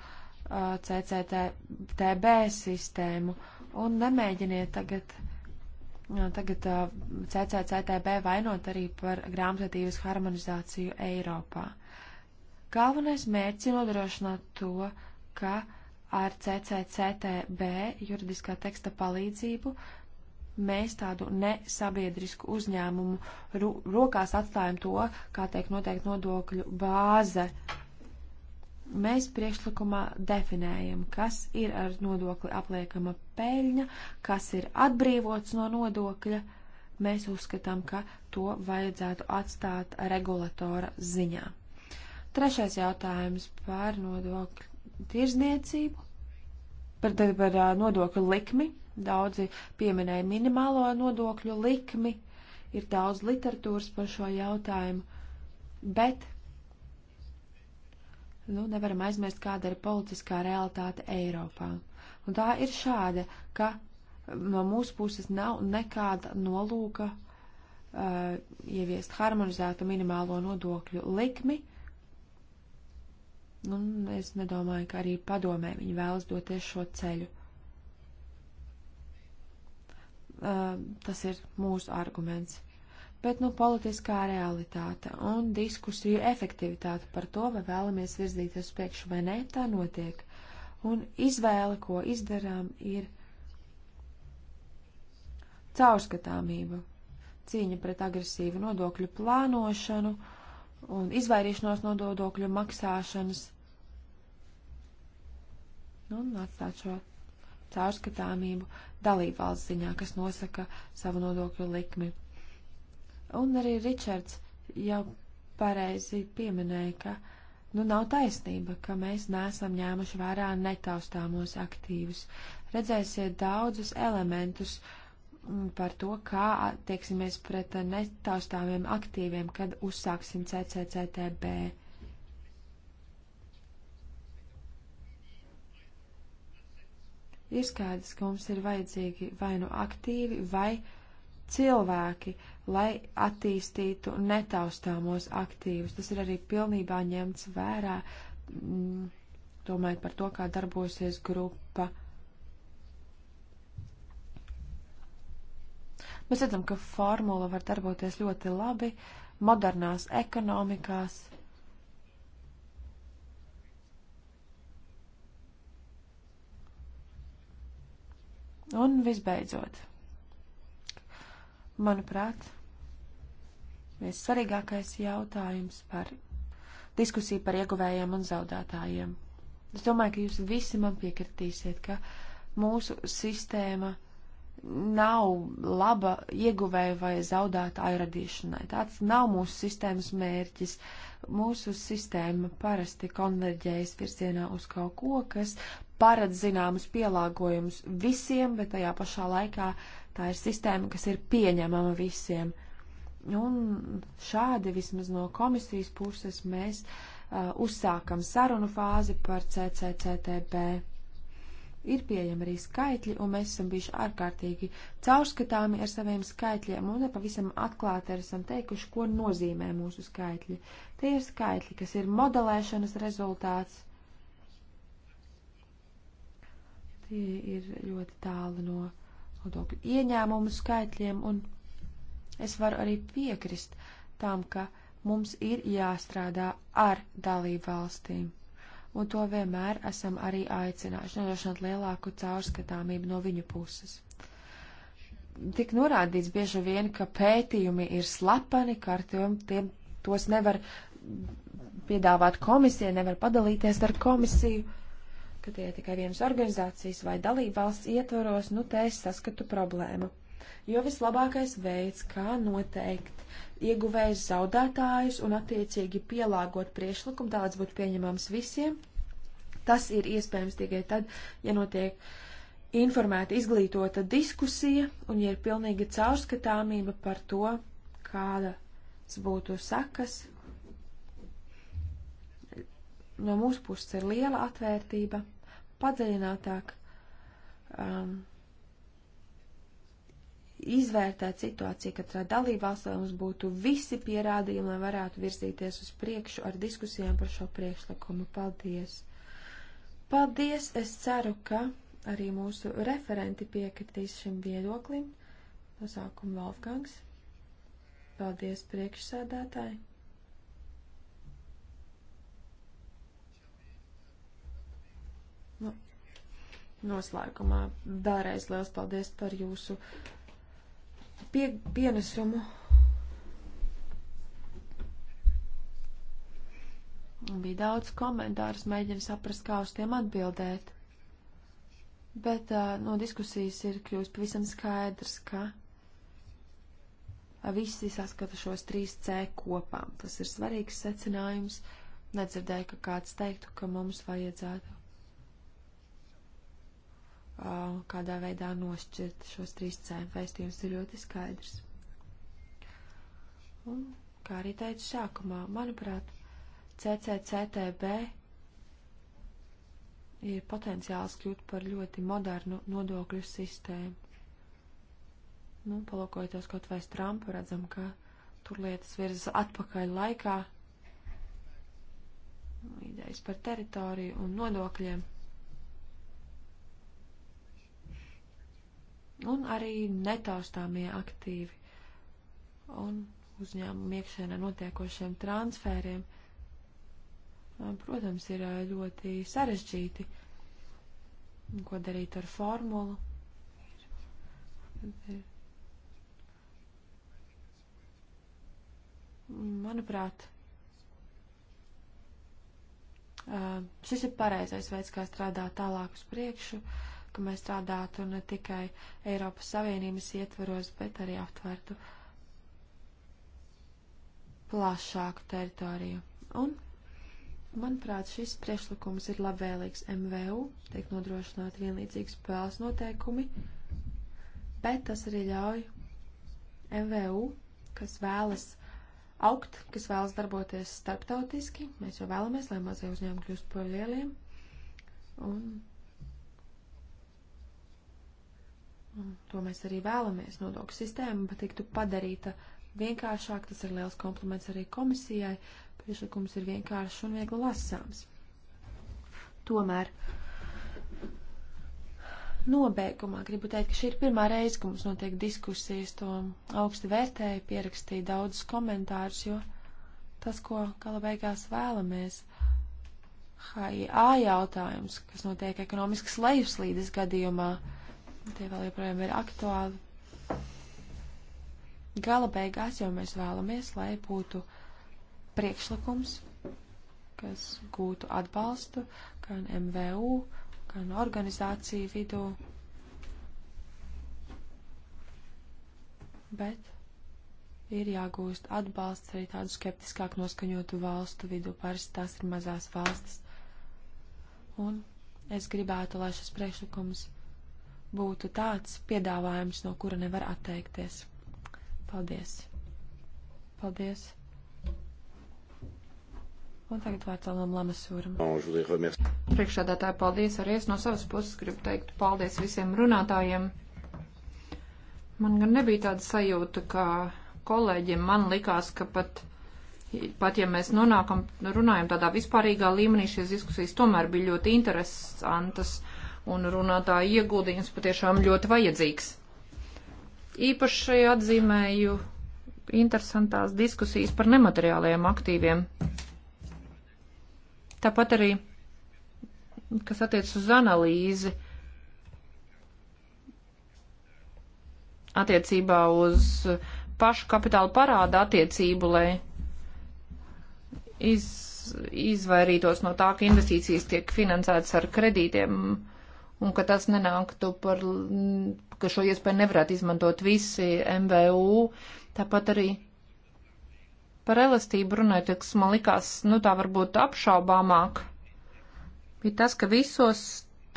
CCTB sistēmu, un nemēģiniet tagad tagad uh, CCCTB vainot arī par grāmatvedības harmonizāciju Eiropā. Galvenais mērķis ir nodrošināt to, ka ar CCCTB juridiskā teksta palīdzību mēs tādu nesabiedrisku uzņēmumu ru, rokās atstājam to, kā tiek noteikti nodokļu bāze. Mēs priekšlikumā definējam, kas ir ar nodokli apliekama peļņa, kas ir atbrīvots no nodokļa. Mēs uzskatām, ka to vajadzētu atstāt regulatora ziņā. Trešais jautājums par nodokļu tirzniecību, par, par nodokļu likmi. Daudzi pieminēja minimālo nodokļu likmi, ir daudz literatūras par šo jautājumu, bet nu, nevaram aizmirst, kāda ir politiskā realitāte Eiropā. Un tā ir šāda, ka no mūsu puses nav nekāda nolūka uh, ieviest harmonizētu minimālo nodokļu likmi. Un es nedomāju, ka arī padomē viņi vēlas doties šo ceļu. Uh, tas ir mūsu arguments. Bet, nu, politiskā realitāte un diskusiju efektivitāte par to, vai vēlamies virzīties uz priekšu vai nē, tā notiek. Un izvēle, ko izdarām, ir caurskatāmība, cīņa pret agresīvu nodokļu plānošanu un izvairīšanos no nodokļu maksāšanas. Nu, un atstāt šo caurskatāmību dalību valsts ziņā, kas nosaka savu nodokļu likmi. Un arī Ričards jau pareizi pieminēja, ka nu nav taisnība, ka mēs neesam ņēmuši vērā netaustāmos aktīvus. Redzēsiet daudzus elementus, uh, Mm, par to, kā attieksimies pret netaustāmiem aktīviem, kad uzsāksim CCCTB. Ir skaidrs, ka mums ir vajadzīgi vai nu aktīvi, vai cilvēki, lai attīstītu netaustāmos aktīvus. Tas ir arī pilnībā ņemts vērā, mm, domājot par to, kā darbosies grupa. Mēs redzam, ka formula var darboties ļoti labi modernās ekonomikās. Un visbeidzot, manuprāt, vissvarīgākais jautājums par diskusiju par ieguvējiem un zaudētājiem. Es domāju, ka jūs visi man piekritīsiet, ka mūsu sistēma nav laba ieguvēja vai zaudētāja radīšanai. Tāds nav mūsu sistēmas mērķis. Mūsu sistēma parasti konverģējas virzienā uz kaut ko, kas paredz zināmus pielāgojumus visiem, bet tajā pašā laikā tā ir sistēma, kas ir pieņemama visiem. Un šādi vismaz no komisijas puses mēs uh, uzsākam sarunu fāzi par CCCTB ir pieejami arī skaitļi, un mēs esam bijuši ārkārtīgi caurskatāmi ar saviem skaitļiem, un pavisam atklāti arī esam teikuši, ko nozīmē mūsu skaitļi. Tie ir skaitļi, kas ir modelēšanas rezultāts. Tie ir ļoti tālu no nodokļu ieņēmumu skaitļiem, un es varu arī piekrist tam, ka mums ir jāstrādā ar dalību valstīm un to vienmēr esam arī aicinājuši, nodrošināt lielāku caurskatāmību no viņu puses. Tik norādīts bieži vien, ka pētījumi ir slepeni, ka ar tiem, tiem tos nevar piedāvāt komisija, nevar padalīties ar komisiju, ka tie ir tikai vienas organizācijas vai dalībvalsts ietvaros, nu te es saskatu problēmu jo vislabākais veids, kā noteikt ieguvējs zaudētājus un attiecīgi pielāgot priešlikumu, tāds būtu pieņemams visiem, tas ir iespējams tikai tad, ja notiek informēta, izglītota diskusija un ja ir pilnīga caurskatāmība par to, kādas būtu sekas. No mūsu puses ir liela atvērtība, padziļinātāk um, izvērtēt situāciju katrā uh, dalībvalstī, lai mums būtu visi pierādījumi, lai varētu virzīties uz priekšu ar diskusijām par šo priekšlikumu. Paldies! Paldies! Es ceru, ka arī mūsu referenti piekritīs šim viedoklim. No sākuma Volfgangs. Paldies priekšsēdētāji! Nu, noslēgumā vēlreiz liels paldies par jūsu pie, pienesumu. Bija daudz komentārus, mēģinu saprast, kā uz tiem atbildēt. Bet uh, no diskusijas ir kļūst pavisam skaidrs, ka visi saskata šos trīs C kopā. Tas ir svarīgs secinājums. Nedzirdēju, ka kāds teiktu, ka mums vajadzētu Uh, kādā veidā nošķirt šos trīs cēnu vēstījumus, ir ļoti skaidrs. Un, kā arī teicu sākumā, manuprāt, CCCTB ir potenciāls kļūt par ļoti modernu nodokļu sistēmu. Nu, palūkojoties kaut vai uz Trumpu, redzam, ka tur lietas virzas atpakaļ laikā, idejas par teritoriju un nodokļiem. un arī netaustāmie aktīvi un uzņēmumu iekšēnē notiekošiem transfēriem. Eh, protams, ir eh, ļoti sarežģīti, ko darīt ar formulu. Manuprāt, eh, šis ir pareizais veids, kā strādāt tālāk uz priekšu. Uh, ka mēs strādātu ne tikai Eiropas Savienības ietvaros, bet arī aptvertu plašāku teritoriju. Un, manuprāt, šis priešlikums ir labvēlīgs MVU, tiek nodrošināt vienlīdzīgi spēles noteikumi, bet tas arī ļauj MVU, kas vēlas augt, kas vēlas darboties starptautiski, mēs jau vēlamies, lai mazie uzņēmumi kļūst par lieliem. Un Un to mēs arī vēlamies nodokļu sistēmu, bet tiktu padarīta vienkāršāk. Tas ir liels kompliments arī komisijai. Priekšlikums ir vienkāršs un viegli lasāms. Tomēr nobeigumā gribu teikt, ka šī ir pirmā reize, ka mums notiek diskusijas. To augstu vērtēju, pierakstīju daudzus komentārus, jo tas, ko gala beigās vēlamies, HIA jautājums, kas notiek ekonomiskas lejupslīdes gadījumā, uh, Tie vēl joprojām ir aktuāli. Gala beigās jau mēs vēlamies, lai būtu priekšlikums, kas gūtu atbalstu gan MVU, gan organizāciju vidū. Bet ir jāgūst atbalsts arī tādu skeptiskāk noskaņotu valstu vidu, parasti tās ir mazās valstis. Un es gribētu, lai šis priekšlikums būtu tāds piedāvājums, no kura nevar atteikties. Paldies! Paldies! Un tagad vārtalam Lamasūram. Oh, Priekšādātāji, paldies arī es no savas puses gribu teikt paldies visiem runātājiem. Man gan nebija tāda sajūta, ka kolēģiem man likās, ka pat pat ja mēs nonākam, runājam tādā vispārīgā līmenī, šīs diskusijas tomēr bija ļoti interesantas un runātāja ieguldījums patiešām ļoti vajadzīgs. Īpaši atzīmēju interesantās diskusijas par nemateriālajiem aktīviem. Tāpat arī, kas attiec uz analīzi, attiecībā uz pašu kapitāla parāda attiecību, lai iz, izvairītos no tā, ka investīcijas tiek finansētas ar kredītiem un ka tas nenāktu par, mm, ka šo iespēju nevarētu izmantot visi MVU, tāpat arī par elastību runājot, kas man likās, nu tā varbūt apšaubāmāk, bija tas, ka visos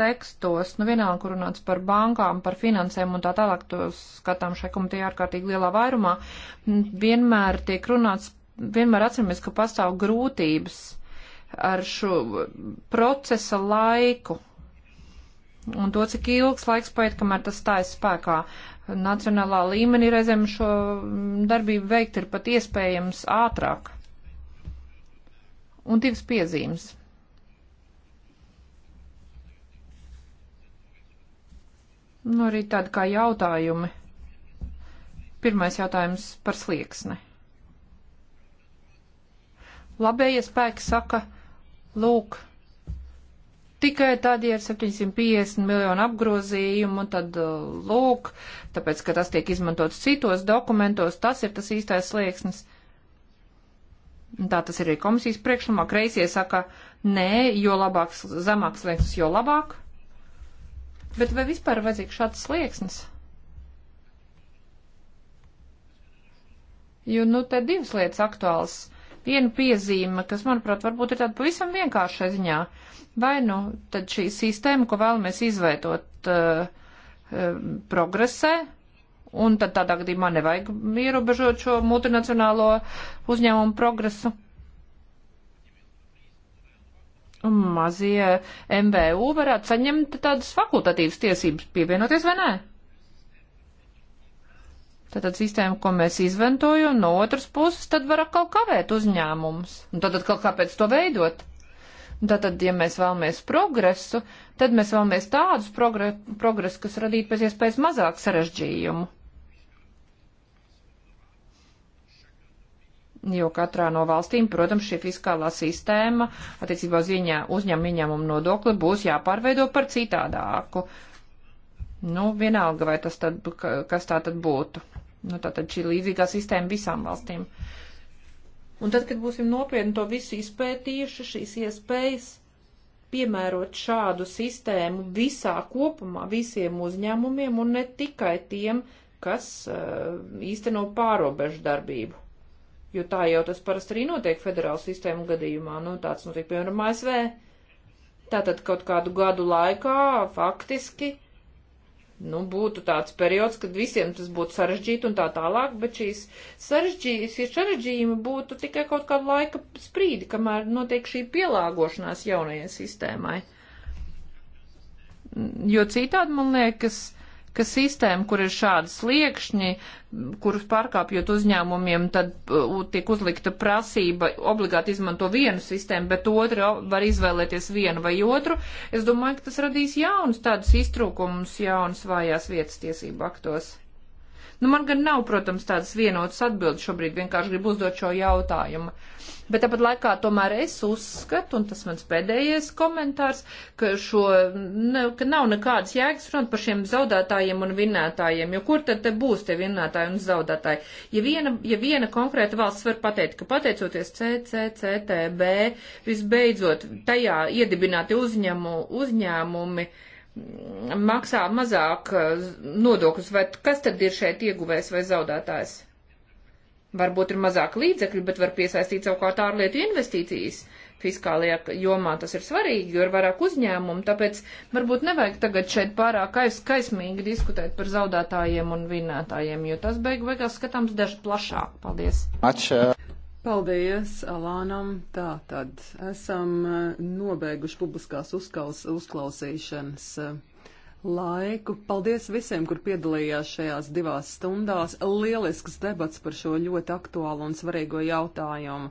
tekstos, nu vienalga, kur runāts par bankām, par finansēm un tā tālāk, tos skatām šai komitejā ārkārtīgi lielā vairumā, vienmēr tiek runāts, vienmēr atceramies, ka pastāv grūtības ar šo procesa laiku, un to, cik ilgs laiks paiet, kamēr tas stājas spēkā. Nacionālā līmenī reizēm šo darbību veikt ir pat iespējams ātrāk. Un divas piezīmes. Nu, arī tādi kā jautājumi. Pirmais jautājums par slieksni. Labējie spēki saka, lūk, Tikai tad, ja ir 750 miljonu apgrozījumu, tad uh, lūk, tāpēc, ka tas tiek izmantots citos dokumentos, tas ir tas īstais slieksnis. Tā tas ir arī komisijas priekšlumā. Kreisie saka, nē, jo labāks, zemāks slieksnis, jo labāk. Bet vai vispār vajadzīgs šāds slieksnis? Jo, nu, te divas lietas aktuāls viena piezīme, kas, manuprāt, varbūt ir tāda pavisam vienkārša ziņā. Vai nu tad šī sistēma, ko vēlamies izveidot, eh, eh, progresē, un tad tādā gadījumā nevajag ierobežot šo multinacionālo uzņēmumu progresu. Un mazie MVU varētu saņemt tādas fakultatīvas tiesības pievienoties vai nē? Tātad sistēma, ko mēs izventojam, no otras puses, tad var atkal kavēt uzņēmumus. Un tad atkal kāpēc to veidot? Tātad, ja mēs vēlamies progresu, tad mēs vēlamies tādus progre progresu, kas radītu pēc iespējas mazāk sarežģījumu. Jo katrā no valstīm, protams, šī fiskālā sistēma attiecībā uz uzņēmumu ieņēmumu nodokli būs jāpārveido par citādāku. Nu, vienalga, vai tas tad, kas tā tad būtu. Nu, tātad šī līdzīgā sistēma visām valstīm. Un tad, kad būsim nopietni to visu izpētījuši, šīs iespējas piemērot šādu sistēmu visā kopumā visiem uzņēmumiem un ne tikai tiem, kas uh, īsteno pārobežu darbību. Jo tā jau tas parasti arī notiek federālu sistēmu gadījumā, nu tāds notiek piemēram ASV. Tātad kaut kādu gadu laikā faktiski nu, būtu tāds periods, kad visiem tas būtu sarežģīti un tā tālāk, bet šīs sarežģījumi sarežģī, būtu tikai kaut kādu laika sprīdi, kamēr notiek šī pielāgošanās jaunajai sistēmai. Jo citādi, man liekas, ka sistēma, kur ir šādi sliekšņi, kurus pārkāpjot uzņēmumiem, tad uh, tiek uzlikta prasība obligāti izmanto vienu sistēmu, bet otru var izvēlēties vienu vai otru. Es domāju, ka tas radīs jaunus tādus iztrūkumus, jaunas vājās vietas tiesību aktos. Nu, man gan nav, protams, tādas vienotas atbildes šobrīd, vienkārši gribu uzdot šo jautājumu. Bet tāpat laikā tomēr es uzskatu, un tas mans pēdējais komentārs, ka, šo, ne, ka nav nekādas jēgas runāt par šiem zaudētājiem un vinnētājiem, jo kur tad te būs tie vinnētāji un zaudētāji? Ja viena, ja viena konkrēta valsts var pateikt, ka pateicoties CCCTB, visbeidzot tajā iedibināti uzņēmu, uzņēmumi, uzņēmumi maksā mazāk eh, nodokļus, vai kas tad ir šeit ieguvējs vai zaudētājs? Varbūt ir mazāk līdzekļu, bet var piesaistīt savukārt ārlietu investīcijas fiskālajā jomā. Tas ir svarīgi, jo ir vairāk uzņēmumu, tāpēc varbūt nevajag tagad šeit pārāk aiz, kaismīgi diskutēt par zaudētājiem un vinnētājiem, jo tas beig beigās skatāms dažs plašāk. Paldies! Ačā. Paldies Alānam. Tā tad esam eh, nobeiguši publiskās uzklaus, uzklausīšanas eh, laiku. Paldies visiem, kur piedalījās šajās divās stundās. Lielisks debats par šo ļoti aktuālu un svarīgo jautājumu.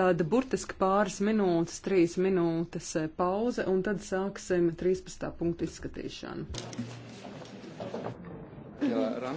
Tad burtiski pāris minūtes, trīs minūtes eh, pauze, un tad sāksim 13. punktu izskatīšanu. Yeah,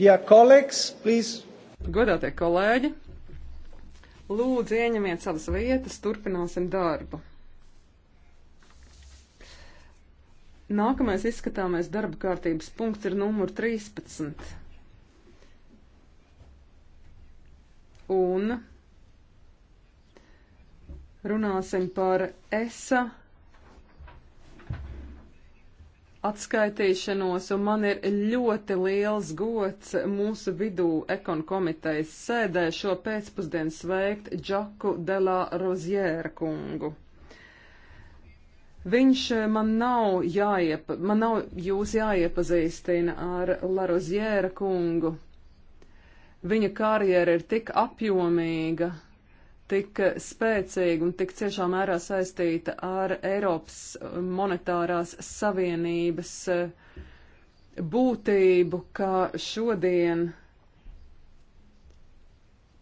Dear colleagues, please. Godātie kolēģi, lūdzu ieņemiet savas vietas, turpināsim darbu. Nākamais izskatāmais darba kārtības punkts ir numur 13. Un runāsim par ESA atskaitīšanos, un man ir ļoti liels gods mūsu vidū ekonu komitejas sēdē šo pēcpusdienu sveikt Džaku Delā Rozjēra kungu. Viņš eh, man nav, jāiepa, man nav jūs jāiepazīstina ar Larozjēra kungu. Viņa karjera ir tik apjomīga, tik spēcīga un tik ciešā mērā saistīta ar Eiropas monetārās savienības eh, būtību, ka šodien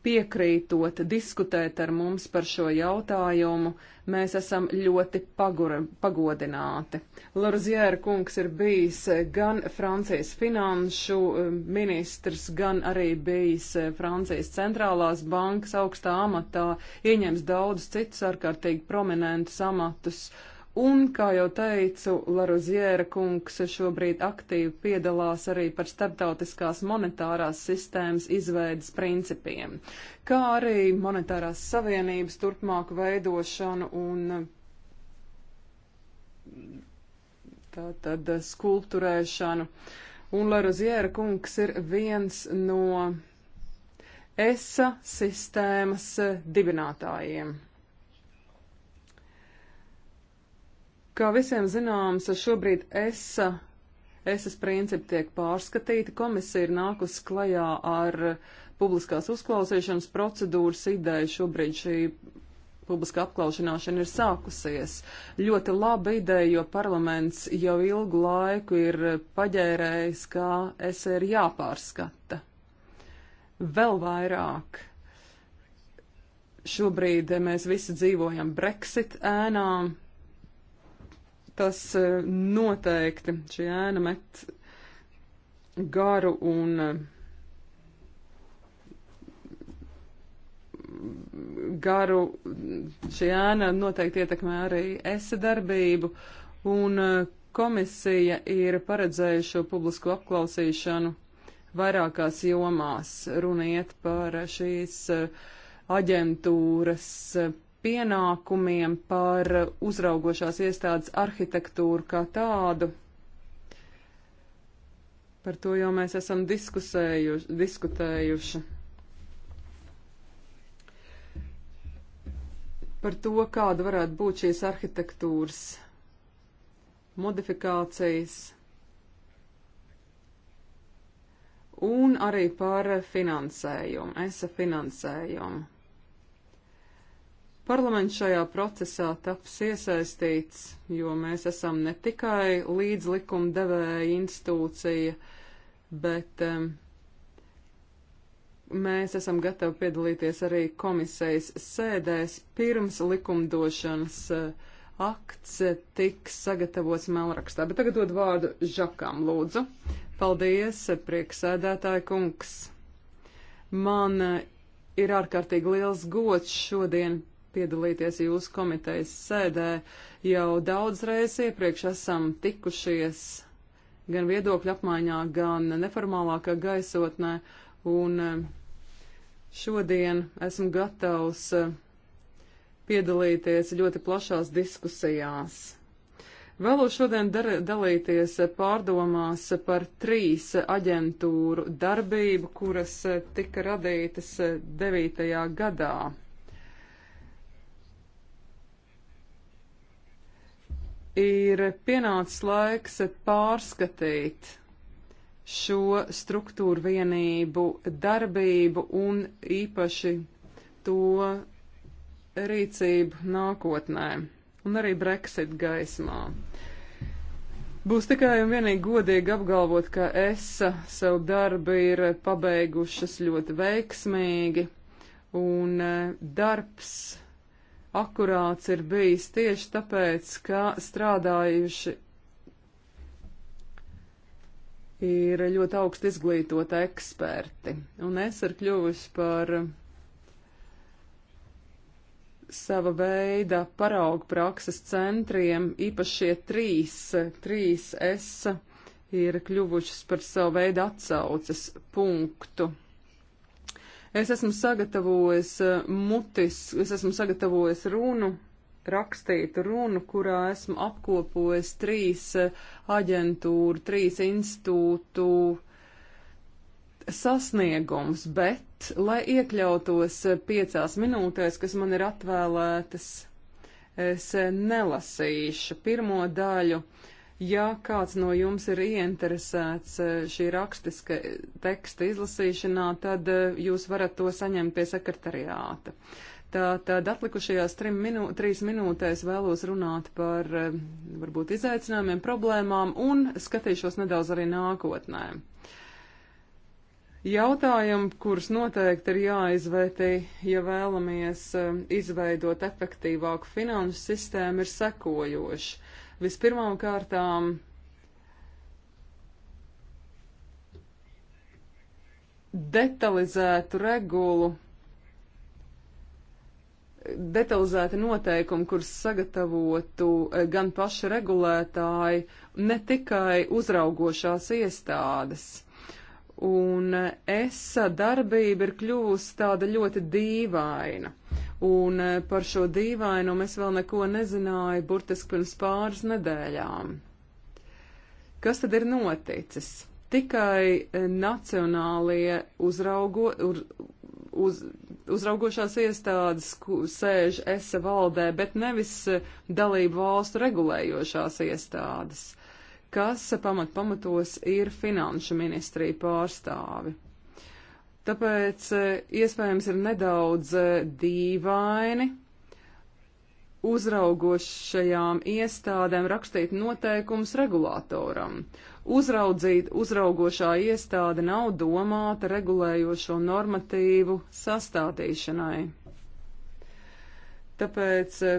piekrītot diskutēt ar mums par šo jautājumu, mēs esam ļoti pagura, pagodināti. Lorzjēra kungs ir bijis gan Francijas finanšu eh, ministrs, gan arī bijis eh, Francijas centrālās bankas augstā amatā, ieņems daudz citus ārkārtīgi prominentus amatus. Uh, Un, kā jau teicu, Laruziera kungs šobrīd aktīvi piedalās arī par starptautiskās monetārās sistēmas izveidas principiem, kā arī monetārās savienības turpmāku veidošanu un tātad skulpturēšanu. Un Laruziera kungs ir viens no ESA sistēmas dibinātājiem. Kā visiem zināms, šobrīd ESA, ESAS principi tiek pārskatīti. Komisija ir nākusi klajā ar publiskās uzklausīšanas procedūras ideju. Šobrīd šī publiska apklaušanāšana ir sākusies. Ļoti laba ideja, jo parlaments jau ilgu laiku ir paģērējis, kā es ir jāpārskata. Vēl vairāk. Šobrīd mēs visi dzīvojam Brexit ēnām, Tas e, noteikti šī ēna met garu un e, garu šī ēna noteikti ietekmē arī esa darbību un e, komisija ir paredzējušo publisko apklausīšanu vairākās jomās. Runiet par šīs aģentūras pienākumiem par uzraugošās iestādes arhitektūru kā tādu. Par to jau mēs esam diskutējuši. Par to, kāda varētu būt šīs arhitektūras modifikācijas un arī par finansējumu, ESA finansējumu. Parlaments šajā procesā taps iesaistīts, jo mēs esam ne tikai līdzlikumdevēja institūcija, bet um, mēs esam gatavi piedalīties arī komisijas sēdēs pirms likumdošanas uh, akts tiks sagatavots melnrakstā. Bet tagad dod vārdu Žakām, lūdzu. Paldies, prieksēdētāja kungs. Man uh, ir ārkārtīgi liels gods šodien piedalīties jūsu komitejas sēdē. Jau daudz reizes iepriekš esam tikušies gan viedokļu apmaiņā, gan neformālākā gaisotnē, un eh, šodien esmu gatavs eh, piedalīties ļoti plašās diskusijās. Vēlos šodien dar, dalīties eh, pārdomās par trīs aģentūru darbību, kuras tika radītas 9. gadā. ir pienācis laiks pārskatīt šo struktūru vienību darbību un īpaši to rīcību nākotnē un arī Brexit gaismā. Būs tikai un vienīgi godīgi apgalvot, ka ESA savu darbu ir pabeigušas ļoti veiksmīgi un eh, darbs akurāts ir bijis tieši tāpēc, ka strādājuši ir ļoti augsti izglītota eksperti, un es ir kļuvusi par sava veida paraugu prakses centriem, īpaši šie trīs, trīs es ir kļuvušas par savu veidu atsauces punktu. Es esmu sagatavojis eh, mutis, es esmu sagatavojis runu, rakstītu runu, kurā esmu apkopojis trīs eh, aģentūru, trīs institūtu sasniegums, bet, lai iekļautos eh, piecās minūtēs, kas man ir atvēlētas, es nelasīšu pirmo daļu. Uh, Ja kāds no jums ir ieinteresēts eh, šī rakstiska teksta izlasīšanā, tad eh, jūs varat to saņemt pie sekretariāta. Tātad atlikušajās minū, trīs minūtēs vēlos runāt par eh, varbūt izaicinājumiem, problēmām un skatīšos nedaudz arī nākotnē. Jautājumi, kurus noteikti ir jāizvērtī, ja vēlamies izveidot efektīvāku finanšu sistēmu, ir sekojoši. Vispirmām kārtām detalizētu regulu, detalizēti noteikumi, kurus sagatavotu eh, gan paši regulētāji, ne tikai uzraugošās iestādes. Un eh, ESA darbība ir kļuvusi tāda ļoti dīvaina un e, par šo dīvaino es vēl neko nezināju burtiski pirms pāris nedēļām. Kas tad ir noticis? Tikai e, nacionālie uzraugo, uz, uz, uzraugošās iestādes sēž ESA valdē, bet nevis e, dalību valstu regulējošās iestādes, kas pamat pamatos ir finanšu ministrija pārstāvi. Tāpēc e, iespējams ir nedaudz e, dīvaini uzraugošajām iestādēm rakstīt noteikums regulātoram. Uzraudzīt uzraugošā iestāde nav domāta regulējošo normatīvu sastādīšanai. Tāpēc e,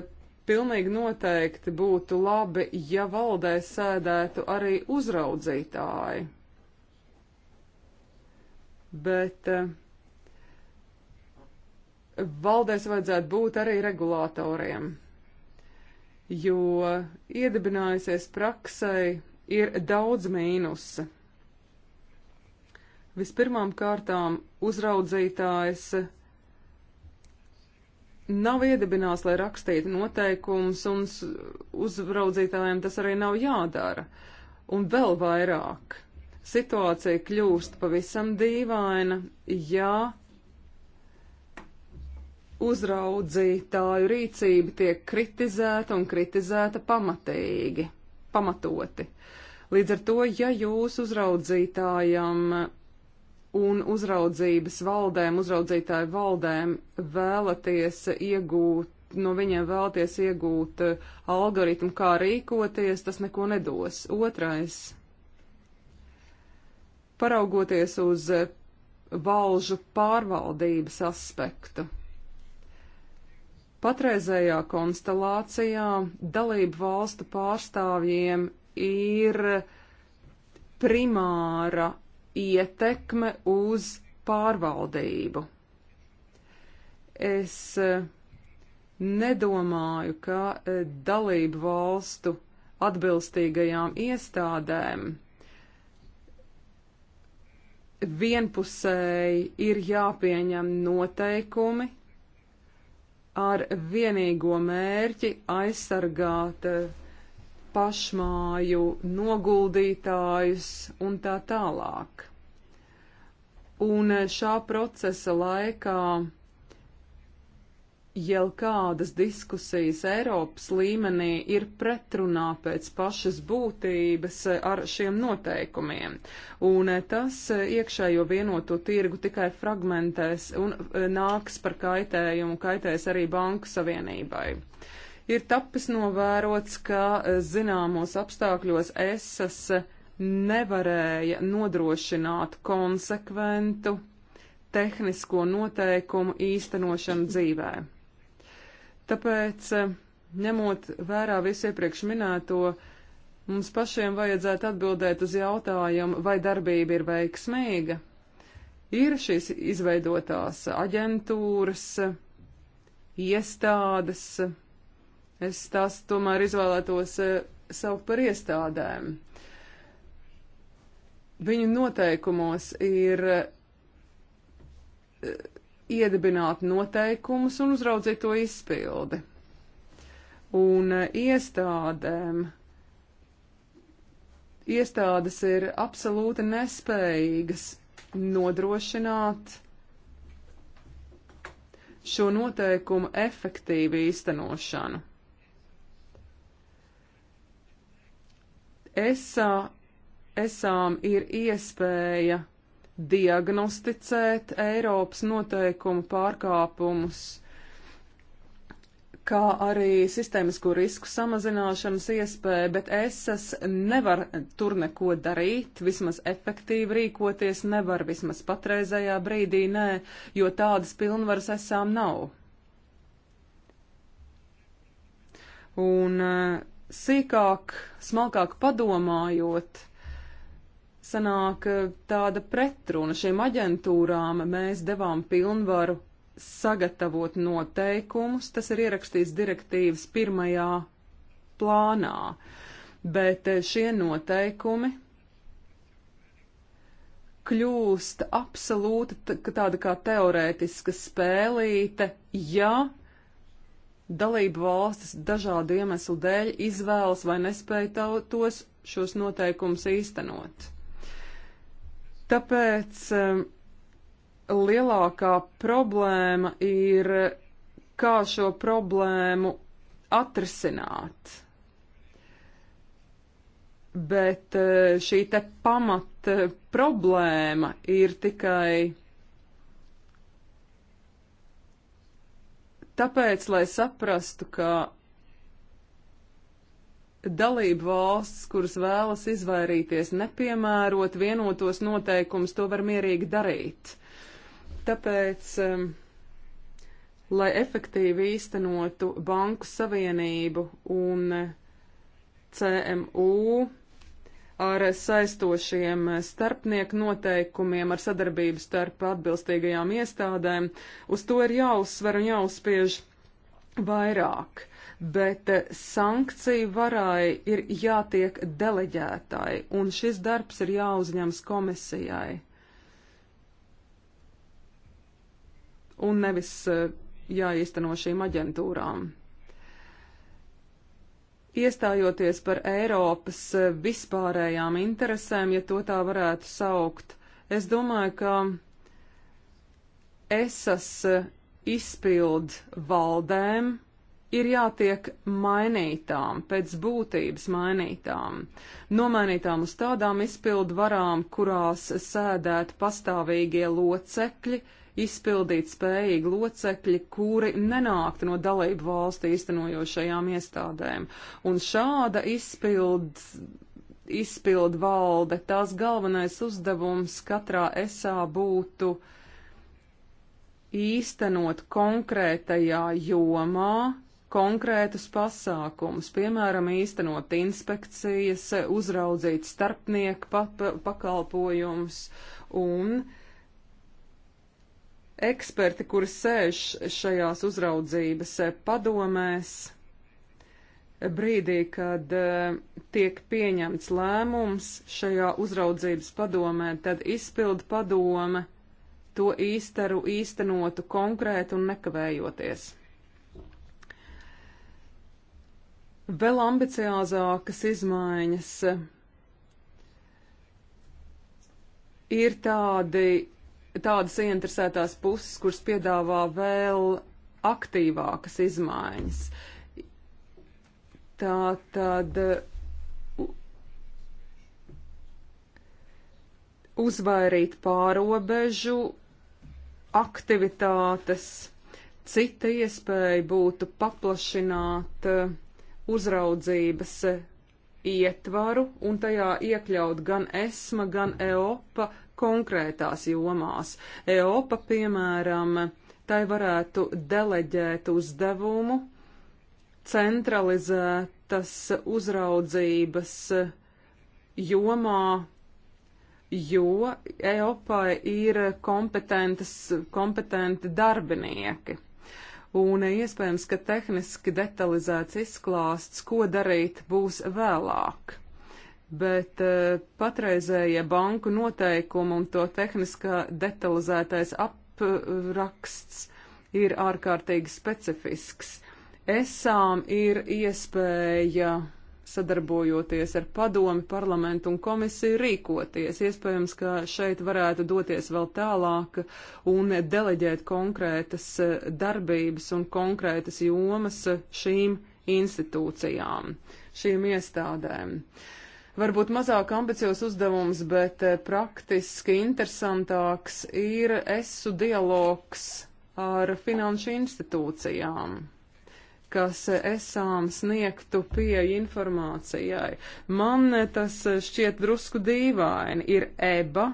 pilnīgi noteikti būtu labi, ja valdē sēdētu arī uzraudzītāji bet eh, valdēs vajadzētu būt arī regulātoriem, jo iedibinājusies praksai ir daudz mīnusa. Vispirmām kārtām uzraudzītājs nav iedibinās, lai rakstītu noteikumus, un uzraudzītājiem tas arī nav jādara. Un vēl vairāk situācija kļūst pavisam dīvaina, ja uzraudzītāju rīcība tiek kritizēta un kritizēta pamatīgi, pamatoti. Līdz ar to, ja jūs uzraudzītājam un uzraudzības valdēm, uzraudzītāju valdēm vēlaties iegūt, no viņiem vēlaties iegūt algoritmu, kā rīkoties, tas neko nedos. Otrais paraugoties uz eh, valžu pārvaldības aspektu. Patreizējā konstelācijā dalību valstu pārstāvjiem ir primāra ietekme uz pārvaldību. Es eh, nedomāju, ka eh, dalību valstu atbilstīgajām iestādēm vienpusēji ir jāpieņem noteikumi ar vienīgo mērķi aizsargāt eh, pašmāju noguldītājus un tā tālāk. Un eh, šā procesa laikā jau kādas diskusijas Eiropas līmenī ir pretrunā pēc pašas būtības eh, ar šiem noteikumiem, un eh, tas eh, iekšējo vienoto tirgu tikai fragmentēs un nāks par kaitējumu, kaitēs arī Banku Savienībai ir tapis novērots, ka zināmos apstākļos esas nevarēja nodrošināt konsekventu tehnisko noteikumu īstenošanu dzīvē. Tāpēc, eh, ņemot vērā visu iepriekš minēto, mums pašiem vajadzētu atbildēt uz jautājumu, vai darbība ir veiksmīga. Ir šīs izveidotās aģentūras, iestādes. Es tās tomēr izvēlētos eh, saukt par iestādēm. Viņu noteikumos ir eh, iedibināt noteikumus un uzraudzīt to izpildi. Un eh, iestādēm iestādes ir absolūti nespējīgas nodrošināt šo noteikumu efektīvu īstenošanu. ESA, eh, esām ir iespēja diagnosticēt Eiropas noteikumu pārkāpumus, kā arī sistēmisko risku samazināšanas iespēju, bet ESAS nevar tur neko darīt, vismaz efektīvi rīkoties nevar, vismaz patreizējā brīdī nē, jo tādas pilnvaras esām nav. Un eh, sīkāk, smalkāk padomājot, sanāk eh, tāda pretruna. Šiem aģentūrām mēs devām pilnvaru sagatavot noteikumus, tas ir ierakstīts direktīvas pirmajā plānā, bet eh, šie noteikumi kļūst absolūti tāda kā teorētiska spēlīte, ja dalību valstis dažādu iemeslu dēļ izvēlas vai nespēja tos šos noteikumus īstenot. Tāpēc lielākā problēma ir, kā šo problēmu atrisināt. Bet eh, šī te pamat eh, problēma ir tikai tāpēc, lai saprastu, ka dalību valsts, kuras vēlas izvairīties nepiemērot vienotos noteikumus, to var mierīgi darīt. Tāpēc, um, lai efektīvi īstenotu Banku Savienību un uh, CMU ar saistošiem uh, starpnieku noteikumiem, ar sadarbību starp atbilstīgajām iestādēm, uz to ir jāuzsver un jāuzspiež vairāk. Uh, bet eh, sankciju varai ir jātiek deleģētai, un šis darbs ir jāuzņems komisijai. Un nevis eh, jāīsteno šīm aģentūrām. Iestājoties par Eiropas eh, vispārējām interesēm, ja to tā varētu saukt, es domāju, ka esas izpild valdēm ir jātiek mainītām, pēc būtības mainītām, nomainītām uz tādām izpildu varām, kurās sēdētu pastāvīgie locekļi, izpildīt spējīgi locekļi, kuri nenāktu no dalību valstu īstenojošajām iestādēm. Un šāda izpildu izpildu valde, tās galvenais uzdevums katrā esā būtu īstenot konkrētajā jomā konkrētus pasākumus, piemēram, īstenot inspekcijas, uzraudzīt starpnieku pakalpojumus un eksperti, kuri sēž šajās uzraudzības padomēs, brīdī, kad eh, tiek pieņemts lēmums šajā uzraudzības padomē, tad izpildu padome to īsteru īstenotu konkrēti un nekavējoties. vēl ambiciozākas izmaiņas. Ir tādi, tādas ieinteresētās puses, kuras piedāvā vēl aktīvākas izmaiņas. Tā tad uzvairīt pārobežu aktivitātes. Cita iespēja būtu paplašināt uh, uzraudzības eh, ietvaru un tajā iekļaut gan ESMA, gan EOPA konkrētās jomās. EOPA, piemēram, tai varētu deleģēt uzdevumu centralizētas uzraudzības eh, jomā, jo EOPA ir kompetenti darbinieki un iespējams, ka tehniski detalizēts izklāsts, ko darīt, būs vēlāk. Bet eh, patreizējie banku noteikumi un to tehniskā detalizētais apraksts ir ārkārtīgi specifisks. Esām ir iespēja sadarbojoties ar padomi, parlamentu un komisiju rīkoties. Iespējams, ka šeit varētu doties vēl tālāk un deleģēt konkrētas e, darbības un konkrētas jomas e, šīm institūcijām, šīm iestādēm. Varbūt mazāk ambiciozs uzdevums, bet e, praktiski interesantāks ir esu dialogs ar finanšu institūcijām kas esām sniegtu pieeja informācijai. Man tas šķiet drusku dīvaini. Ir EBA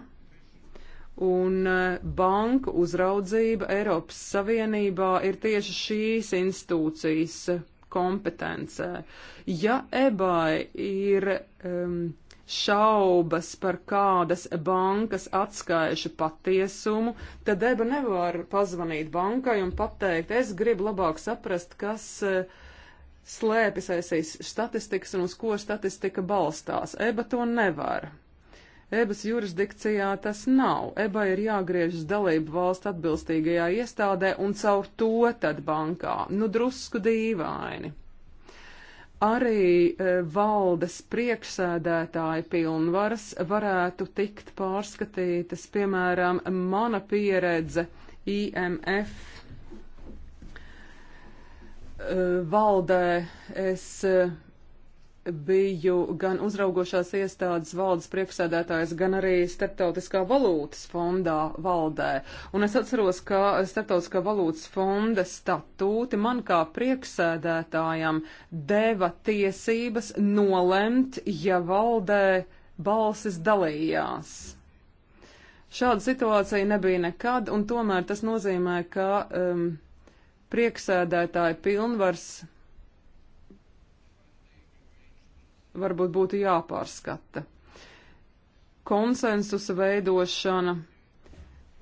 un e, banku uzraudzība Eiropas Savienībā ir tieši šīs institūcijas kompetencē. Ja EBA ir um, šaubas par kādas bankas atskaišu patiesumu, tad Eba nevar pazvanīt bankai un pateikt, es gribu labāk saprast, kas eh, slēpjas aiz statistikas un uz ko statistika balstās. Eba to nevar. Ebas jurisdikcijā tas nav. Eba ir jāgriežas dalību valsts atbilstīgajā iestādē un caur to tad bankā. Nu, drusku dīvaini arī e, valdes priekšsēdētāja pilnvaras varētu tikt pārskatītas, piemēram, mana pieredze IMF e, valdē. Es e, biju gan uzraugošās iestādes valdes priekšsēdētājs, gan arī Startautiskā valūtas fondā valdē. Un es atceros, ka Startautiskā valūtas fonda statūti man kā priekšsēdētājam deva tiesības nolemt, ja valdē balsis dalījās. Šāda situācija nebija nekad, un tomēr tas nozīmē, ka um, priekšsēdētāja pilnvars varbūt būtu jāpārskata. Konsensusa veidošana,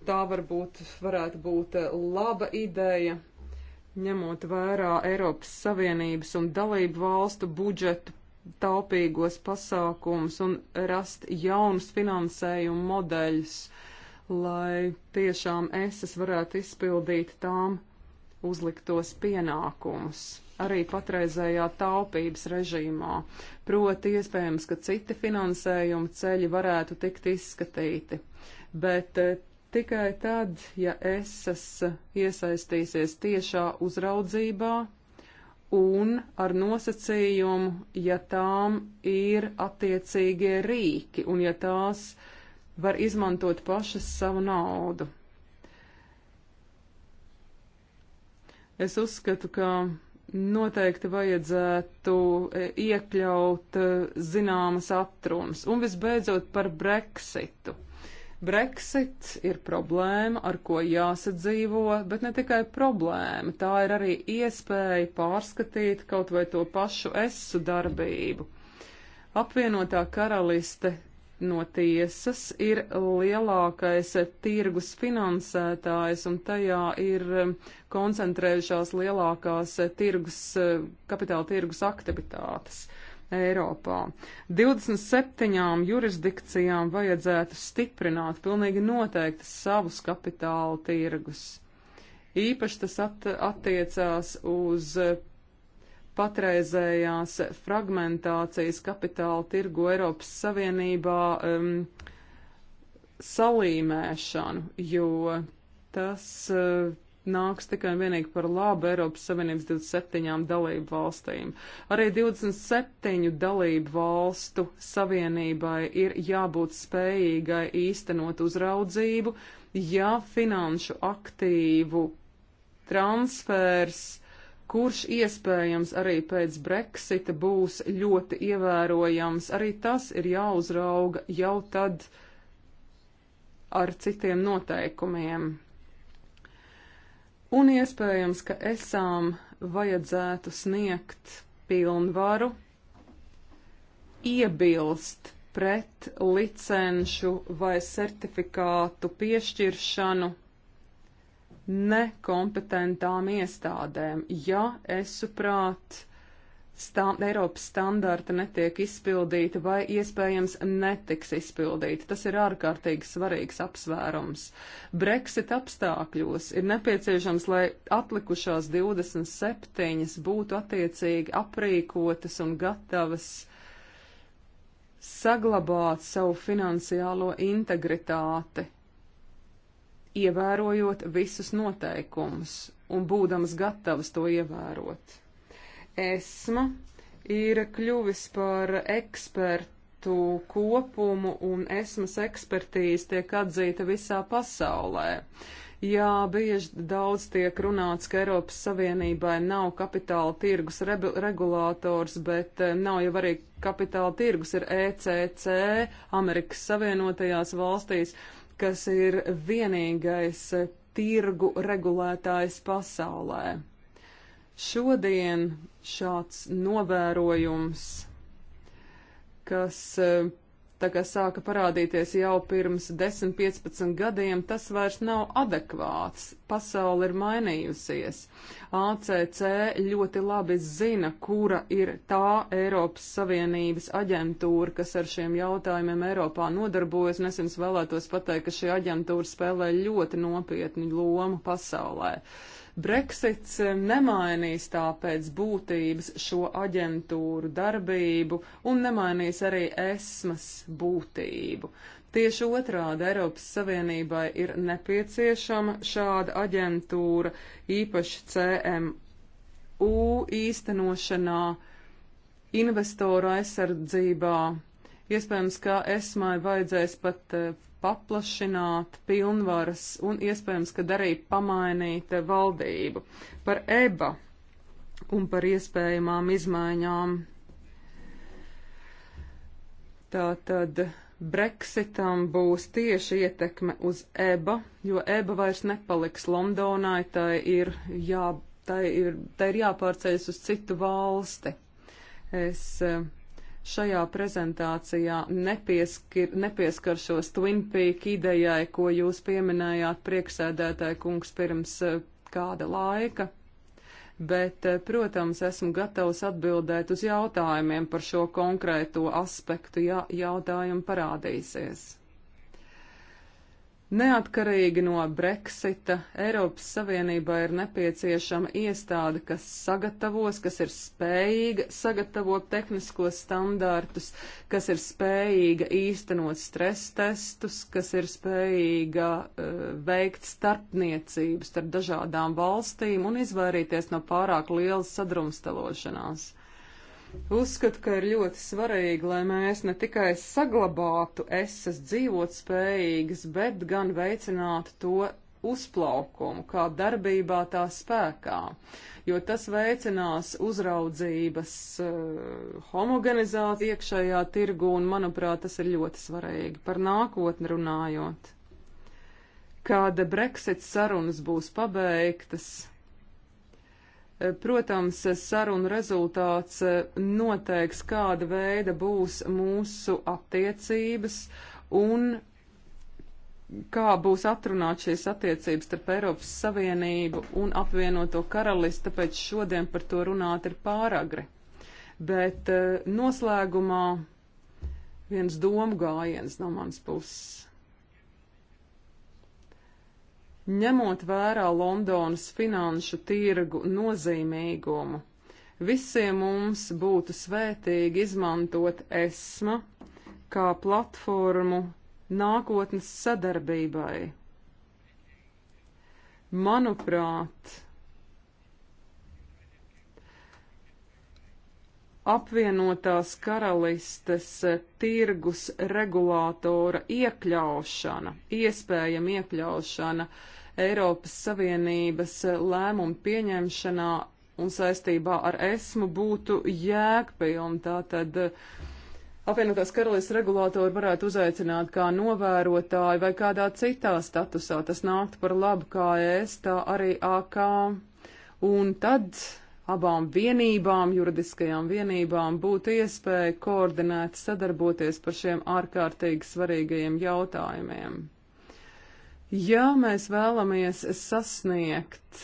tā varbūt varētu būt laba ideja, ņemot vērā Eiropas Savienības un dalību valstu budžetu taupīgos pasākums un rast jaunus finansējumu modeļus, lai tiešām esas varētu izpildīt tām uzliktos pienākumus arī patreizējā taupības režīmā proti iespējams, ka citi finansējuma ceļi varētu tikt izskatīti. Bet eh, tikai tad, ja ESAS iesaistīsies tiešā uzraudzībā un ar nosacījumu, ja tām ir attiecīgie rīki un ja tās var izmantot pašas savu naudu. Es uzskatu, ka noteikti vajadzētu e, iekļaut e, zināmas aptrums. Un visbeidzot par Brexitu. Brexit ir problēma, ar ko jāsadzīvo, bet ne tikai problēma, tā ir arī iespēja pārskatīt kaut vai to pašu esu darbību. Apvienotā karaliste no tiesas ir lielākais tirgus finansētājs, un tajā ir koncentrējušās lielākās tirgus, kapitāla tirgus aktivitātes. Eiropā. 27 jurisdikcijām vajadzētu stiprināt pilnīgi noteikti savus kapitāla tirgus. Īpaši tas at attiecās uz patreizējās fragmentācijas kapitāla tirgu Eiropas Savienībā um, salīmēšanu, jo tas uh, nāks tikai un vienīgi par labu Eiropas Savienības 27 dalību valstīm. Arī 27 dalību valstu savienībai ir jābūt spējīgai īstenot uzraudzību, ja finanšu aktīvu transfers kurš iespējams arī pēc Brexita būs ļoti ievērojams. Arī tas ir jāuzrauga jau tad ar citiem noteikumiem. Un iespējams, ka esām vajadzētu sniegt pilnvaru iebilst pret licenšu vai certifikātu piešķiršanu nekompetentām iestādēm, ja esuprāt stand, Eiropas standarta netiek izpildīta vai iespējams netiks izpildīta. Tas ir ārkārtīgi svarīgs apsvērums. Brexit apstākļos ir nepieciešams, lai atlikušās 27 būtu attiecīgi aprīkotas un gatavas saglabāt savu finansiālo integritāti ievērojot visus noteikumus un būdams gatavs to ievērot. Esma ir kļuvis par ekspertu kopumu un esmas ekspertīze tiek atzīta visā pasaulē. Jā, bieži daudz tiek runāts, ka Eiropas Savienībai nav kapitāla tirgus regulators, bet eh, nav jau arī kapitāla tirgus, ir ECC Amerikas Savienotajās valstīs kas ir vienīgais tirgu regulētājs pasaulē. Šodien šāds novērojums, kas eh, tā kā sāka parādīties jau pirms 10-15 gadiem, tas vairs nav adekvāts. Pasaule ir mainījusies. ACC ļoti labi zina, kura ir tā Eiropas Savienības aģentūra, kas ar šiem jautājumiem Eiropā nodarbojas, un es jums vēlētos pateikt, ka šī aģentūra spēlē ļoti nopietnu lomu pasaulē. Uh, Brexits eh, nemainīs tāpēc būtības šo aģentūru darbību un nemainīs arī esmas būtību. Tieši otrādi Eiropas Savienībai ir nepieciešama šāda aģentūra, īpaši CMU īstenošanā, investoru aizsardzībā Iespējams, ka esmai vajadzēs pat eh, paplašināt pilnvaras un iespējams, ka arī pamainīt eh, valdību par EBA un par iespējamām izmaiņām. Tātad Brexitam būs tieši ietekme uz EBA, jo EBA vairs nepaliks Londonai, tai ir, jā, tai ir, tai ir jāpārceļas uz citu valsti. Es eh, šajā prezentācijā nepieskir, nepieskaršos Twin Peak idejai, ko jūs pieminējāt priekšsēdētāji kungs pirms eh, kāda laika. Bet, eh, protams, esmu gatavs atbildēt uz jautājumiem par šo konkrēto aspektu, ja jautājumi parādīsies. Neatkarīgi no Brexita, Eiropas Savienībā ir nepieciešama iestāde, kas sagatavos, kas ir spējīga sagatavot tehniskos standārtus, kas ir spējīga īstenot stres testus, kas ir spējīga uh, veikt starpniecības starp dažādām valstīm un izvairīties no pārāk lielas sadrumstalošanās. Uzskatu, ka ir ļoti svarīgi, lai mēs ne tikai saglabātu esas dzīvot spējīgas, bet gan veicinātu to uzplaukumu, kā darbībā tā spēkā, jo tas veicinās uzraudzības uh, homogenizāciju iekšējā tirgu, un, manuprāt, tas ir ļoti svarīgi par nākotni runājot. Kāda Brexit sarunas būs pabeigtas, Protams, saruna rezultāts eh, noteiks, kāda veida būs mūsu attiecības un kā būs atrunāt šīs attiecības starp Eiropas Savienību un apvienoto karalisti, tāpēc šodien par to runāt ir pāragri. Bet eh, noslēgumā viens domu gājiens no manas puses ņemot vērā Londonas finanšu tirgu nozīmīgumu. Visiem mums būtu svētīgi izmantot ESMA kā platformu nākotnes sadarbībai. Manuprāt, apvienotās karalistes eh, tirgus regulātora iekļaušana, iespējama iekļaušana Eiropas Savienības eh, lēmumu pieņemšanā un saistībā ar esmu būtu jēgpilna. Tātad eh, apvienotās karalistes regulātori varētu uzaicināt kā novērotāju vai kādā citā statusā. Tas nāktu par labu kā es, tā arī AK. Un tad abām vienībām, juridiskajām vienībām, būtu iespēja koordinēt sadarboties par šiem ārkārtīgi svarīgajiem jautājumiem. Ja mēs vēlamies sasniegt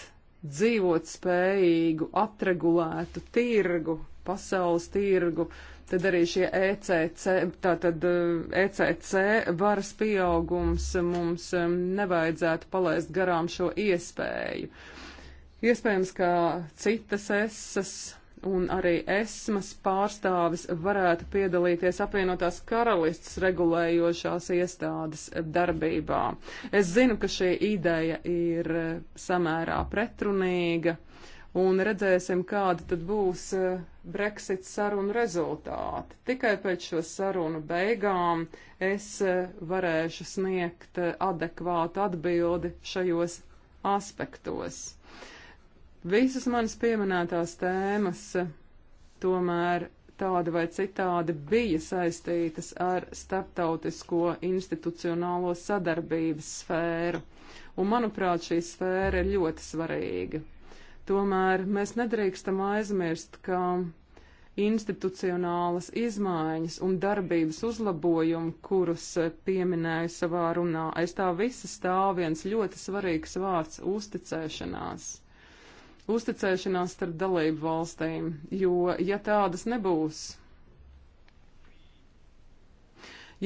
dzīvot spējīgu, atregulētu tirgu, pasaules tirgu, tad arī šie ECC, tātad ECC eh, e varas pieaugums mums eh, nevajadzētu palaist garām šo iespēju. Uh, Iespējams, ka citas esas un arī esmas pārstāvis varētu piedalīties apvienotās karalists regulējošās iestādes darbībā. Es zinu, ka šī ideja ir samērā pretrunīga, un redzēsim, kāda tad būs eh, Brexit sarunu rezultāti. Tikai pēc šo sarunu beigām es eh, varēšu sniegt eh, adekvātu atbildi šajos aspektos. Visas manas pieminētās tēmas tomēr tāda vai citādi bija saistītas ar starptautisko institucionālo sadarbības sfēru, un manuprāt šī sfēra ir ļoti svarīga. Tomēr mēs nedrīkstam aizmirst, ka institucionālas izmaiņas un darbības uzlabojumi, kurus pieminēju savā runā, aiz tā visa stāv viens ļoti svarīgs vārds - uzticēšanās uzticēšanās starp dalību valstīm, jo ja tādas nebūs,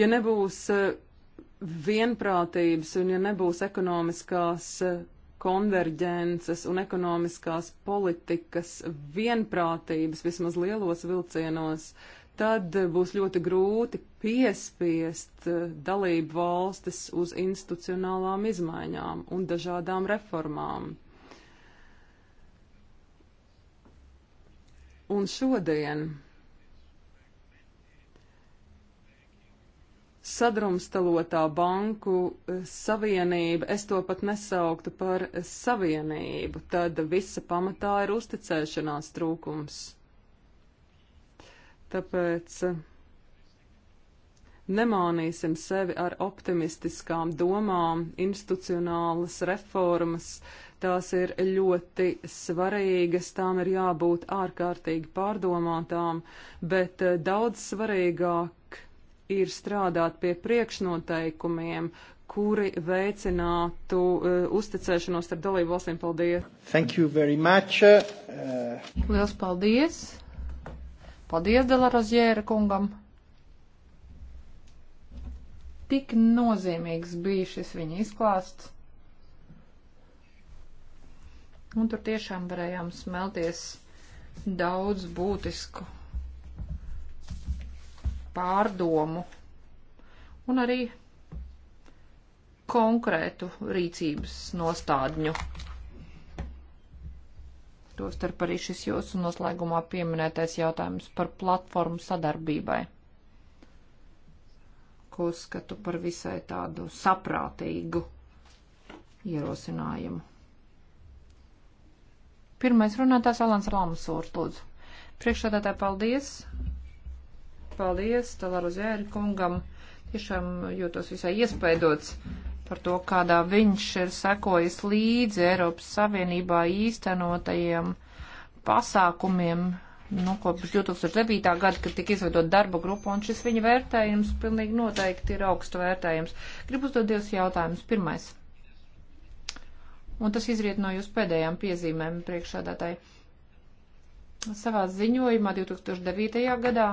ja nebūs eh, vienprātības un ja nebūs ekonomiskās eh, konverģences un ekonomiskās politikas vienprātības vismaz lielos vilcienos, tad eh, būs ļoti grūti piespiest dalību valstis uz institucionālām izmaiņām un dažādām reformām. Un šodien sadrumstalotā banku savienība, es to pat nesauktu par savienību, tad visa pamatā ir uzticēšanās trūkums. Tāpēc nemānīsim sevi ar optimistiskām domām, institucionālas reformas, Tās ir ļoti svarīgas, tām ir jābūt ārkārtīgi pārdomātām, bet eh, daudz svarīgāk ir strādāt pie priekšnoteikumiem, kuri veicinātu uh, uzticēšanos ar dalību valstīm. Paldies! Thank you very much! Uh... Liels paldies! Paldies, Delarazjēra kungam! Tik nozīmīgs bija šis viņa izklāsts. Un tur tiešām varējām smelties daudz būtisku pārdomu un arī konkrētu rīcības nostādņu. Tostarp arī šis jūsu noslēgumā pieminētais jautājums par platformu sadarbībai, ko uzskatu par visai tādu saprātīgu ierosinājumu. Pirmais runātājs Alans Lamsūrs, lūdzu. Priekšsādātāji, paldies. Paldies Talaru Zēri kungam. Tiešām jūtos visai iespaidots par to, kādā viņš ir sekojis līdzi Eiropas Savienībā īstenotajiem pasākumiem, nu, kopš 2009. gada, kad tika izveidot darba grupu, un šis viņa vērtējums pilnīgi noteikti ir augstu vērtējums. Gribu uzdot divus jautājumus. Pirmais un tas izriet no jūsu pēdējām piezīmēm priekšādātāji. Savā ziņojumā 2009. gadā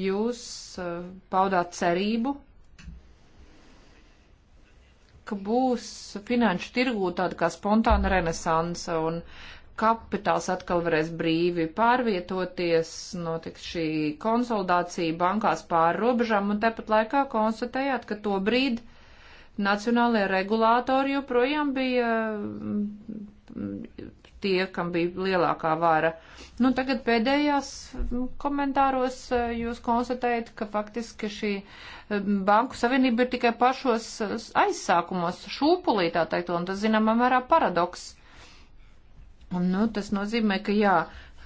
jūs uh, paudāt cerību, ka būs finanšu tirgū tāda kā spontāna renesanse un kapitāls atkal varēs brīvi pārvietoties, notiks šī konsolidācija bankās pāri robežām, un tepat laikā konstatējāt, ka to brīdi nacionālajie regulātori joprojām bija mm, tie, kam bija lielākā vara. Nu, tagad pēdējās mm, komentāros eh, jūs konstatējat, ka faktiski šī mm, banku savienība ir tikai pašos aizsākumos, šūpulī tā teikt, un tas zināmā mērā paradoks. Un, nu, tas nozīmē, ka jā,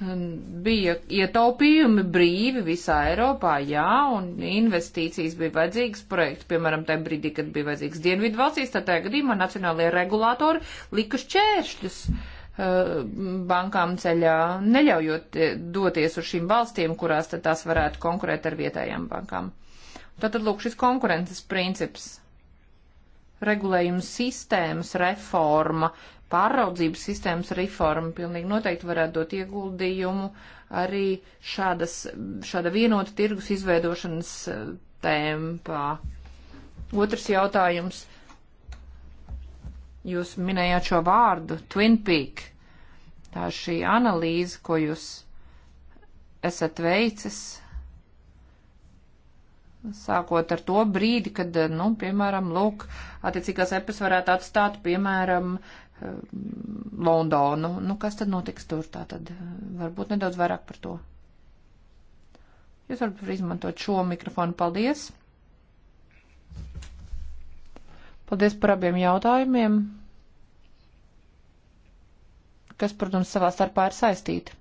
Bija ietaupījumi brīvi visā Eiropā, jā, un investīcijas bija vajadzīgas projekts, piemēram, tajā brīdī, kad bija vajadzīgs Dienvidu valstīs, tad tajā gadījumā nacionālajie regulātori lika šķēršļus eh, bankām ceļā, neļaujot eh, doties uz šīm valstīm, kurās tad tās varētu konkurēt ar vietējām bankām. Tātad, lūk, šis konkurences princips regulējuma sistēmas reforma, pāraudzības sistēmas reforma pilnīgi noteikti varētu dot ieguldījumu arī šādas, šāda vienota tirgus izveidošanas eh, tempā. Otrs jautājums. Jūs minējāt šo vārdu, Twin Peak. Tā šī analīze, ko jūs esat veicis, Sākot ar to brīdi, kad, eh, nu, piemēram, lūk, attiecīgās epas varētu atstāt, piemēram, eh, Londonu. Nu, nu, kas tad notiks tur? Tā tad eh, varbūt nedaudz vairāk par to. Jūs varat izmantot šo mikrofonu. Paldies! Paldies par abiem jautājumiem, kas, protams, savā starpā ir saistīti.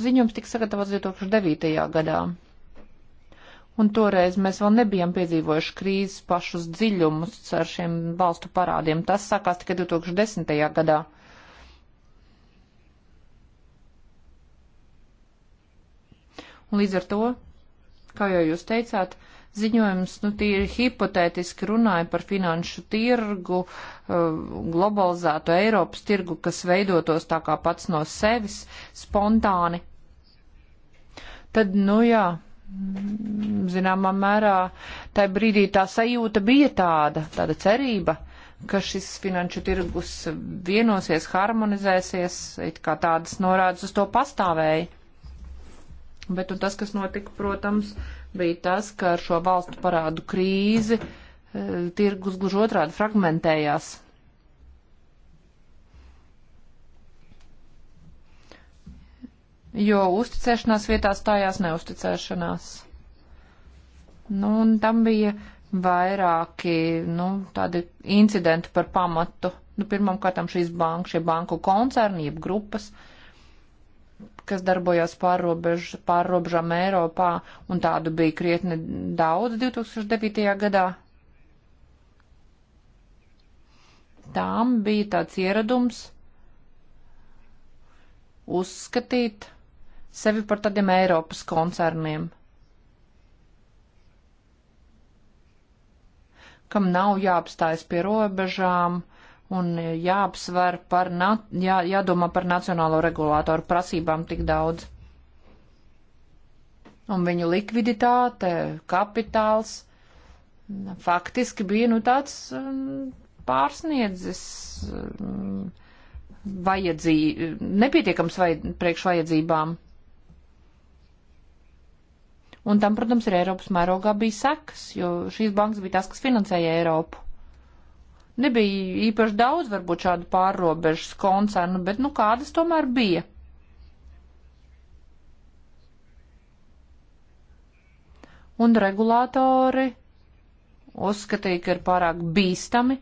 Ziņojums tika sagatavots 2009. gadā. Un toreiz mēs vēl nebijām piedzīvojuši krīzes pašus dziļumus ar šiem valstu parādiem. Tas sākās tikai 2010. gadā. Un līdz ar to, kā jau jūs teicāt, ziņojums, nu, tīri hipotētiski runāja par finanšu tirgu, uh, globalizēto Eiropas tirgu, kas veidotos tā kā pats no sevis spontāni. Tad, nu jā, zināmā mērā, tai brīdī tā sajūta bija tāda, tāda cerība ka šis finanšu tirgus vienosies, harmonizēsies, it kā tādas norādes uz to pastāvēja. Bet un tas, kas notika, protams, bija tas, ka ar šo valstu parādu krīzi eh, tirgus gluži otrādi fragmentējās. Jo uzticēšanās vietā stājās neusticēšanās. Nu, un tam bija vairāki, nu, tādi incidenti par pamatu. Nu, pirmam kārtam šīs bankas, šie banku koncerni, jeb grupas, uh, kas darbojās pārrobež, pārrobežām Eiropā, un tādu bija krietni daudz 2009. gadā. Tām bija tāds ieradums uzskatīt sevi par tādiem Eiropas koncerniem, kam nav jāapstājas pie robežām un jāapsver par, jā, jādomā par nacionālo regulātoru prasībām tik daudz. Un viņu likviditāte, kapitāls faktiski bija nu tāds um, pārsniedzis um, vajadzī, nepietiekams vai, priekš vajadzībām. Un tam, protams, ir Eiropas mērogā bija sekas, jo šīs bankas bija tās, kas finansēja Eiropu. Nebija īpaši daudz varbūt šādu pārrobežas koncernu, bet nu kādas tomēr bija. Un regulātori uzskatīja, ka ir pārāk bīstami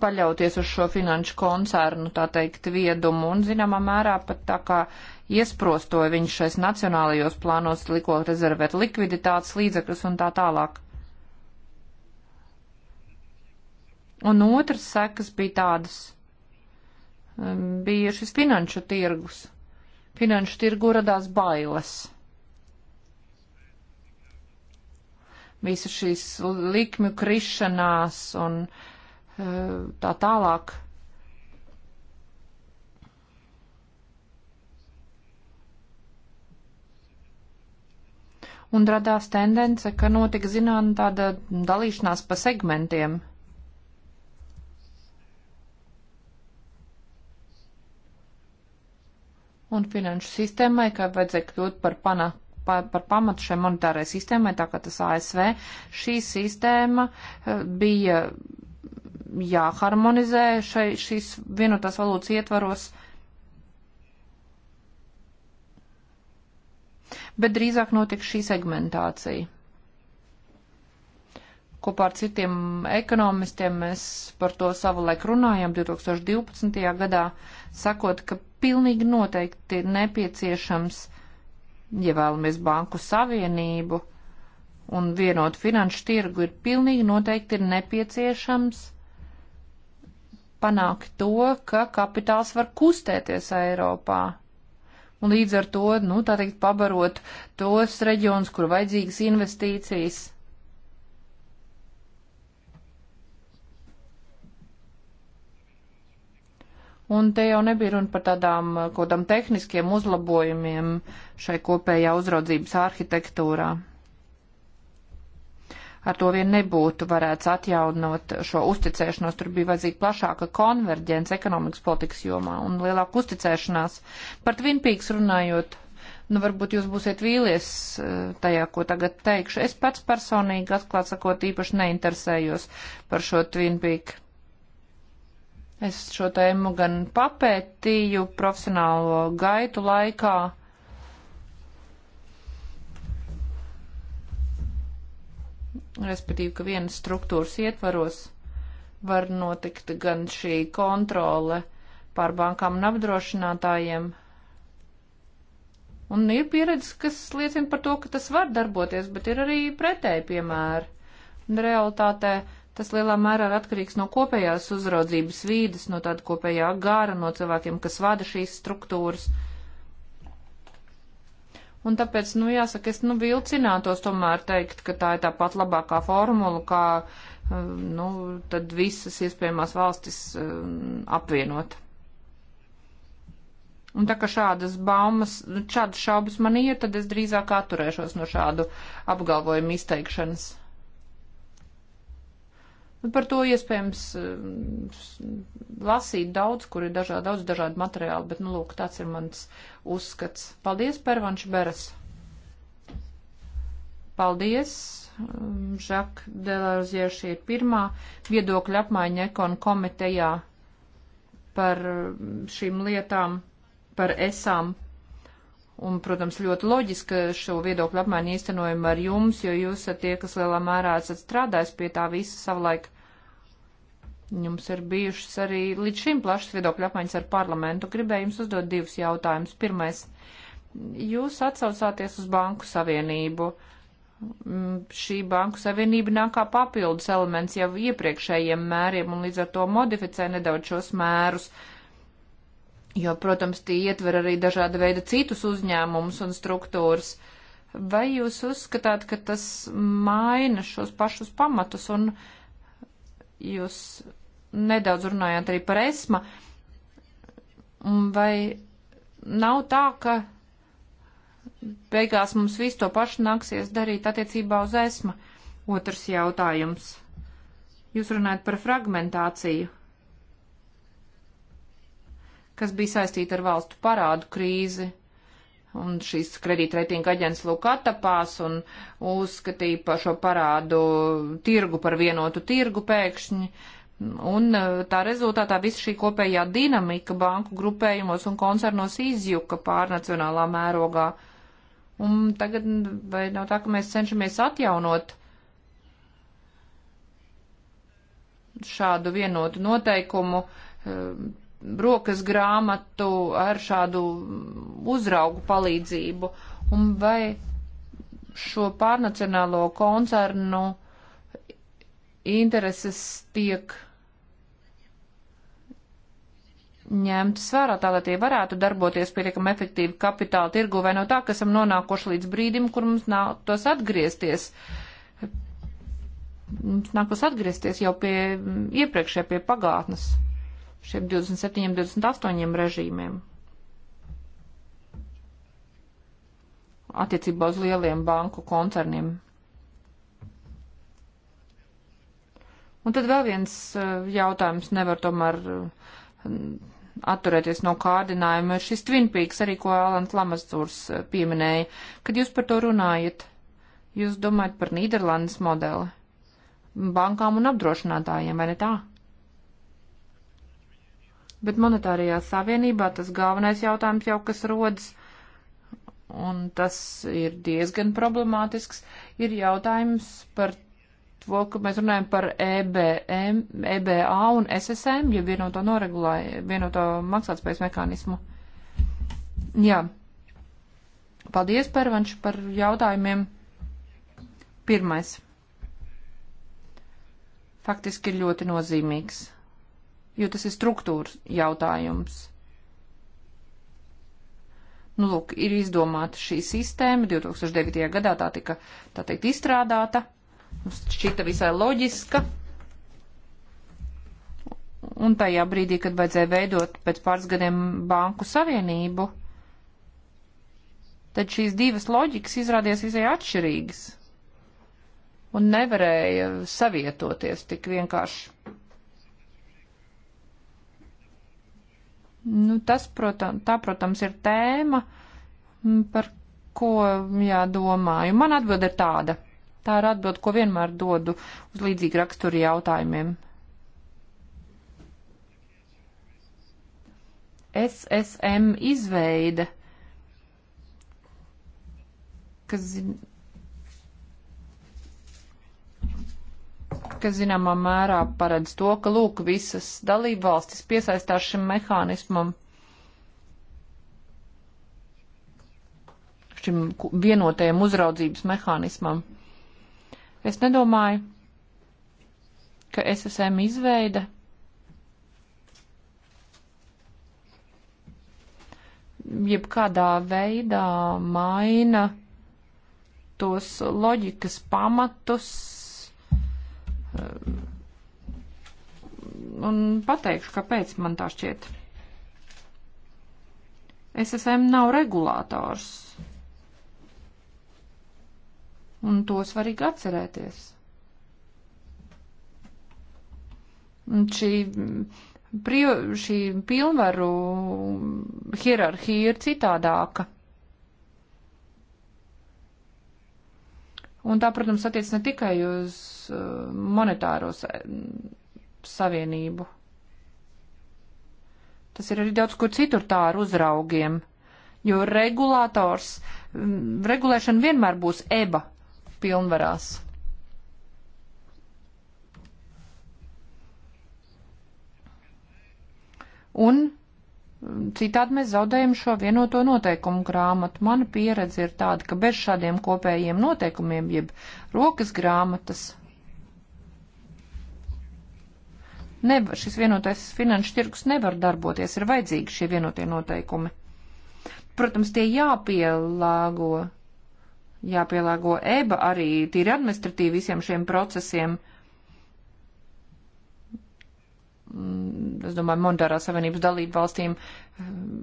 paļauties uz šo finanšu koncernu, tā teikt, viedumu un, zināmā mērā, pat tā kā iesprostoja viņš šais nacionālajos plānos likot rezervēt likviditātes līdzekļus un tā tālāk. Un otrs sekas bija tādas, um, bija šis finanšu tirgus. Finanšu tirgu radās bailes. Visa šīs likmju krišanās un uh, tā tālāk. Un radās tendence, ka notika zinām tāda dalīšanās pa segmentiem. un finanšu sistēmai, ka vajadzēja kļūt par, pana, pa, par pamatu šai monetārai sistēmai, tā kā tas ASV. Šī sistēma eh, bija jāharmonizē šai, šīs vienotās valūtas ietvaros. Bet drīzāk notiek šī segmentācija. Kopā ar citiem ekonomistiem mēs par to savulaik runājam 2012. gadā, sakot, ka pilnīgi noteikti ir nepieciešams, ja vēlamies banku savienību un vienotu finanšu tirgu, ir pilnīgi noteikti ir nepieciešams panākt to, ka kapitāls var kustēties Eiropā. Un līdz ar to, nu, tā teikt, pabarot tos reģionus, kur vajadzīgas investīcijas. Un te jau nebija runa par tādām kaut kādām tehniskiem uzlabojumiem šai kopējā uzraudzības arhitektūrā ar to vien nebūtu varēts atjaunot šo uzticēšanos. Tur bija vajadzīga plašāka konverģence ekonomikas politikas jomā un lielāka uzticēšanās. Par Twinpeaks runājot, nu varbūt jūs būsiet vīlies eh, tajā, ko tagad teikšu. Es pats personīgi, atklāt sakot, īpaši neinteresējos par šo Twinpeak. Es šo tēmu gan papētīju profesionālo gaitu laikā respektīvi, ka vienas struktūras ietvaros var notikt gan šī kontrole pār bankām un apdrošinātājiem. Un ir pieredze, kas liecina par to, ka tas var darboties, bet ir arī pretēji piemēri. Un realitātē tas lielā mērā ir atkarīgs no kopējās uzraudzības vīdes, no tāda kopējā gāra, no cilvēkiem, kas vada šīs struktūras. Uh, Un tāpēc, nu, jāsaka, es nu vilcinātos tomēr teikt, ka tā ir tāpat labākā formula, kā, um, nu, tad visas iespējamās valstis um, apvienot. Un tā kā šādas baumas, nu, šādas šaubas man ir, tad es drīzāk atturēšos no šādu apgalvojumu izteikšanas. Nu, par to iespējams eh, lasīt daudz, kur ir dažādi, daudz dažādu materiālu, bet, nu, lūk, tāds ir mans uzskats. Paldies, Pervanš Beres. Paldies, mm, Žak Delārzie, šī ir pirmā viedokļa apmaiņa ekon komitejā par mm, šīm lietām, par esām Un, protams, ļoti loģiski, ka šo viedokļu apmaiņu īstenojam ar jums, jo jūs esat tie, kas lielā mērā esat strādājis pie tā visa savulaik. Jums ir bijušas arī līdz šim plašas viedokļu apmaiņas ar parlamentu. Gribēju jums uzdot divus jautājumus. Pirmais, jūs atsaucāties uz Banku Savienību. Mm, šī Banku Savienība nāk kā papildus elements jau iepriekšējiem mēriem un līdz ar to modificē nedaudz šos mērus. Uh, jo, protams, tie ietver arī dažāda veida citus uzņēmumus un struktūras. Vai jūs uzskatāt, ka tas maina šos pašus pamatus un jūs nedaudz runājāt arī par esma? Vai nav tā, ka beigās mums visu to pašu nāksies darīt attiecībā uz esma? Otrs jautājums. Jūs runājat par fragmentāciju kas bija saistīta ar valstu parādu krīzi. Un šīs kredītreitinga aģents lūk atapās un uzskatīja par šo parādu tirgu par vienotu tirgu pēkšņi. Un e, tā rezultātā visa šī kopējā dinamika banku grupējumos un koncernos izjuka pārnacionālā mērogā. Un tagad vai nav tā, ka mēs cenšamies atjaunot šādu vienotu noteikumu e, rokas grāmatu ar šādu uzraugu palīdzību, un vai šo pārnacionālo koncernu intereses tiek ņemtas vērā, tā lai tie varētu darboties pietiekami efektīvi kapitāla tirgu, vai no tā, ka esam nonākuši līdz brīdim, kur mums nav tos atgriezties. Mums nākos atgriezties jau pie iepriekšē, pie pagātnes šiem 27, 28 režīmiem. Attiecībā uz lieliem banku koncerniem. Un tad vēl viens eh, jautājums nevar tomēr eh, atturēties no kārdinājuma. Šis Twinpeaks arī, ko Alans Lamazurs eh, pieminēja, kad jūs par to runājat, jūs domājat par Nīderlandes modeli bankām un apdrošinātājiem, vai ne tā? Bet monetārajā savienībā tas galvenais jautājums jau, kas rodas, un tas ir diezgan problemātisks, ir jautājums par to, ka mēs runājam par EBM, EBA un SSM, ja vienoto noregulēju, vienoto maksātspējas mekanismu. Jā. Paldies, Pervanš, par jautājumiem. Pirmais. Faktiski ir ļoti nozīmīgs jo tas ir struktūras jautājums. Nu, lūk, ir izdomāta šī sistēma, 2009. gadā tā tika, tā teikt, izstrādāta, mums nu, šķita visai loģiska, un tajā brīdī, kad vajadzēja veidot pēc pāris gadiem banku savienību, tad šīs divas loģikas izrādījās visai atšķirīgas un nevarēja savietoties tik vienkārši. Nu, tas, protams, tā, protams, ir tēma, par ko jādomāju. Man atbild ir tāda. Tā ir atbild, ko vienmēr dodu uz līdzīgi raksturi jautājumiem. SSM izveide, kas kas zināmā mērā paredz to, ka lūk, visas dalība valstis piesaistās šim mehānismam, šim vienotajam uzraudzības mehānismam. Es nedomāju, ka SSM izveida jebkādā veidā maina tos loģikas pamatus, Ehm, un pateikšu, kāpēc man tā šķiet. SSM nav regulātors. Un to svarīgi atcerēties. Un šī, prio, šī pilnvaru hierarhija ir citādāka Un tā, protams, attiec ne tikai uz uh, monetāro savienību. Tas ir arī daudz kur citur tā ar uzraugiem, jo regulators, regulēšana vienmēr būs eba pilnvarās. Un Citādi mēs zaudējam šo vienoto noteikumu grāmatu. Mana pieredze ir tāda, ka bez šādiem kopējiem noteikumiem, jeb rokas grāmatas, nevar, šis vienotais finanšu tirgus nevar darboties, ir vajadzīgi šie vienotie noteikumi. Protams, tie jāpielāgo, jāpielāgo EBA arī tīri administratīvi visiem šiem procesiem. Uh, Mm, es domāju, monetārā savienības dalību valstīm mm,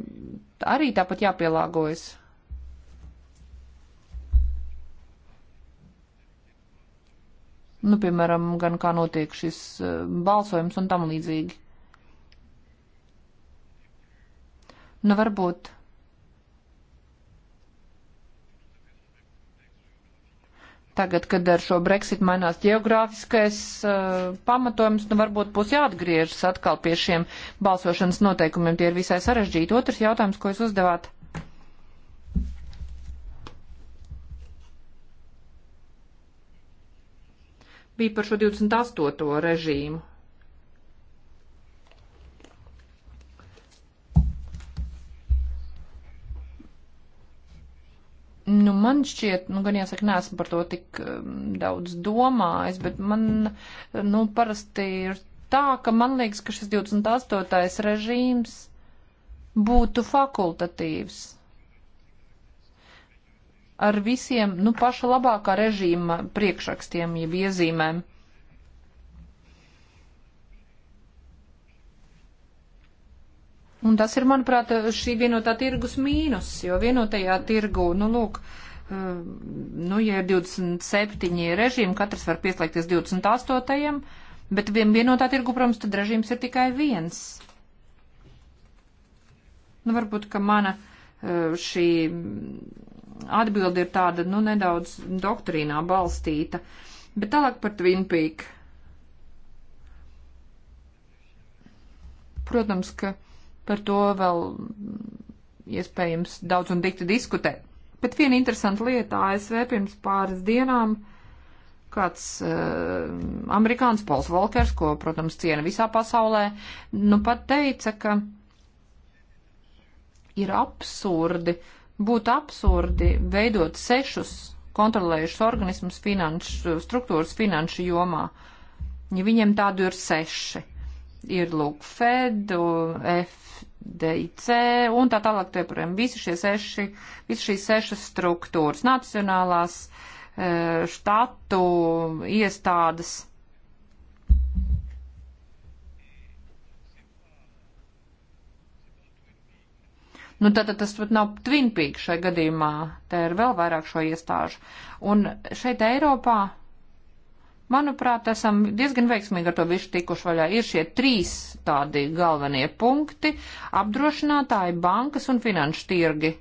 arī tāpat jāpielāgojas. Nu, piemēram, gan kā notiek šis mm, balsojums un tam līdzīgi. Nu, varbūt Tagad, kad ar šo Brexit mainās geogrāfiskais uh, pamatojums, nu varbūt būs jāatgriežas atkal pie šiem balsošanas noteikumiem. Tie ir visai sarežģīti. Otrs jautājums, ko jūs uzdevāt. Bija par šo 28. režīmu. Nu, man šķiet, nu, gan jāsaka, neesmu par to tik um, daudz domājis, bet man, nu, parasti ir tā, ka man liekas, ka šis 28. režīms būtu fakultatīvs. Ar visiem, nu, paša labākā režīma priekšrakstiem, jeb iezīmēm. Un tas ir, manuprāt, šī vienotā tirgus mīnus, jo vienotajā tirgu, nu, lūk, eh, nu, ja ir 27 režīmi, katrs var pieslēgties 28. Bet vien vienotā tirgu, protams, tad režīms ir tikai viens. Nu, varbūt, ka mana eh, šī atbilde ir tāda, nu, nedaudz doktrīnā balstīta. Bet tālāk par Twin Peak. Protams, ka Par to vēl iespējams daudz un dikti diskutēt. Bet viena interesanta lieta ASV pirms pāris dienām kāds uh, eh, amerikānis Pols Volkers, ko, protams, ciena visā pasaulē, nu pat teica, ka ir absurdi, būtu absurdi veidot sešus kontrolējušus organismus finanšu, struktūras finanšu jomā, ja viņiem tādu ir seši. Ir, lūk, Fed, F, DIC un tā tālāk, joprojām visi šie seši, visi šīs sešas struktūras, nacionālās, e, štatu, iestādes. Nu, tad, tad tas pat nav Twin Peak šai gadījumā, te ir vēl vairāk šo iestāžu. Un šeit Eiropā Manuprāt, esam diezgan veiksmīgi ar to visu tikuši vaļā. Ir šie trīs tādi galvenie punkti - apdrošinātāji, bankas un finanšu tirgi.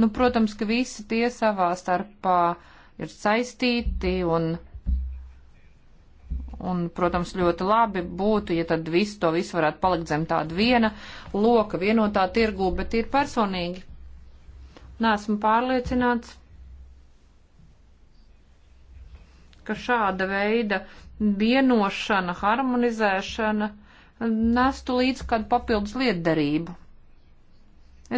Nu, protams, ka visi tie savā starpā ir saistīti un, un, protams, ļoti labi būtu, ja tad visu to visu varētu palikt zem tāda viena loka vienotā tirgū, bet ir personīgi. Nāsmu pārliecināts ka šāda veida vienošana, harmonizēšana nestu līdz kādu papildus lietderību.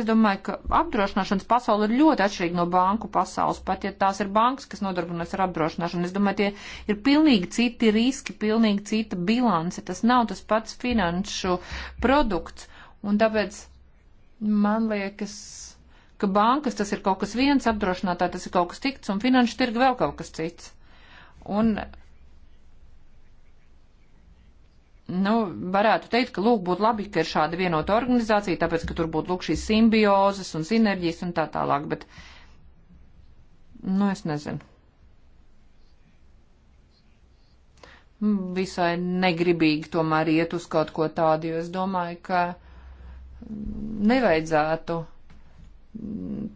Es domāju, ka apdrošināšanas pasaule ir ļoti atšķirīga no banku pasaules, pat ja tās ir bankas, kas nodarbojas ar apdrošināšanu. Es domāju, tie ir pilnīgi citi riski, pilnīgi cita bilance. Tas nav tas pats finanšu produkts. Un tāpēc man liekas, ka bankas tas ir kaut kas viens, apdrošinātāji tas ir kaut kas cits, un finanšu tirgi vēl kaut kas cits. Un, nu, varētu teikt, ka, lūk, būtu labi, ka ir šāda vienota organizācija, tāpēc, ka tur būtu, lūk, šīs simbiozes un sinerģijas un tā tālāk, bet, nu, es nezinu. Visai negribīgi tomēr iet uz kaut ko tādu, jo es domāju, ka nevajadzētu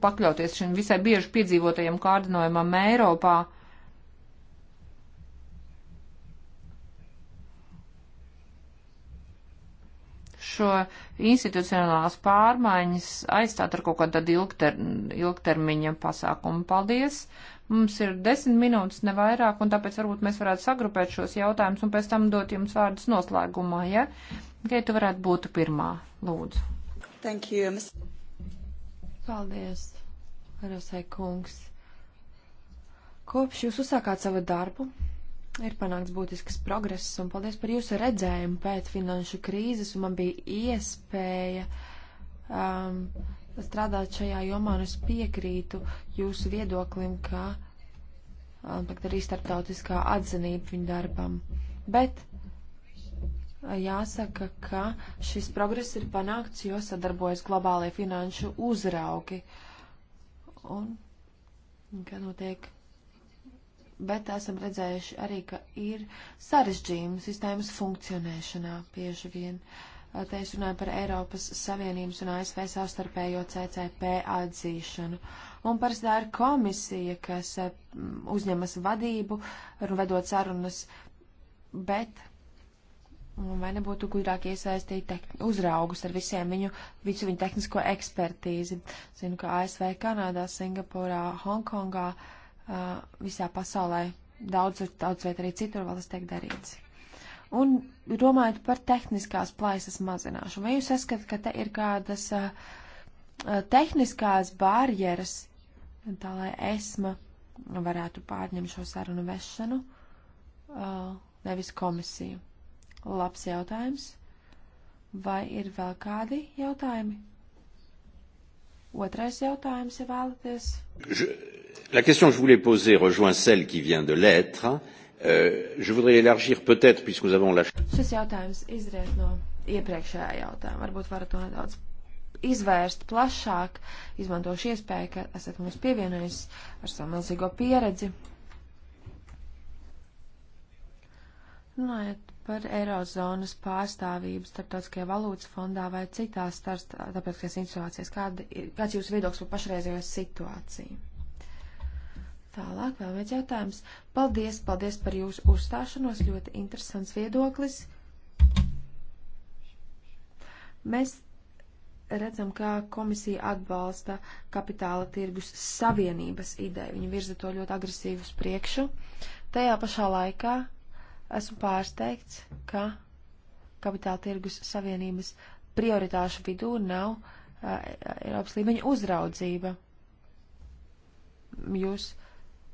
pakļauties šim visai bieži piedzīvotajam kārdinājumam Eiropā, šo institucionālās pārmaiņas aizstāt ar kaut kādu tādu ilgter, ilgtermiņa pasākumu. Paldies! Mums ir desmit minūtes, ne vairāk, un tāpēc varbūt mēs varētu sagrupēt šos jautājumus un pēc tam dot jums vārdus noslēgumā, ja? Gai tu varētu būt pirmā, lūdzu. Thank you. Paldies, Rosai kungs. Kopš jūs uzsākāt savu darbu, ir panākts būtisks progress, un paldies par jūsu redzējumu pēc finanšu krīzes, un man bija iespēja um, strādāt šajā jomā, un es piekrītu jūsu viedoklim, ka um, arī starptautiskā atzinība viņu darbam. Bet uh, jāsaka, ka šis progress ir panākts, jo sadarbojas globālie finanšu uzraugi. Un, un kad notiek bet esam redzējuši arī, ka ir sarežģījumi sistēmas funkcionēšanā bieži vien. Te es runāju par Eiropas Savienības un ASV savstarpējo CCP atzīšanu. Un parasti tā ir komisija, kas uzņemas vadību, vedot sarunas, bet vai nebūtu gudrāk iesaistīt uzraugus ar visiem viņu, visu viņu tehnisko ekspertīzi. Zinu, ka ASV, Kanādā, Singapūrā, Hongkongā uh, Uh, visā pasaulē. Daudz, daudz viet arī citur vēl tas tiek darīts. Un domājot par tehniskās plaisas mazināšanu, vai jūs saskatāt, ka te ir kādas uh, uh, tehniskās barjeras, tā lai esma varētu pārņemt šo sarunu vešanu, uh, nevis komisiju? Labs jautājums. Vai ir vēl kādi jautājumi? Otrais jautājums, ja vēlaties. Je, la question que je voulais poser rejoint celle qui vient de l'être. Euh, je voudrais élargir peut-être, puisque nous avons la... Šis jautājums izriet no iepriekšējā jautājuma. Varbūt varat to nedaudz izvērst plašāk, izmantošu iespēju, ka esat mums pievienojis ar savu milzīgo pieredzi. Runājot par Eirozonas pārstāvību starptautiskajā valūtas fondā vai citās starptautiskajās institūcijās, kāda, kāds jūsu viedoklis par pašreizējo situāciju? Tālāk vēl viens jautājums. Paldies, paldies par jūsu uzstāšanos, ļoti interesants viedoklis. Mēs redzam, kā komisija atbalsta kapitāla tirgus savienības ideju. Viņa virza to ļoti agresīvi uz priekšu. Tajā pašā laikā esmu pārsteigts, ka kapitāla tirgus savienības prioritāšu vidū nav uh, Eiropas līmeņa uzraudzība. Jūs uh,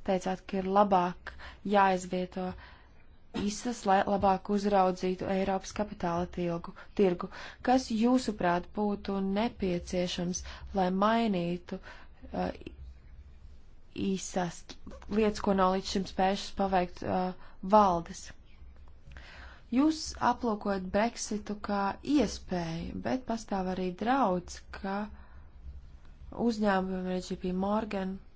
teicāt, ka ir labāk jāizvieto ISAS, lai labāk uzraudzītu Eiropas kapitāla tilgu, tirgu. Kas jūsuprāt būtu nepieciešams, lai mainītu uh, ISAS lietas, ko nav līdz šim spējušas paveikt uh, valdes? Jūs aplūkojat Brexitu kā iespēju, bet pastāv arī draudz, ka uzņēmumi, piemēram, JP Morgan, uh,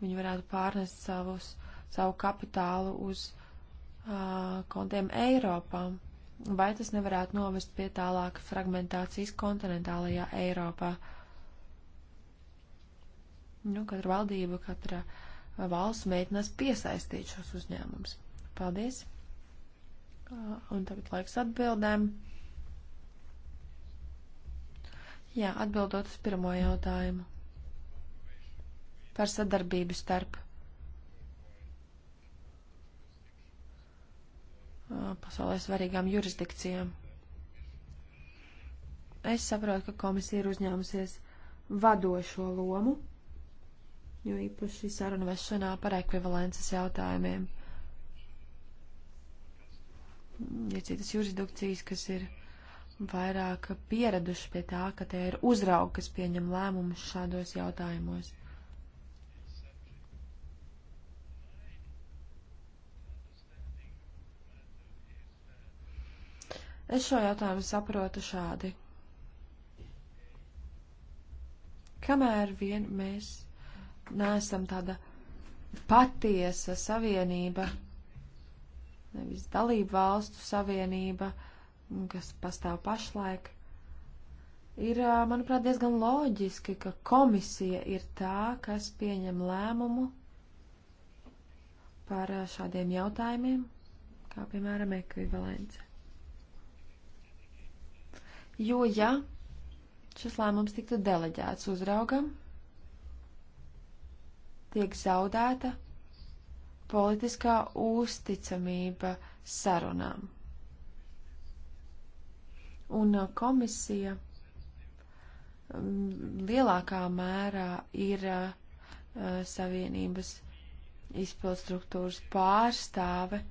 viņi varētu pārnest savus, savu kapitālu uz uh, kontiem Eiropā. Vai tas nevarētu novest pie tālāka fragmentācijas kontinentālajā Eiropā? Nu, katra valdība, katra valsts mēģinās piesaistīt šos uzņēmumus. Paldies! Uh, un tagad laiks atbildēm. Jā, atbildot uz pirmo jautājumu par sadarbību starp pasaulē svarīgām jurisdikcijām. Es saprotu, ka komisija ir uzņēmusies vadošo lomu, jo īpaši sarunu vešanā par ekvivalences jautājumiem. Ir citas jurisdikcijas, kas ir vairāk pieraduši pie tā, ka tie ir uzraugi, kas pieņem lēmumus šādos jautājumos. Es šo jautājumu saprotu šādi. Kamēr vien mēs neesam tāda patiesa savienība, nevis dalību valstu savienība, kas pastāv pašlaik, ir, manuprāt, diezgan loģiski, ka komisija ir tā, kas pieņem lēmumu par šādiem jautājumiem, kā piemēram ekvivalence. Jo, ja šis lēmums tiktu deleģēts uzraugam, tiek zaudēta politiskā uzticamība sarunām. Un uh, komisija um, lielākā mērā ir uh, uh savienības izpildstruktūras pārstāve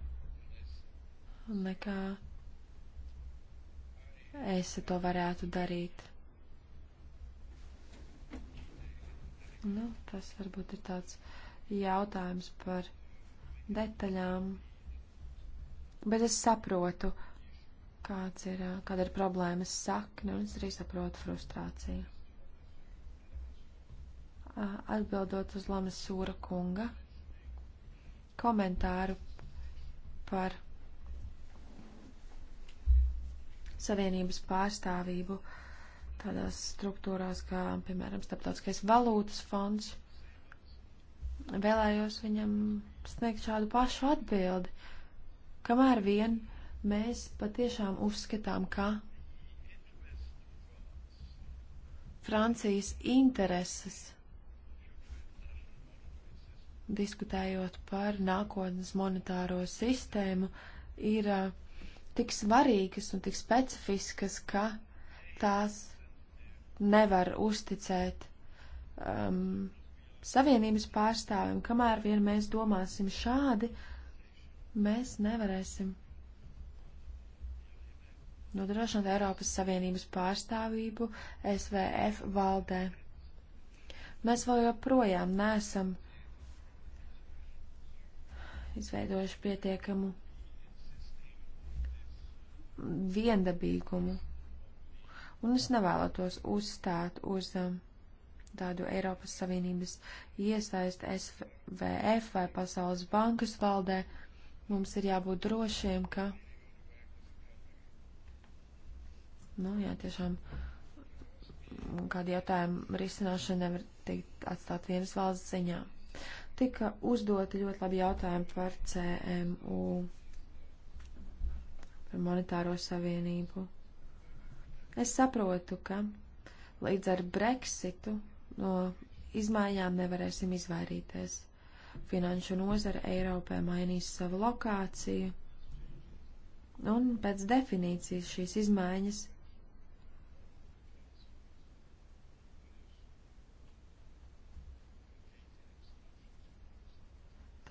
nekā es to varētu darīt. Nu, tas varbūt ir tāds jautājums par detaļām, bet es saprotu, kāds ir, kāda ir problēmas sakne, un es arī saprotu frustrāciju. Atbildot uz Lamas Sūra kunga komentāru par Savienības pārstāvību tādās struktūrās kā, piemēram, Starptautiskais valūtas fonds. Vēlējos viņam sniegt šādu pašu atbildi, kamēr vien mēs patiešām uzskatām, ka Francijas intereses diskutējot par nākotnes monetāro sistēmu ir uh, tik svarīgas un tik specifiskas, ka tās nevar uzticēt um, savienības pārstāvim. Kamēr vien mēs domāsim šādi, mēs nevarēsim nodrošināt Eiropas Savienības pārstāvību SVF valdē. Mēs vēl joprojām nesam izveidojuši pietiekamu viendabīgumu. Un es nevēlētos uzstāt uz um, tādu Eiropas Savienības iesaisti SVF vai Pasaules bankas valdē. Mums ir jābūt drošiem, ka. Nu, jā, tiešām kādi jautājumi risināšana nevar tikt atstāt vienas valsts ziņā. Tika uzdoti ļoti labi jautājumi par CMU par monetāro savienību. Es saprotu, ka līdz ar Brexitu no izmaiņām nevarēsim izvairīties. Finanšu nozara Eiropā mainīs savu lokāciju, un pēc definīcijas šīs izmaiņas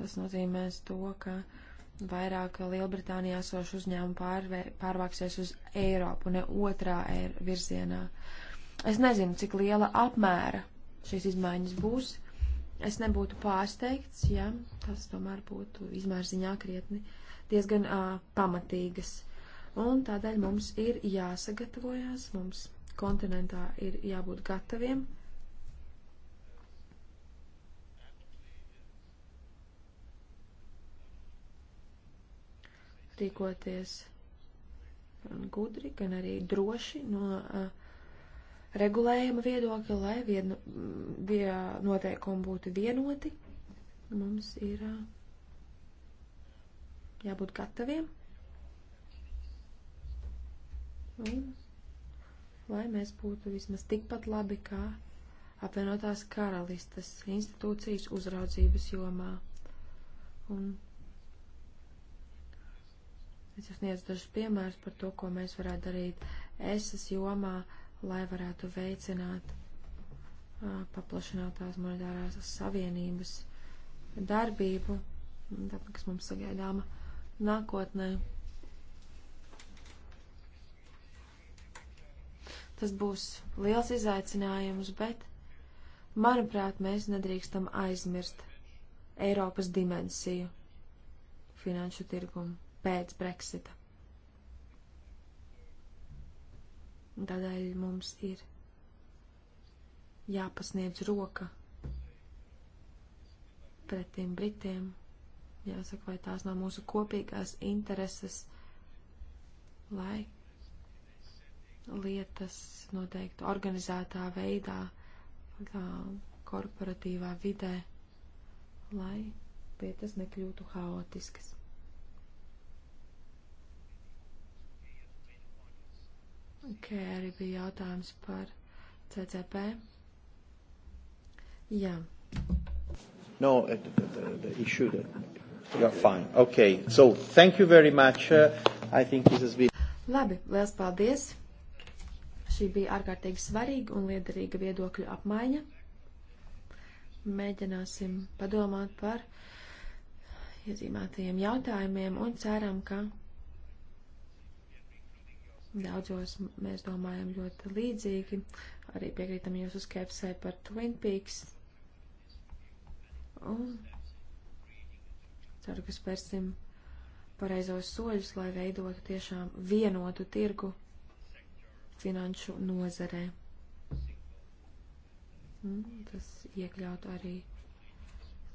tas nozīmēs to, ka vairāk Lielbritānijā sošu uzņēmumu pārvē, pārvāksies uz Eiropu, ne otrā eir virzienā. Es nezinu, cik liela apmēra šīs izmaiņas būs. Es nebūtu pārsteigts, ja tas tomēr būtu izmērziņā krietni diezgan uh, pamatīgas. Un tādēļ mums ir jāsagatavojās, mums kontinentā ir jābūt gataviem. Uh, rīkoties gan gudri, gan arī droši no uh, regulējuma viedokļa, lai vienu, vie, noteikumi būtu vienoti. Mums ir uh, jābūt gataviem. Un, lai mēs būtu vismaz tikpat labi kā apvienotās karalistas institūcijas uzraudzības jomā. Un Es sniedzu dažus piemērus par to, ko mēs varētu darīt esas jomā, lai varētu veicināt uh, paplašinātās monetārās savienības darbību, tāpēc, kas mums sagaidāma nākotnē. Tas būs liels izaicinājums, bet, manuprāt, mēs nedrīkstam aizmirst Eiropas dimensiju finanšu tirgumu pēc Brexita. Un tādēļ mums ir jāpasniedz roka pret tiem Britiem. Jāsaka, vai tās nav mūsu kopīgās intereses, lai lietas noteikti organizētā veidā, kā korporatīvā vidē, lai lietas nekļūtu haotiskas. ka arī bija jautājums par CCP. Jā. No, uh, the, the, the issue that you are fine. Okay, so thank you very much. Uh, I think this has been. Labi, liels paldies. Šī bija ārkārtīgi svarīga un liederīga viedokļu apmaiņa. Mēģināsim padomāt par iezīmētajiem jautājumiem un ceram, ka Daudzos mēs domājam ļoti līdzīgi, arī piekrītam jūsu skepsē par Twin Peaks. Un ceru, ka spērsim pareizos soļus, lai veidotu tiešām vienotu tirgu finanšu nozarē. Un tas iekļautu arī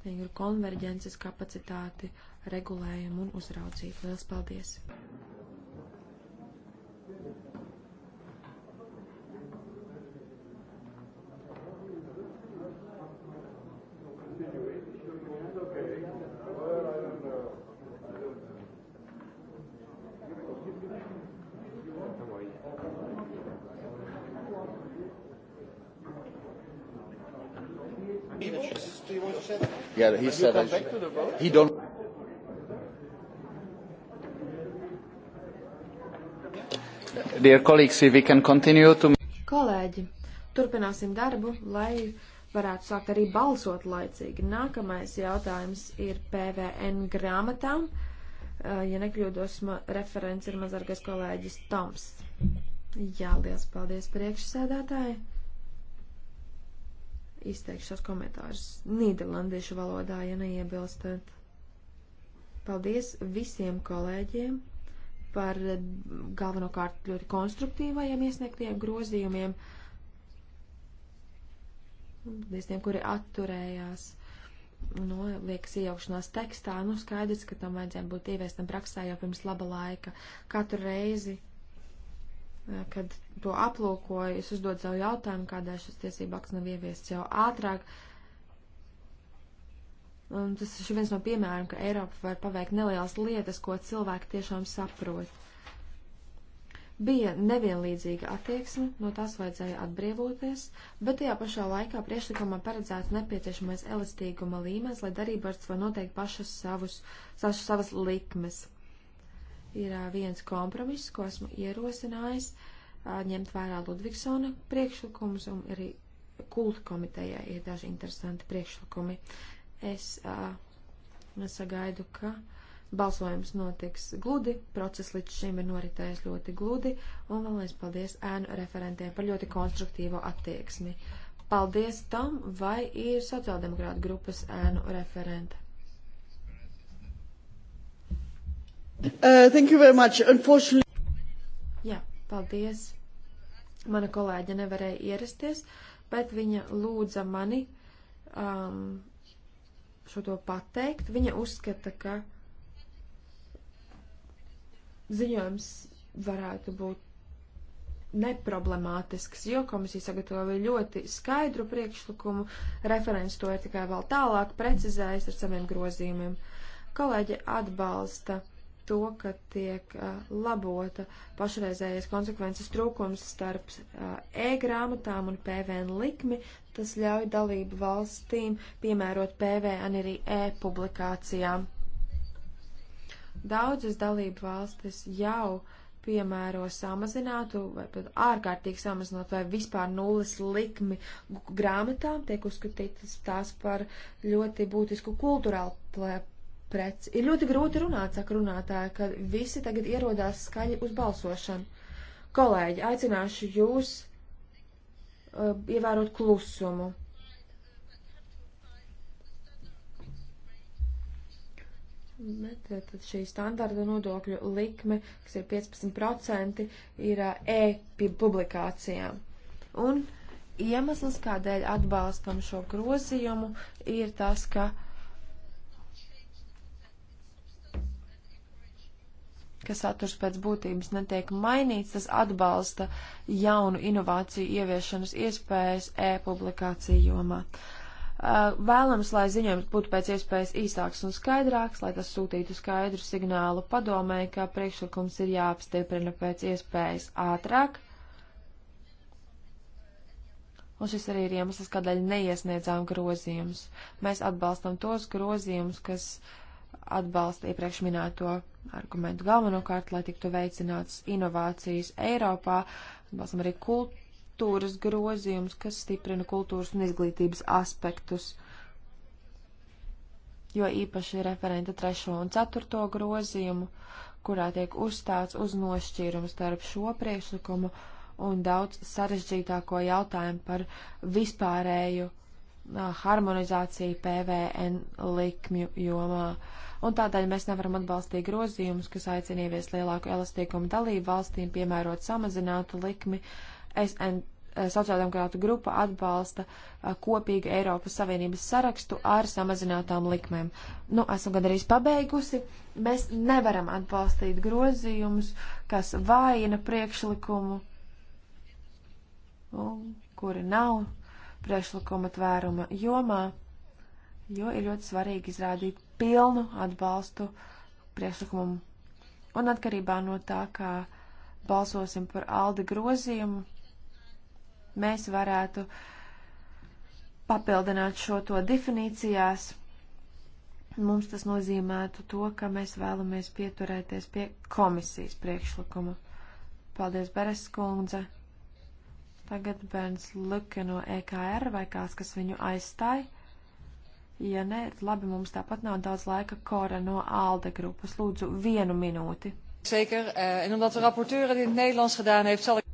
tīru konverģences kapacitāti, regulējumu un uzraudzību. Lielas paldies! said. He said. I should, he don't. Dear colleagues, if we can continue to. Kolēģi, turpināsim darbu, lai varētu sākt arī balsot laicīgi. Nākamais jautājums ir PVN grāmatām. Uh, ja nekļūdos, referents ir mazargais kolēģis Toms. Jā, liels paldies priekšsēdētāji izteikšu šos komentārus nīderlandiešu valodā, ja neiebilstat. Paldies visiem kolēģiem par galvenokārt ļoti konstruktīvajiem iesniegtiem grozījumiem. Paldies tiem, kuri atturējās nu, liekas iejaukšanās tekstā, nu skaidrs, ka tam vajadzēja būt ieviestam praksē jau pirms laba laika. Katru reizi, Eh, kad to aplūkoju, es uzdod savu jautājumu, kādēļ šis tiesība akts nav ieviests jau ātrāk. Un tas ir viens no piemēriem, ka Eiropa var paveikt nelielas lietas, ko cilvēki tiešām saprot. Bija nevienlīdzīga attieksme, no tās vajadzēja atbrīvoties, bet tajā pašā laikā priekšlikumā paredzēts nepieciešamais elastīguma līmenis, lai darībārts var noteikt pašas savus, savas, savas likmes ir viens kompromiss, ko esmu ierosinājis, ņemt vērā Ludvigsona priekšlikumus un arī kulta komitejā ir daži interesanti priekšlikumi. Es sagaidu, ka balsojums notiks gludi, process līdz šim ir noritējis ļoti gludi, un vēlreiz paldies ēnu referentiem par ļoti konstruktīvo attieksmi. Paldies tam, vai ir sociāldemokrāta grupas ēnu referenta. Uh, thank you very much. Unfortunately. Jā, paldies. Mana kolēģe nevarēja ierasties, bet viņa lūdza mani um, šo to pateikt. Viņa uzskata, ka ziņojums varētu būt neproblemātisks, jo komisija sagatavoja ļoti skaidru priekšlikumu, referents to ir tikai vēl tālāk precizējis ar saviem grozījumiem. Kolēģi atbalsta uh, to, ka tiek uh, labota pašreizējais konsekvences trūkums starp uh, e-grāmatām un PVN likmi. Tas ļauj dalību valstīm piemērot PVN arī e-publikācijām. Daudzas dalību valstis jau piemēro samazinātu vai pat ārkārtīgi samazināt vai vispār nulles likmi grāmatām, tiek uzskatītas tās par ļoti būtisku kulturālu prets. Ir ļoti grūti runāt, saka runātāja, ka visi tagad ierodās skaļi uz balsošanu. Kolēģi, aicināšu jūs uh, ievērot klusumu. Bet uh, tad šī standarta nodokļu likme, kas ir 15%, ir uh, e-publikācijām. Un iemesls, kādēļ atbalstam šo grozījumu, ir tas, ka uh, ka saturs pēc būtības netiek mainīts, tas atbalsta jaunu inovāciju ieviešanas iespējas e-publikāciju jomā. Uh, vēlams, lai ziņojums būtu pēc iespējas īsāks un skaidrāks, lai tas sūtītu skaidru signālu padomē, ka priekšlikums ir jāapstiprina pēc iespējas ātrāk. Un šis arī ir iemesls, kādēļ neiesniedzām grozījumus. Mēs atbalstam tos grozījumus, kas uh, atbalsta iepriekš minēto argumentu galvenokārt, lai tiktu veicināts inovācijas Eiropā. Atbalstam arī kultūras grozījums, kas stiprina kultūras un izglītības aspektus, jo īpaši referenta trešo un ceturto grozījumu, kurā tiek uzstāts uz nošķīrumu starp šo priekšlikumu un daudz sarežģītāko jautājumu par vispārēju uh, harmonizāciju PVN likmju jomā. Un tādēļ mēs nevaram atbalstīt grozījumus, kas aicina ieviest lielāku elastīgumu dalību valstīm, piemērot samazinātu likmi. SN, sociāldemokrātu grupa atbalsta kopīgu Eiropas Savienības sarakstu ar samazinātām likmēm. Nu, esam gandrīz pabeigusi. Mēs nevaram atbalstīt grozījumus, kas vājina priekšlikumu, un, kuri nav priekšlikuma tvēruma jomā, jo ir ļoti svarīgi izrādīt pilnu atbalstu priekšlikumam. Un atkarībā no tā, kā balsosim par aldi grozījumu, mēs varētu papildināt šo to definīcijās. Mums tas nozīmētu to, ka mēs vēlamies pieturēties pie komisijas priekšlikuma. Paldies, Beres kundze! Tagad bērns Luke no EKR vai kāds, kas viņu aizstāja. Ja nē, labi, mums tāpat nav daudz laika. Kora no ALDE grupas, lūdzu, vienu minūti. Zeker, eh, en omdat de rapporteur het in het Nederlands gedaan heeft, zal ik...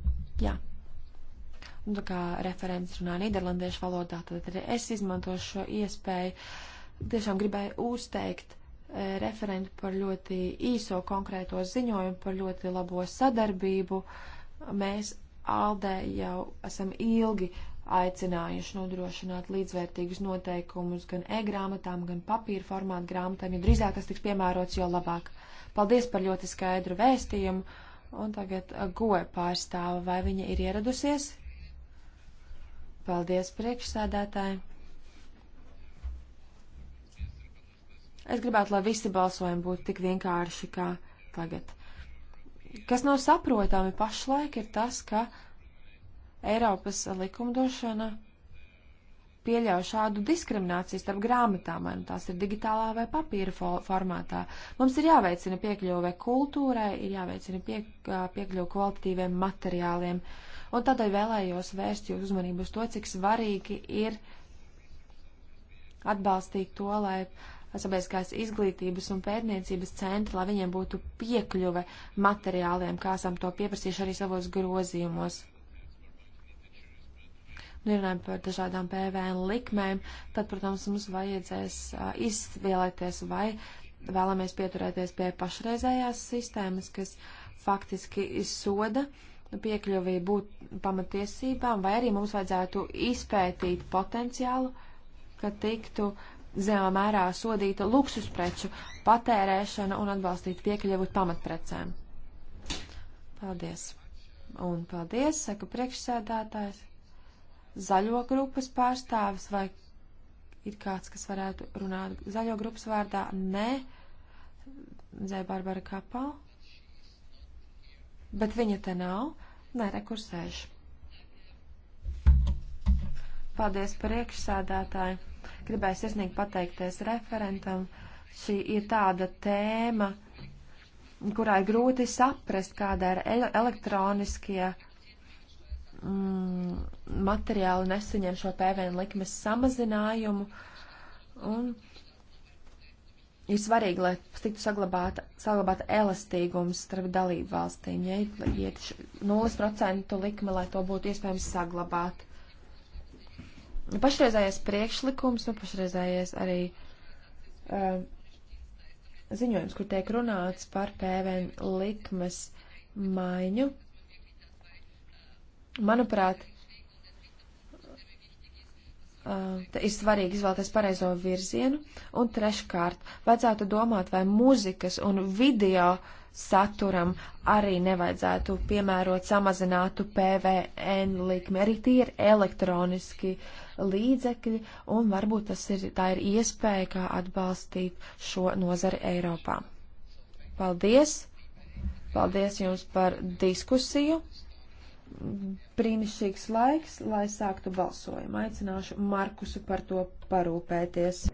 Jā. Un nu, tā kā referents runā nīderlandiešu valodā, tad arī es izmantošu šo iespēju. Tiešām gribēju uzteikt eh, referentu par ļoti īso konkrēto ziņojumu, par ļoti labo sadarbību. Mēs Aldē jau esam ilgi aicinājuši nodrošināt līdzvērtīgus noteikumus gan e-grāmatām, gan papīra formātu grāmatām, jo drīzāk tas tiks piemērots, jo labāk. Paldies par ļoti skaidru vēstījumu, un tagad uh, goja pārstāva, vai viņa ir ieradusies? Paldies priekšsēdētāji. Es gribētu, lai visi balsojumi būtu tik vienkārši kā tagad. Kas nav saprotami pašlaik ir tas, ka Eiropas likumdošana pieļauj šādu diskrimināciju starp grāmatām, vai nu tās ir digitālā vai papīra formātā. Mums ir jāveicina piekļuve kultūrai, ir jāveicina piek, piekļuve kvalitatīviem materiāliem. Un tādēļ vēlējos vērst jūsu uzmanību uz to, cik svarīgi ir atbalstīt to, lai uh, sabiedriskās izglītības un pētniecības centri, lai viņiem būtu piekļuve materiāliem, kā esam to pieprasījuši arī savos grozījumos. Nu, runājam par dažādām PVN likmēm, tad, protams, mums vajadzēs uh, izvēlēties, vai vēlamies pieturēties pie pašreizējās sistēmas, kas faktiski soda piekļuvī būt pamatiesībām, vai arī mums vajadzētu izpētīt potenciālu, ka tiktu uh, zemā mērā sodītu luksuspreču patērēšanu un atbalstītu piekļuvu pamatprecēm. Paldies. Un paldies, saka priekšsēdētājs. Zaļo grupas pārstāvis vai ir kāds, kas varētu runāt zaļo grupas vārdā? Nē. Zē Barbara Kapal. Bet viņa te nav. Nē, rekursēšu. Paldies par iekšsēdētāju. Gribēju sirsnīgi pateikties referentam. Šī ir tāda tēma, kurā ir grūti saprast, kāda ir elektroniskie mm, materiāli nesaņem šo PVN likmes samazinājumu. Un ir svarīgi, lai tiktu saglabāta, saglabāta elastīgums starp dalību valstīm. Ja ir 0% likme, lai to būtu iespējams saglabāt pašreizējais priekšlikums, nu pašreizējais arī uh, ziņojums, kur tiek runāts par PVN likmes maiņu, manuprāt, Uh, ir svarīgi izvēlēties pareizo virzienu, un treškārt, vajadzētu domāt, vai mūzikas un video saturam arī nevajadzētu piemērot samazinātu PVN likmi. Arī tie ir elektroniski līdzekļi, un varbūt tas ir, tā ir iespēja, kā atbalstīt šo nozari Eiropā. Paldies! Paldies jums par diskusiju! Brīnišķīgs laiks, lai sāktu balsojumu. Aicināšu Markusu par to parūpēties.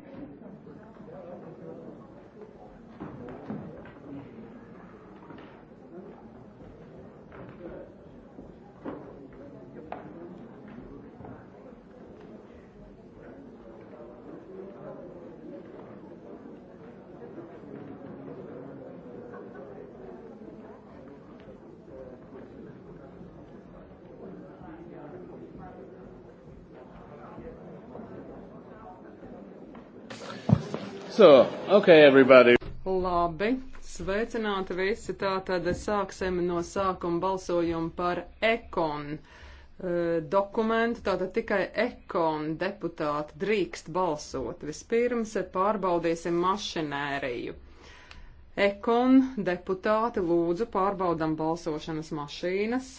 So, okay, everybody. Labi, sveicināti visi. Tātad sāksim no sākuma balsojumu par ekon e, dokumentu. Tātad tikai ekon deputāti drīkst balsot. Vispirms pārbaudīsim mašinēriju. Ekon deputāti lūdzu pārbaudam balsošanas mašīnas.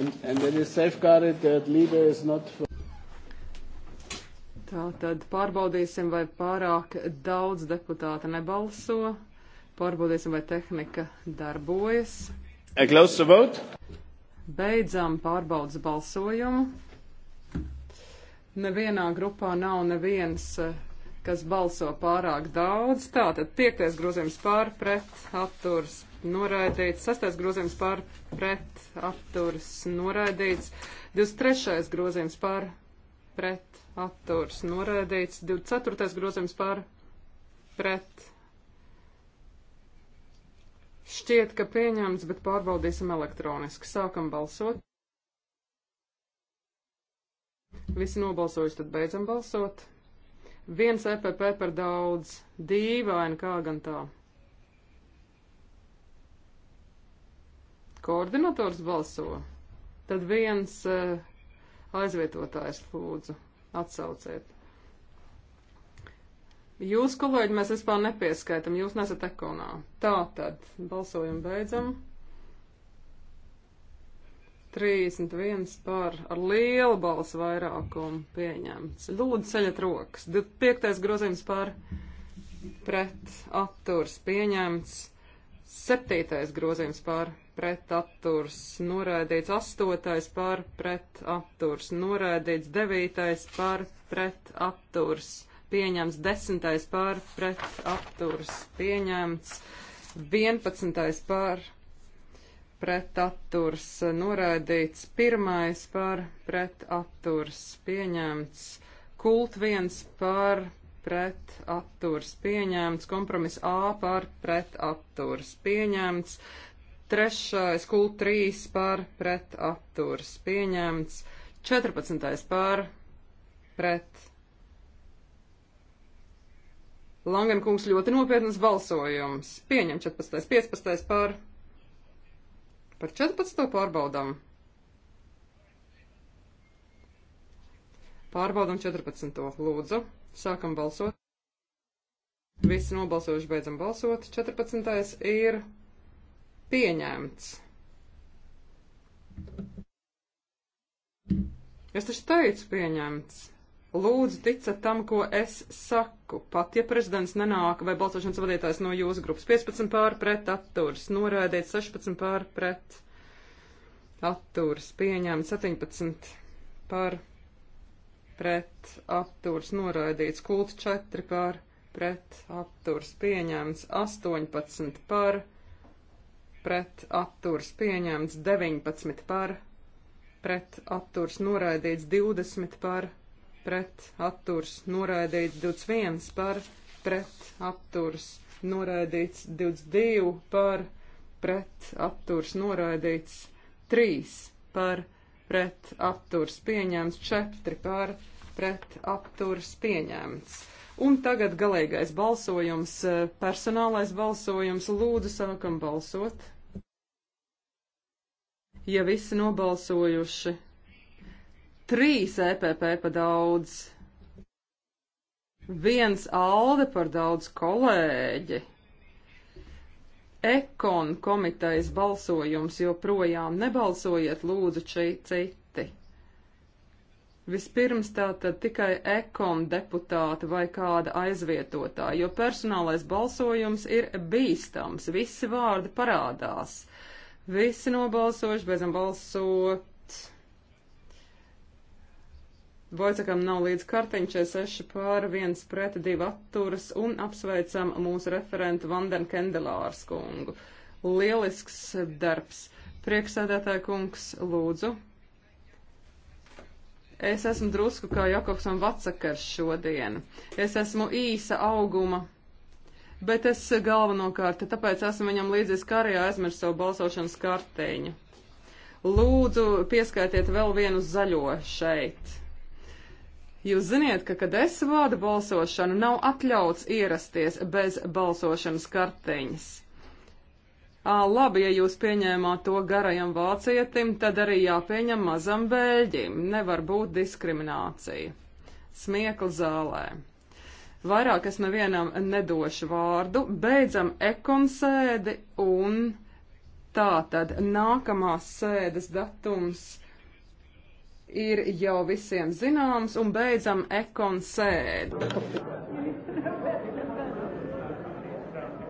And, and that is safeguarded that Libe is not. For Tā tad pārbaudīsim, vai pārāk daudz deputāta nebalso. Pārbaudīsim, vai tehnika darbojas. I close the vote. Beidzam pārbaudas balsojumu. Nevienā grupā nav neviens, eh, kas balso pārāk daudz. Tātad piektais grozījums pār pret atturs noraidīts, 6. grozījums par pret atturs noraidīts, 23. grozījums par pret atturs noraidīts, 24. grozījums par pret. Šķiet, ka pieņemts, bet pārbaudīsim elektroniski. Sākam balsot. Visi nobalsojuši, tad beidzam balsot. Viens EPP par daudz, dīvaini kā gan tā. koordinators balso, tad viens eh, aizvietotājs lūdzu atsauciet. Jūs, kolēģi, mēs vispār nepieskaitam, jūs nesat ekonā. Tā tad, balsojam beidzam. 31 par ar lielu balsu vairākumu pieņemts. Lūdzu, ceļat rokas. 5. grozījums par pret atturs pieņemts. 7. grozījums par pret pret atturs noraidīts, 8. par pret atturs noraidīts, 9. par pret atturs pieņemts, 10. par pret atturs pieņemts, 11. par pret atturs noraidīts, 1. par pret atturs pieņemts, kult 1 par pret atturs pieņemts, kompromiss A par pret atturs pieņemts, Trešais kult 3 par pret atturs pieņemts. 14. par pret. Langenkungs ļoti nopietnas balsojums. Pieņem 14. 15. par. Par 14. pārbaudam. Pārbaudam 14. Lūdzu, sākam balsot. Visi nobalsojuši beidzam balsot. 14. ir Pieņemts. Es taču teicu, pieņemts. Lūdzu, ticiet tam, ko es saku, pat ja prezidents nenāk vai balsošanas vadītājs no jūsu grupas 15 pār pret atturs, noraidiet 16 pār pret atturs, pieņemt 17 pār pret atturs, noraidīts kult 4 pār pret atturs, pieņemts 18 pār pret pret atturs pieņemts 19 par, pret atturs noraidīts 20 par, pret atturs noraidīts 21 par, pret atturs noraidīts 22 par, pret atturs noraidīts 3 par, pret atturs pieņemts 4 par, pret atturs pieņemts. Un tagad galīgais balsojums, eh, personālais balsojums. Lūdzu, sākam balsot. Ja visi nobalsojuši, trīs EPP pa daudz, viens alde par daudz kolēģi. Ekon komitejas balsojums joprojām nebalsojiet lūdzu čīt cīt. Vispirms tātad tikai ekom deputāti vai kāda aizvietotā, jo personālais balsojums ir bīstams, visi vārdi parādās. Visi nobalsojuši, beidzam balsot. Vojcekam nav līdz kartiņš 6 pār 1 pret 2 atturas un apsveicam mūsu referentu Vanden Kendelārs kungu. Lielisks darbs. Prieksēdētāja kungs, lūdzu. Es esmu drusku kā Jakobs un Vatsakars šodien. Es esmu īsa auguma, bet es galvenokārt, tāpēc esmu viņam līdzies karjā aizmirst savu balsošanas karteņu. Lūdzu, pieskaitiet vēl vienu zaļo šeit. Jūs ziniet, ka, kad es vādu balsošanu, nav atļauts ierasties bez balsošanas karteņas. Ā, labi, ja jūs pieņēmāt to garajam vācietim, tad arī jāpieņem mazam bēļģim. Nevar būt diskriminācija. Smiekla zālē. Vairāk es nevienam nedošu vārdu. Beidzam ekonsēdi un tā tad nākamās sēdes datums ir jau visiem zināms un beidzam ekonsēdi.